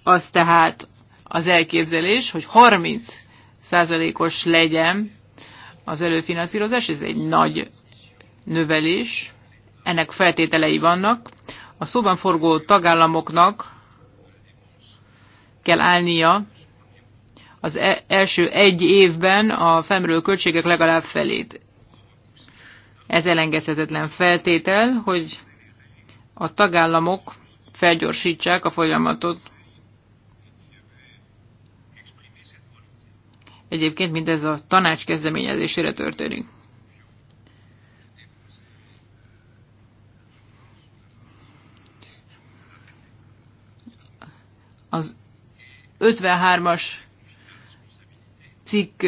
Az tehát az elképzelés, hogy 30 százalékos legyen az előfinanszírozás, ez egy nagy növelés, ennek feltételei vannak. A szóban forgó tagállamoknak kell állnia az e- első egy évben a felmerülő költségek legalább felét. Ez elengedhetetlen feltétel, hogy a tagállamok felgyorsítsák a folyamatot. Egyébként mindez a tanács kezdeményezésére történik. Az 53-as cikk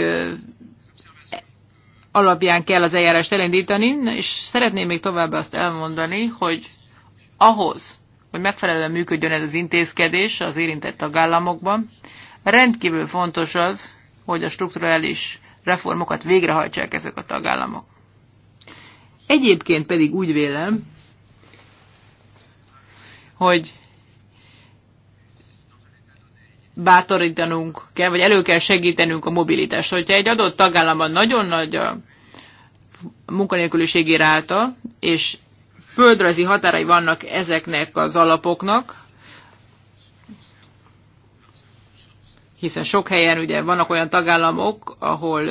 alapján kell az eljárást elindítani, és szeretném még tovább azt elmondani, hogy ahhoz, hogy megfelelően működjön ez az intézkedés az érintett tagállamokban, rendkívül fontos az, hogy a strukturális reformokat végrehajtsák ezek a tagállamok. Egyébként pedig úgy vélem, hogy bátorítanunk kell, vagy elő kell segítenünk a mobilitást. Hogyha egy adott tagállamban nagyon nagy a munkanélküliségi ráta, és földrajzi határai vannak ezeknek az alapoknak, hiszen sok helyen ugye vannak olyan tagállamok, ahol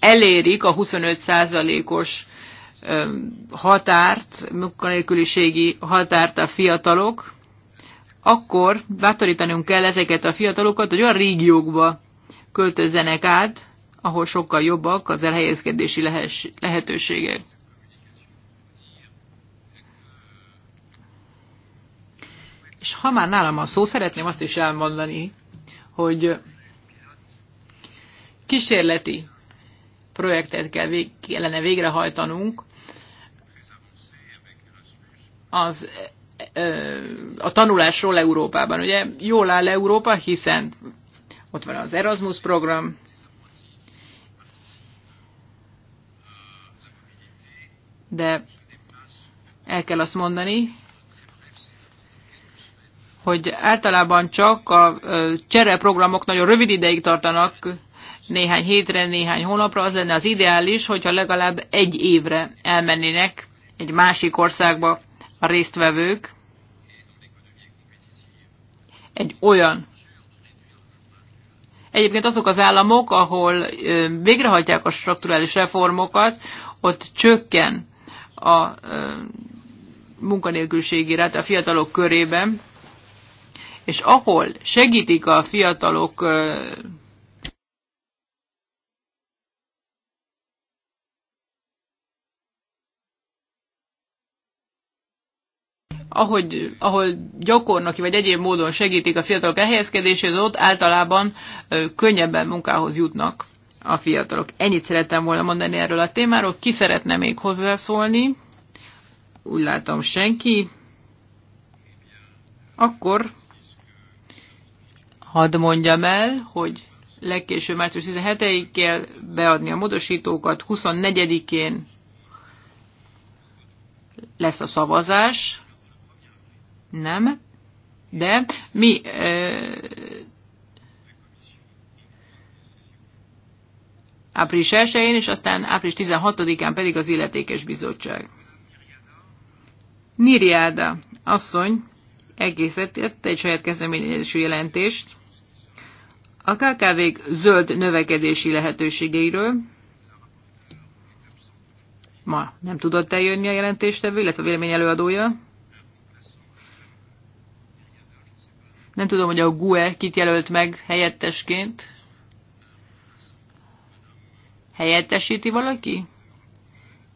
elérik a 25%-os határt, munkanélküliségi határt a fiatalok, akkor bátorítanunk kell ezeket a fiatalokat, hogy olyan régiókba költözzenek át, ahol sokkal jobbak az elhelyezkedési lehetőségek. És ha már nálam a szó, szeretném azt is elmondani, hogy kísérleti projektet kell vég, kellene végrehajtanunk az, a tanulásról Európában. Ugye jól áll Európa, hiszen ott van az Erasmus program, de el kell azt mondani, hogy általában csak a csereprogramok nagyon rövid ideig tartanak, néhány hétre, néhány hónapra, az lenne az ideális, hogyha legalább egy évre elmennének egy másik országba a résztvevők, egy olyan. Egyébként azok az államok, ahol végrehajtják a strukturális reformokat, ott csökken a munkanélküliségi rát a fiatalok körében, és ahol segítik a fiatalok ahogy, ahol gyakornoki vagy egyéb módon segítik a fiatalok elhelyezkedését, ott általában könnyebben munkához jutnak a fiatalok. Ennyit szerettem volna mondani erről a témáról. Ki szeretne még hozzászólni? Úgy látom senki. Akkor hadd mondjam el, hogy legkésőbb március 17-ig kell beadni a módosítókat, 24-én lesz a szavazás, nem, de mi ö, április 1-én, és aztán április 16-án pedig az illetékes bizottság. Niriáda asszony egészített egy saját kezdeményezésű jelentést, a kkv zöld növekedési lehetőségeiről ma nem tudott eljönni a jelentéstevő, illetve a vélemény előadója. Nem tudom, hogy a GUE kit jelölt meg helyettesként. Helyettesíti valaki?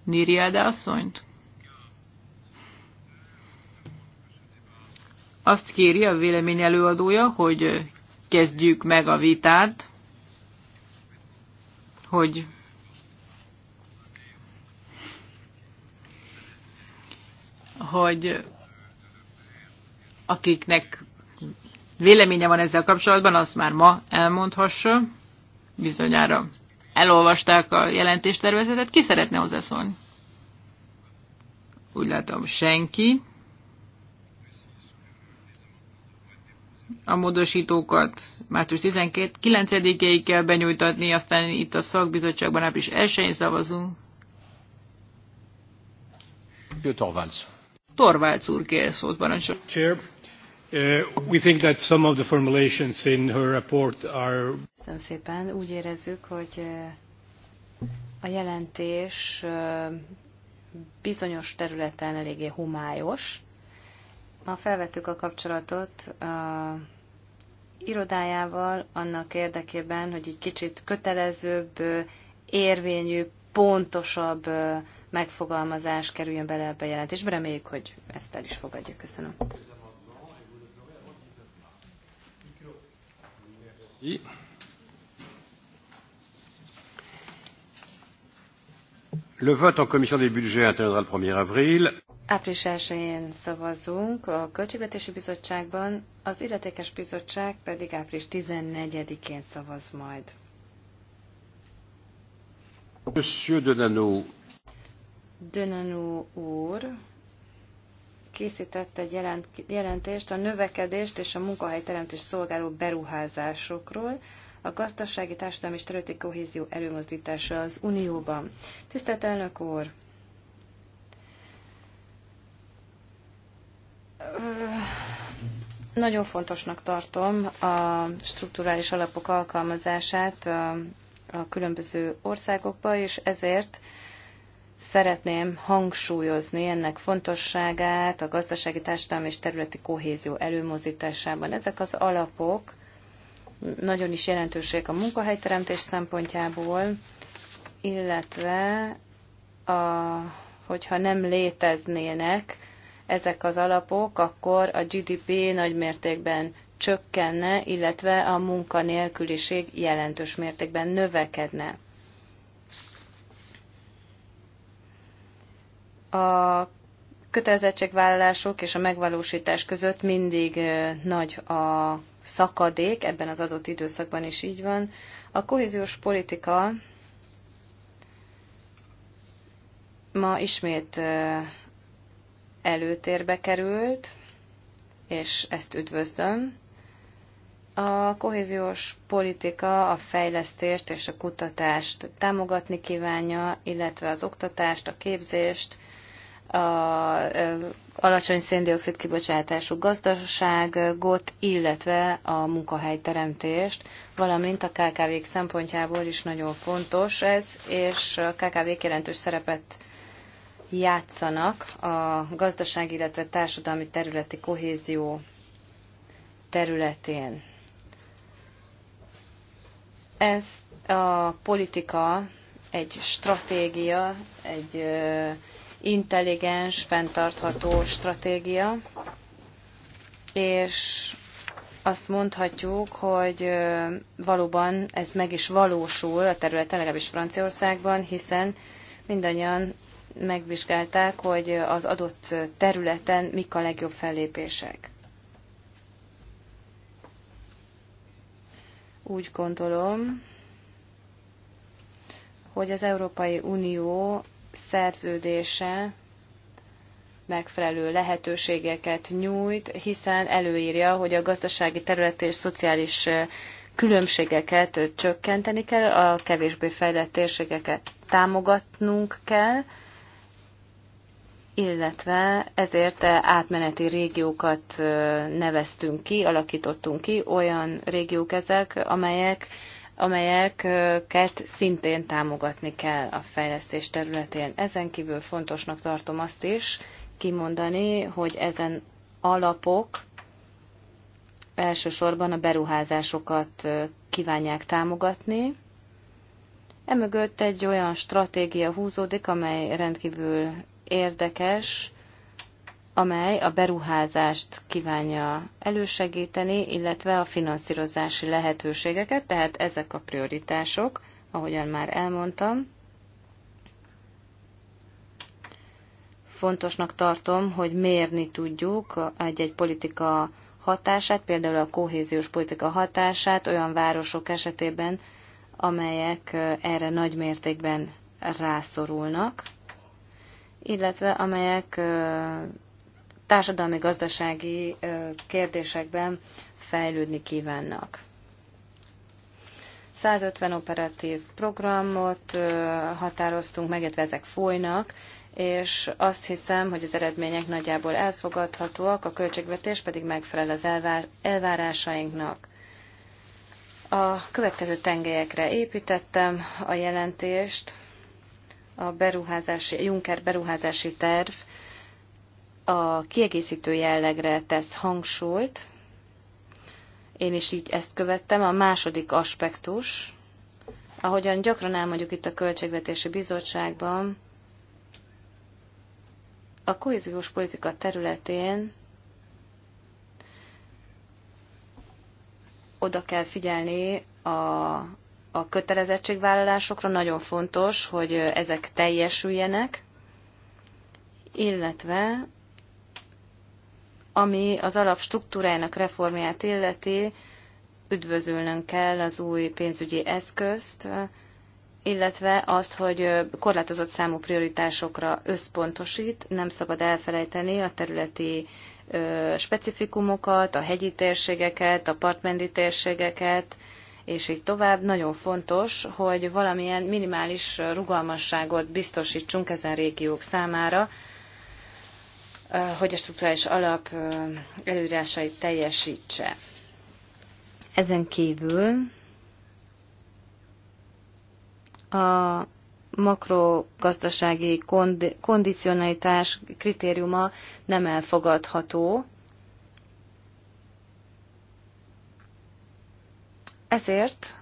Niriáda asszonyt? Azt kéri a vélemény előadója, hogy kezdjük meg a vitát, hogy hogy akiknek véleménye van ezzel kapcsolatban, azt már ma elmondhassa. Bizonyára elolvasták a jelentéstervezetet. Ki szeretne hozzászólni? Úgy látom, senki. a módosítókat március 19-ig kell benyújtatni, aztán itt a szakbizottságban április is én szavazunk. Torvalds. Torvalds úr kér szót, parancsol. Chair, uh, we think that some of the formulations in her report are... Köszönöm szépen. Úgy érezzük, hogy eh, a jelentés eh, bizonyos területen eléggé homályos, Ma felvettük a kapcsolatot a irodájával annak érdekében, hogy egy kicsit kötelezőbb, érvényű, pontosabb megfogalmazás kerüljön bele a bejelentésbe. Reméljük, hogy ezt el is fogadja. Köszönöm. Oui. Le vote en commission des budgets interviendra le 1er avril. Április 1-én szavazunk a Költségvetési Bizottságban, az Illetékes Bizottság pedig április 14-én szavaz majd. Monsieur Denano. Denano úr készített egy jelent, jelentést a növekedést és a munkahelyteremtés szolgáló beruházásokról, a gazdasági, társadalmi és területi kohézió előmozdítása az Unióban. Tisztelt elnök úr! nagyon fontosnak tartom a strukturális alapok alkalmazását a különböző országokba, és ezért szeretném hangsúlyozni ennek fontosságát a gazdasági, társadalmi és területi kohézió előmozításában. Ezek az alapok nagyon is jelentőség a munkahelyteremtés szempontjából, illetve a, hogyha nem léteznének, ezek az alapok, akkor a GDP nagymértékben csökkenne, illetve a munkanélküliség jelentős mértékben növekedne. A kötelezettségvállalások és a megvalósítás között mindig nagy a szakadék, ebben az adott időszakban is így van. A kohéziós politika ma ismét előtérbe került, és ezt üdvözlöm. A kohéziós politika a fejlesztést és a kutatást támogatni kívánja, illetve az oktatást, a képzést, a alacsony széndiokszid kibocsátású gazdaságot, illetve a munkahelyteremtést, valamint a KKV-k szempontjából is nagyon fontos ez, és a KKV-k jelentős szerepet játszanak a gazdaság, illetve társadalmi területi kohézió területén. Ez a politika egy stratégia, egy intelligens, fenntartható stratégia, és azt mondhatjuk, hogy valóban ez meg is valósul a területen, legalábbis Franciaországban, hiszen mindannyian megvizsgálták, hogy az adott területen mik a legjobb fellépések. Úgy gondolom, hogy az Európai Unió szerződése megfelelő lehetőségeket nyújt, hiszen előírja, hogy a gazdasági terület és szociális különbségeket csökkenteni kell, a kevésbé fejlett térségeket támogatnunk kell, illetve ezért átmeneti régiókat neveztünk ki, alakítottunk ki, olyan régiók ezek, amelyek amelyeket szintén támogatni kell a fejlesztés területén. Ezen kívül fontosnak tartom azt is kimondani, hogy ezen alapok elsősorban a beruházásokat kívánják támogatni. Emögött egy olyan stratégia húzódik, amely rendkívül érdekes, amely a beruházást kívánja elősegíteni, illetve a finanszírozási lehetőségeket, tehát ezek a prioritások, ahogyan már elmondtam. Fontosnak tartom, hogy mérni tudjuk egy-egy politika hatását, például a kohéziós politika hatását olyan városok esetében, amelyek erre nagy mértékben rászorulnak illetve amelyek társadalmi-gazdasági kérdésekben fejlődni kívánnak. 150 operatív programot határoztunk meg, illetve ezek folynak, és azt hiszem, hogy az eredmények nagyjából elfogadhatóak, a költségvetés pedig megfelel az elvárásainknak. A következő tengelyekre építettem a jelentést, a beruházási, Juncker beruházási terv a kiegészítő jellegre tesz hangsúlyt. Én is így ezt követtem. A második aspektus, ahogyan gyakran elmondjuk itt a Költségvetési Bizottságban, a kohéziós politika területén oda kell figyelni a a kötelezettségvállalásokra nagyon fontos, hogy ezek teljesüljenek, illetve ami az alap struktúrájának reformját illeti, üdvözölnünk kell az új pénzügyi eszközt, illetve azt, hogy korlátozott számú prioritásokra összpontosít, nem szabad elfelejteni a területi specifikumokat, a hegyi térségeket, a partmendi térségeket, és így tovább. Nagyon fontos, hogy valamilyen minimális rugalmasságot biztosítsunk ezen régiók számára, hogy a strukturális alap előírásait teljesítse. Ezen kívül a makrogazdasági kondicionalitás kritériuma nem elfogadható, Ezért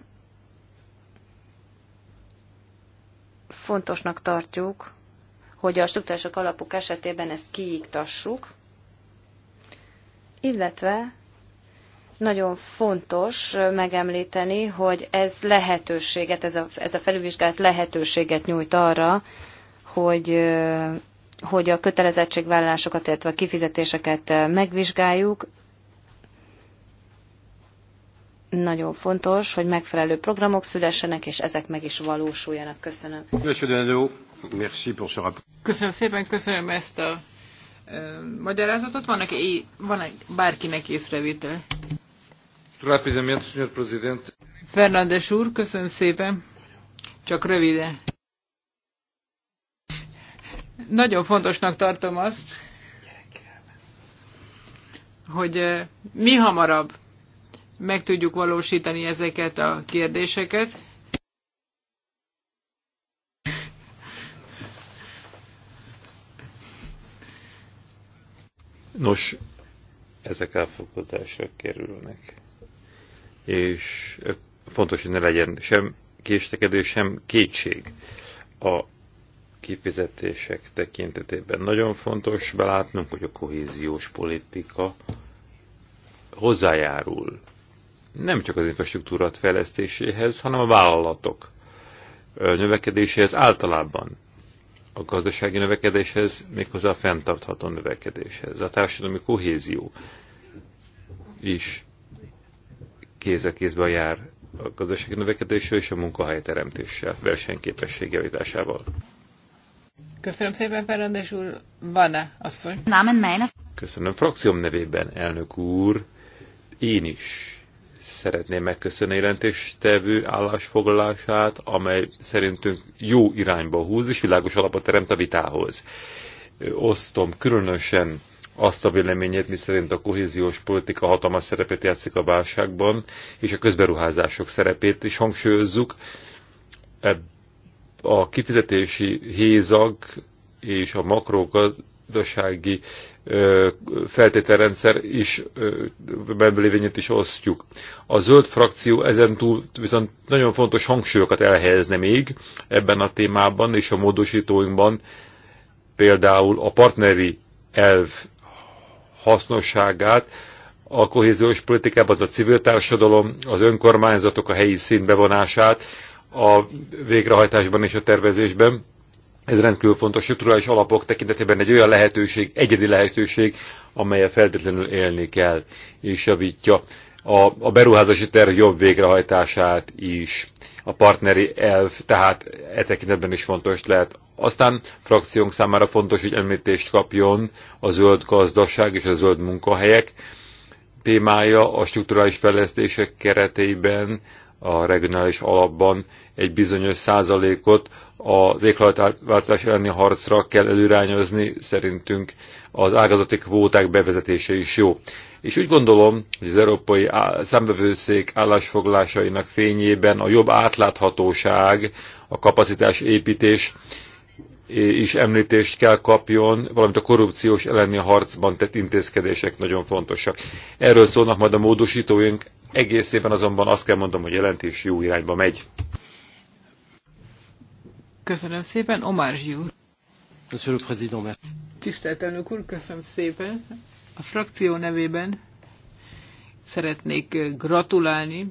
fontosnak tartjuk, hogy a struktúrások alapok esetében ezt kiiktassuk, illetve nagyon fontos megemlíteni, hogy ez lehetőséget, ez a, ez a felülvizsgálat lehetőséget nyújt arra, hogy, hogy a kötelezettségvállalásokat, illetve a kifizetéseket megvizsgáljuk, nagyon fontos, hogy megfelelő programok szülessenek, és ezek meg is valósuljanak. Köszönöm. Köszönöm szépen, köszönöm ezt a ö, magyarázatot. Vannak, van -e bárkinek észrevétel? Rápidamente, Presidente. Fernandes úr, köszönöm szépen. Csak röviden. Nagyon fontosnak tartom azt, hogy mi hamarabb meg tudjuk valósítani ezeket a kérdéseket. Nos, ezek elfogadásra kerülnek. És fontos, hogy ne legyen sem késtekedés, sem kétség a kifizetések tekintetében. Nagyon fontos belátnunk, hogy a kohéziós politika hozzájárul nem csak az infrastruktúra fejlesztéséhez, hanem a vállalatok növekedéséhez általában a gazdasági növekedéshez, méghozzá a fenntartható növekedéshez. A társadalmi kohézió is kéz a kézben jár a gazdasági növekedéssel és a munkahelyteremtéssel, versenyképesség javításával. Köszönöm szépen, Ferendes úr. Van-e asszony? Köszönöm frakcióm nevében, elnök úr. Én is Szeretném megköszönni a jelentéstevő állásfoglalását, amely szerintünk jó irányba húz, és világos alapot teremt a vitához. Osztom különösen azt a véleményét, miszerint a kohéziós politika hatalmas szerepét játszik a válságban, és a közberuházások szerepét is hangsúlyozzuk. A kifizetési hézag és a makrogaz gazdasági feltételrendszer is belévényét is osztjuk. A zöld frakció ezen túl viszont nagyon fontos hangsúlyokat elhelyezne még ebben a témában és a módosítóinkban, például a partneri elv hasznosságát, a kohéziós politikában a civil társadalom, az önkormányzatok a helyi szint bevonását a végrehajtásban és a tervezésben, ez rendkívül fontos strukturális alapok tekintetében egy olyan lehetőség, egyedi lehetőség, amelyet feltétlenül élni kell, és javítja a, a beruházási terv jobb végrehajtását is. A partneri elv, tehát e tekintetben is fontos lehet. Aztán frakciónk számára fontos, hogy említést kapjon a zöld gazdaság és a zöld munkahelyek témája a strukturális fejlesztések keretében a regionális alapban egy bizonyos százalékot az éghajlatváltozás elleni harcra kell előrányozni, szerintünk az ágazati kvóták bevezetése is jó. És úgy gondolom, hogy az Európai számbevőszék állásfoglásainak fényében a jobb átláthatóság, a kapacitás építés is említést kell kapjon, valamint a korrupciós elleni harcban tett intézkedések nagyon fontosak. Erről szólnak majd a módosítóink, évben azonban azt kell mondom, hogy jelentés jó irányba megy. Köszönöm szépen, Omar Zsiúr. Monsieur le Président, Tisztelt elnök úr, köszönöm szépen. A frakció nevében szeretnék gratulálni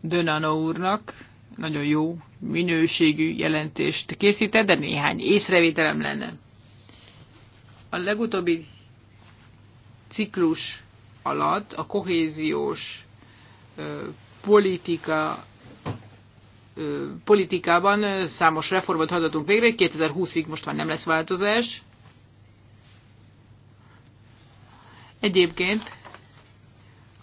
Dönana úrnak, nagyon jó minőségű jelentést készített, de néhány észrevételem lenne. A legutóbbi ciklus alatt a kohéziós ö, politika politikában számos reformot hajtottunk végre, 2020-ig most már nem lesz változás. Egyébként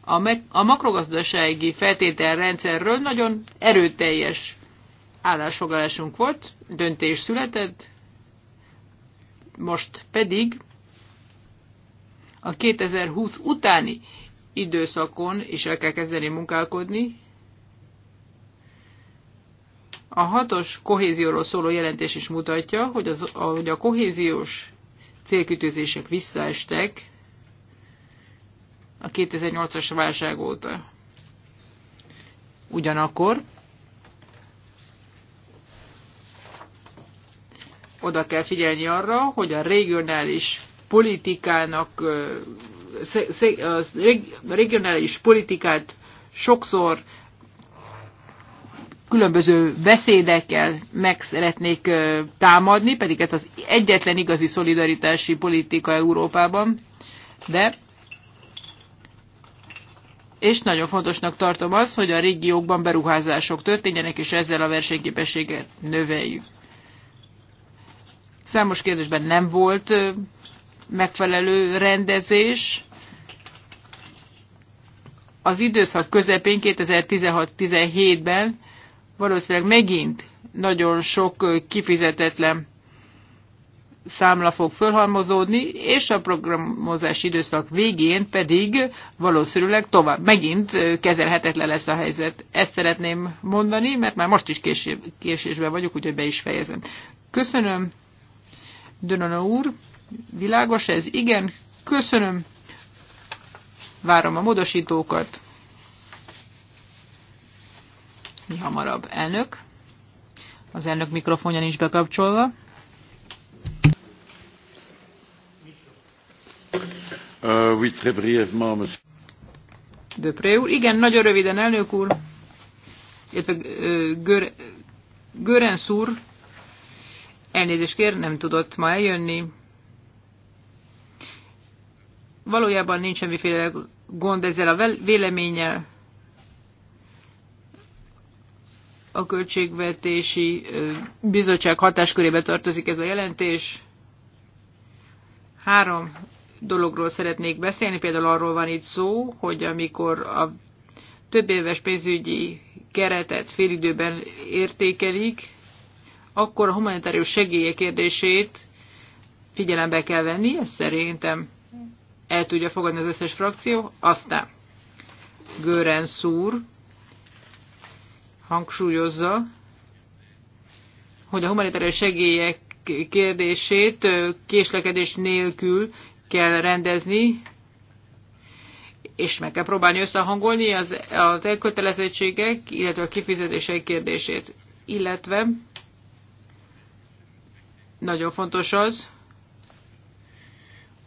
a, meg, a makrogazdasági feltételrendszerről nagyon erőteljes állásfoglalásunk volt, döntés született, most pedig a 2020 utáni időszakon is el kell kezdeni munkálkodni. A hatos kohézióról szóló jelentés is mutatja, hogy, az, a, hogy a kohéziós célkütőzések visszaestek a 2008-as válság óta. Ugyanakkor oda kell figyelni arra, hogy a regionális politikának, a regionális politikát sokszor különböző beszédekkel meg szeretnék támadni, pedig ez az egyetlen igazi szolidaritási politika Európában, de és nagyon fontosnak tartom az, hogy a régiókban beruházások történjenek, és ezzel a versenyképességet növeljük. Számos kérdésben nem volt megfelelő rendezés. Az időszak közepén, 2016-17-ben valószínűleg megint nagyon sok kifizetetlen számla fog fölhalmozódni, és a programozás időszak végén pedig valószínűleg tovább, megint kezelhetetlen lesz a helyzet. Ezt szeretném mondani, mert már most is késésben vagyok, úgyhogy be is fejezem. Köszönöm. Dönona úr, világos ez? Igen, köszönöm. Várom a módosítókat. Mi hamarabb elnök. Az elnök mikrofonja nincs bekapcsolva. Uh, Döpré úr. Igen, nagyon röviden, elnök úr, illetve uh, Görensz úr Elnézést kér, nem tudott ma eljönni. Valójában nincs semmiféle gond ezzel a véleménnyel. A Költségvetési Bizottság hatáskörébe tartozik ez a jelentés. Három dologról szeretnék beszélni, például arról van itt szó, hogy amikor a több éves pénzügyi keretet félidőben értékelik, akkor a humanitárius segélye kérdését figyelembe kell venni, ezt szerintem el tudja fogadni az összes frakció. Aztán Gören Szúr hangsúlyozza, hogy a humanitárius segélyek kérdését késlekedés nélkül kell rendezni, és meg kell próbálni összehangolni az, az elkötelezettségek, illetve a kifizetések kérdését. Illetve nagyon fontos az,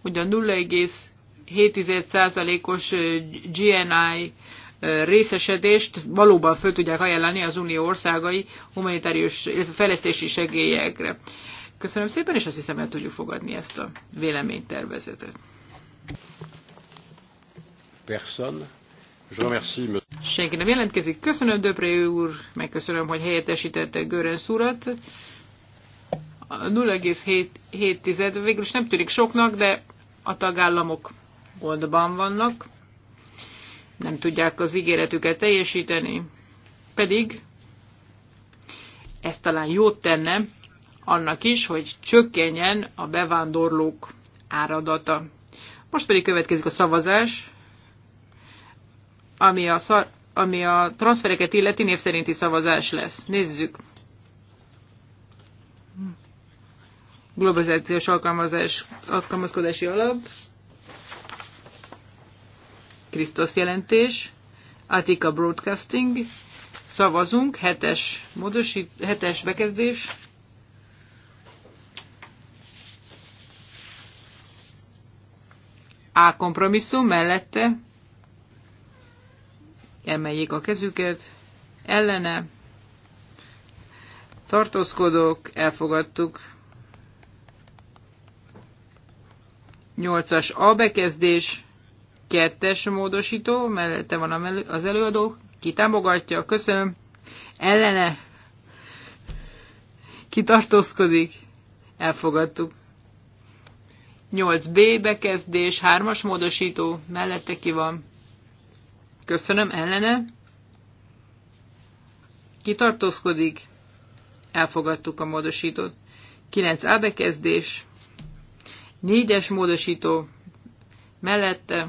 hogy a 0,7%-os GNI részesedést valóban föl tudják ajánlani az unió országai humanitárius, illetve fejlesztési segélyekre. Köszönöm szépen, és azt hiszem el tudjuk fogadni ezt a véleménytervezetet. Person. Senki nem jelentkezik. Köszönöm, Döpré úr, megköszönöm, hogy helyettesítette Görens urat. 0,7 végül is nem tűnik soknak, de a tagállamok gondban vannak, nem tudják az ígéretüket teljesíteni, pedig ez talán jót tenne annak is, hogy csökkenjen a bevándorlók áradata. Most pedig következik a szavazás, ami a, szar, ami a transfereket illeti név szerinti szavazás lesz. Nézzük! globalizációs alkalmazás, alkalmazkodási alap, Krisztus jelentés, Atika Broadcasting, szavazunk, hetes, módosít, hetes bekezdés, A kompromisszum mellette emeljék a kezüket, ellene tartózkodók, elfogadtuk. 8-as A bekezdés, 2-es módosító, mellette van az előadó, ki támogatja, köszönöm, ellene, ki tartózkodik, elfogadtuk. 8B bekezdés, 3-as módosító, mellette ki van, köszönöm, ellene, ki tartózkodik, elfogadtuk a módosítót. 9A bekezdés, Négyes módosító mellette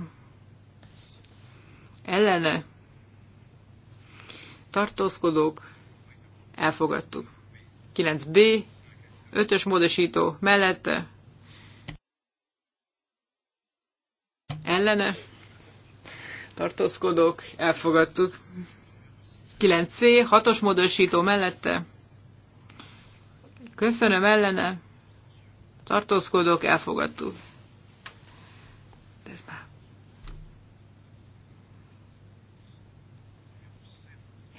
ellene tartózkodók elfogadtuk. 9b, 5-ös módosító mellette ellene tartózkodók elfogadtuk. 9c, 6-os módosító mellette köszönöm ellene tartózkodók, elfogadtuk. Ez már.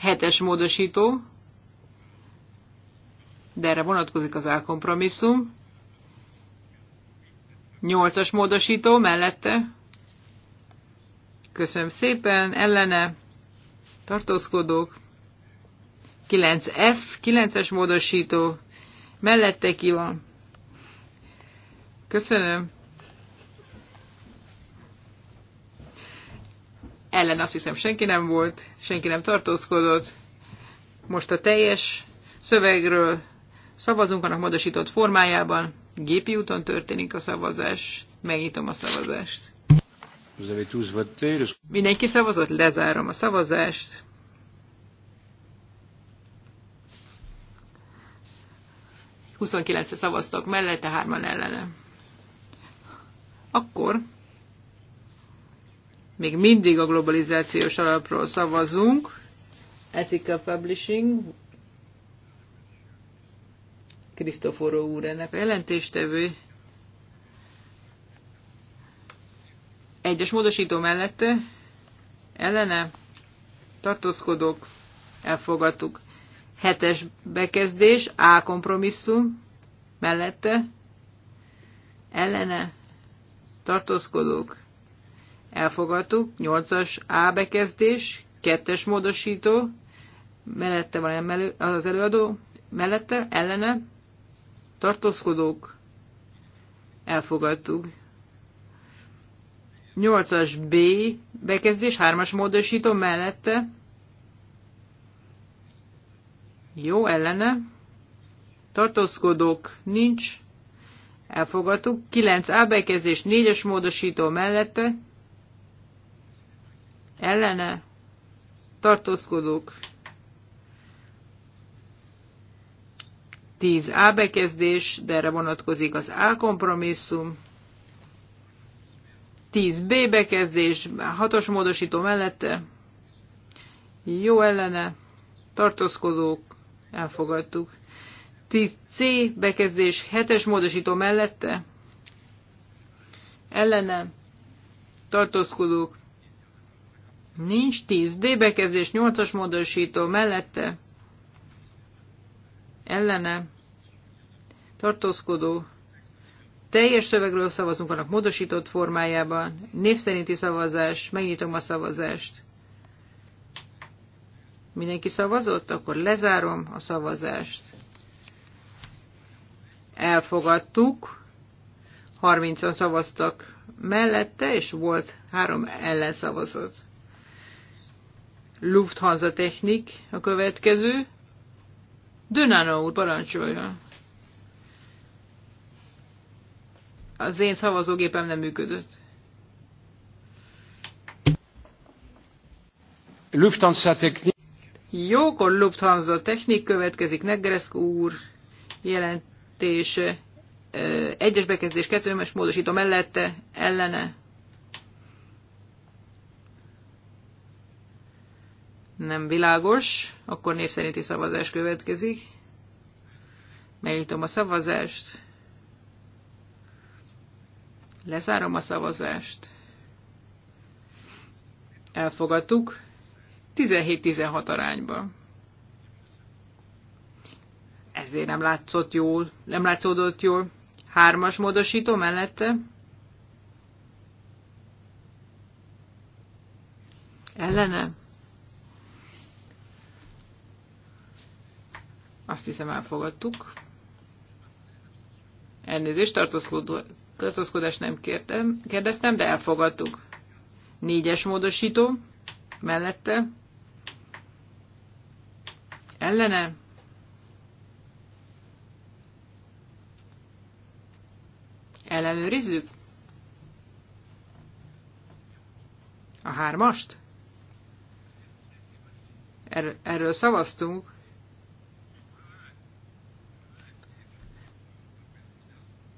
7-es módosító, de erre vonatkozik az elkompromisszum. 8-as módosító mellette. Köszönöm szépen, ellene, tartózkodók. 9F, 9-es módosító, mellette ki van Köszönöm. Ellen azt hiszem senki nem volt, senki nem tartózkodott. Most a teljes szövegről szavazunk, annak módosított formájában. Gépi úton történik a szavazás. Megnyitom a szavazást. Mindenki szavazott, lezárom a szavazást. Huszonkilence szavaztak mellette, hárman ellenem akkor még mindig a globalizációs alapról szavazunk, Ethical Publishing, Krisztoforó úr ennek a jelentéstevő, egyes módosító mellette ellene tartózkodok, elfogadtuk. Hetes bekezdés, A kompromisszum mellette ellene tartózkodók, elfogadtuk, 8-as A bekezdés, 2-es módosító, mellette van az előadó, mellette, ellene, tartózkodók, elfogadtuk. 8-as B bekezdés, 3-as módosító mellette. Jó, ellene. Tartózkodók nincs, elfogadtuk. 9A bekezdés 4-es módosító mellette ellene tartózkodók 10 A bekezdés, de erre vonatkozik az A kompromisszum, 10 B bekezdés, 6-os módosító mellette, jó ellene, tartózkodók, elfogadtuk. 10C bekezdés 7-es módosító mellette ellene tartózkodók nincs 10D bekezdés 8-as módosító mellette ellene tartózkodó teljes szövegről szavazunk annak módosított formájában, név szerinti szavazás, megnyitom a szavazást. Mindenki szavazott? Akkor lezárom a szavazást elfogadtuk, 30-an szavaztak mellette, és volt három ellenszavazott. Lufthansa Technik a következő. Dönána úr, parancsolja. Az én szavazógépem nem működött. Lufthansa Technik. Jó, akkor Lufthansa Technik következik, Negresk úr jelent bekezdés, egyes bekezdés, kettőmes módosító mellette, ellene. Nem világos, akkor név szerinti szavazás következik. Megnyitom a szavazást. Lezárom a szavazást. Elfogadtuk. 17-16 arányban ezért nem látszott jól, nem látszódott jól. Hármas módosító mellette. Ellene? Azt hiszem elfogadtuk. Elnézést, tartózkodást nem kértem, kérdeztem, de elfogadtuk. Négyes módosító mellette. Ellene? Ellenőrizzük? A hármast? Er- erről szavaztunk.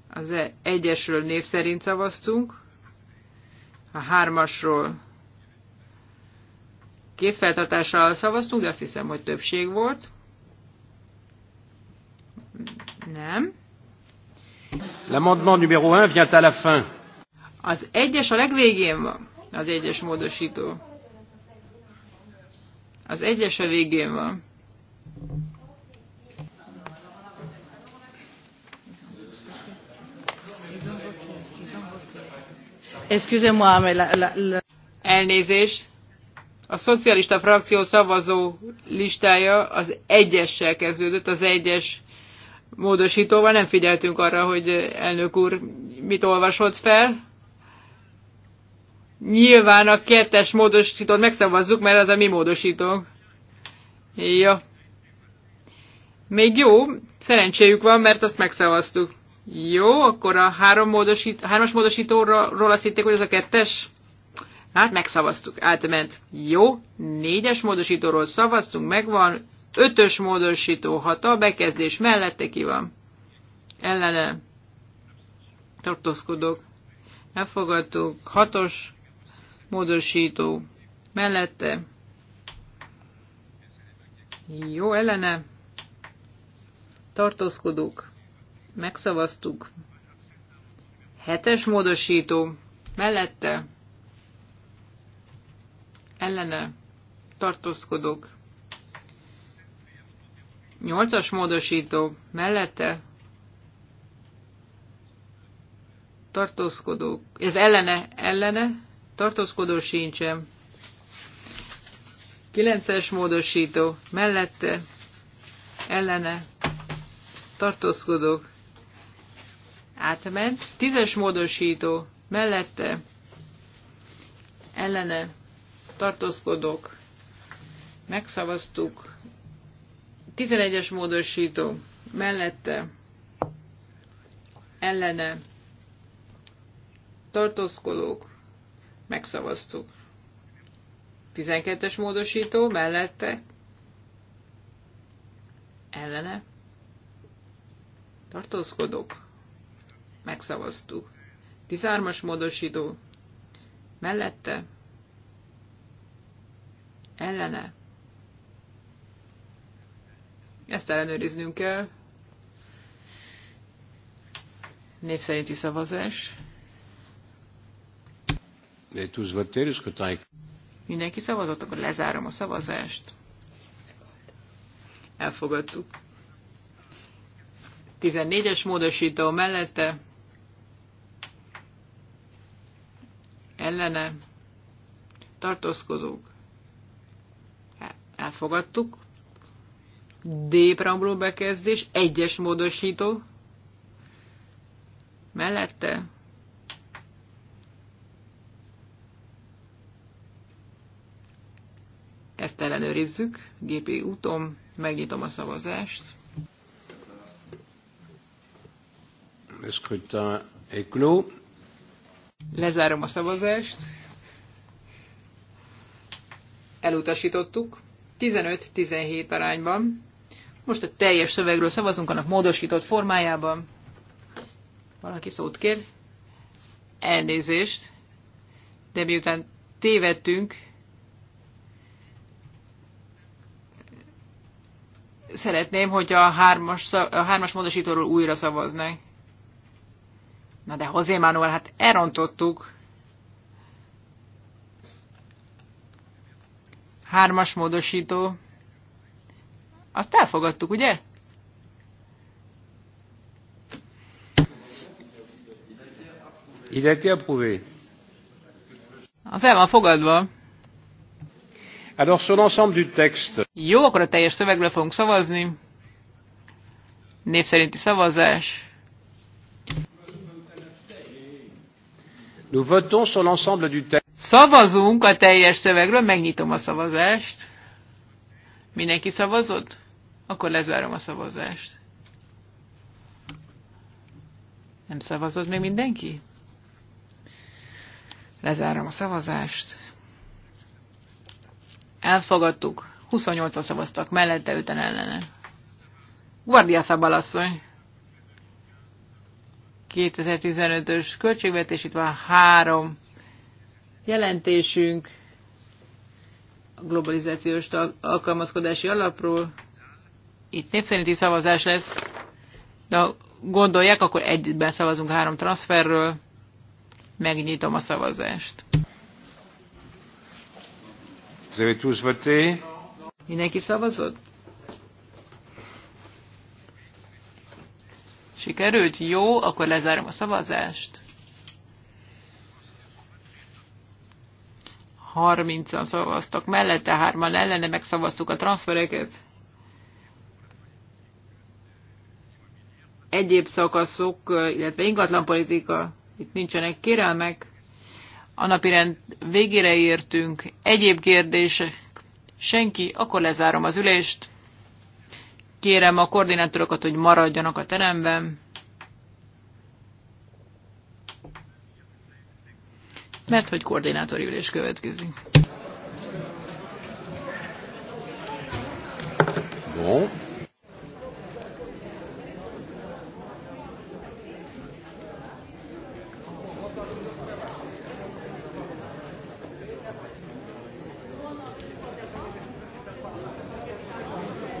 Az e- egyesről név szerint szavaztunk. A hármasról készfeltartással szavaztunk, de azt hiszem, hogy többség volt. Nem. L'amendement numéro 1 vient à la fin. Az egyes a legvégén van. Az egyes módosító. Az egyes a végén van. Elnézést. A szocialista frakció szavazó listája az egyessel kezdődött, az egyes módosítóval nem figyeltünk arra, hogy elnök úr mit olvasott fel. Nyilván a kettes módosítót megszavazzuk, mert az a mi módosítónk. Ja. Még jó, szerencséjük van, mert azt megszavaztuk. Jó, akkor a három módosít, hármas módosítóról azt hitték, hogy ez a kettes? Hát megszavaztuk, átment. Jó, négyes módosítóról szavaztunk, megvan, Ötös módosító hata, bekezdés mellette ki van. Ellene tartózkodok. Elfogadtuk. Hatos módosító mellette. Jó, ellene tartózkodok. megszavaztuk. Hetes módosító, mellette, ellene, tartózkodok. Nyolcas módosító mellette tartózkodó, ez ellene, ellene, tartózkodó sincsen. Kilences módosító mellette, ellene, tartózkodók, átment. Tízes módosító mellette, ellene, tartózkodók, megszavaztuk, 11-es módosító mellette ellene tartózkodók megszavaztuk. 12-es módosító mellette ellene tartózkodók megszavaztuk. 13-as módosító mellette ellene ezt ellenőriznünk kell. Név szerinti szavazás. Mindenki szavazott, akkor lezárom a szavazást. Elfogadtuk. 14-es módosító mellette ellene tartózkodók. Elfogadtuk. D preambuló bekezdés, egyes módosító, mellette ezt ellenőrizzük, gépi úton, megnyitom a szavazást. Lezárom a szavazást. Elutasítottuk. 15-17 arányban. Most a teljes szövegről szavazunk, annak módosított formájában. Valaki szót kér. Elnézést. De miután tévedtünk, szeretném, hogy a hármas, a hármas módosítóról újra szavaznánk. Na de Hozé Manuel, hát elrontottuk. Hármas módosító. Azt elfogadtuk, ugye? Il a été Az el van fogadva. Alors sur l'ensemble du texte. Jó, akkor a teljes szövegről fogunk szavazni. Név szerinti szavazás. Nous votons sur l'ensemble du texte. Szavazunk a teljes szövegről, megnyitom a szavazást. Mindenki szavazott? Akkor lezárom a szavazást. Nem szavazott még mindenki? Lezárom a szavazást. Elfogadtuk. 28 a szavaztak mellette, 5 ellene. Guardia Fabalasszony. 2015-ös költségvetés, itt van három jelentésünk a globalizációs alkalmazkodási alapról, itt népszerinti szavazás lesz, de gondolják, akkor egyben szavazunk három transferről, megnyitom a szavazást. Mindenki szavazott? Sikerült? Jó, akkor lezárom a szavazást. 30-an szavaztak mellette, hárman ellene megszavaztuk a transfereket. egyéb szakaszok, illetve ingatlanpolitika, itt nincsenek kérelmek. A napirend végére értünk. Egyéb kérdések? Senki? Akkor lezárom az ülést. Kérem a koordinátorokat, hogy maradjanak a teremben. Mert hogy koordinátori ülés következik. Bon.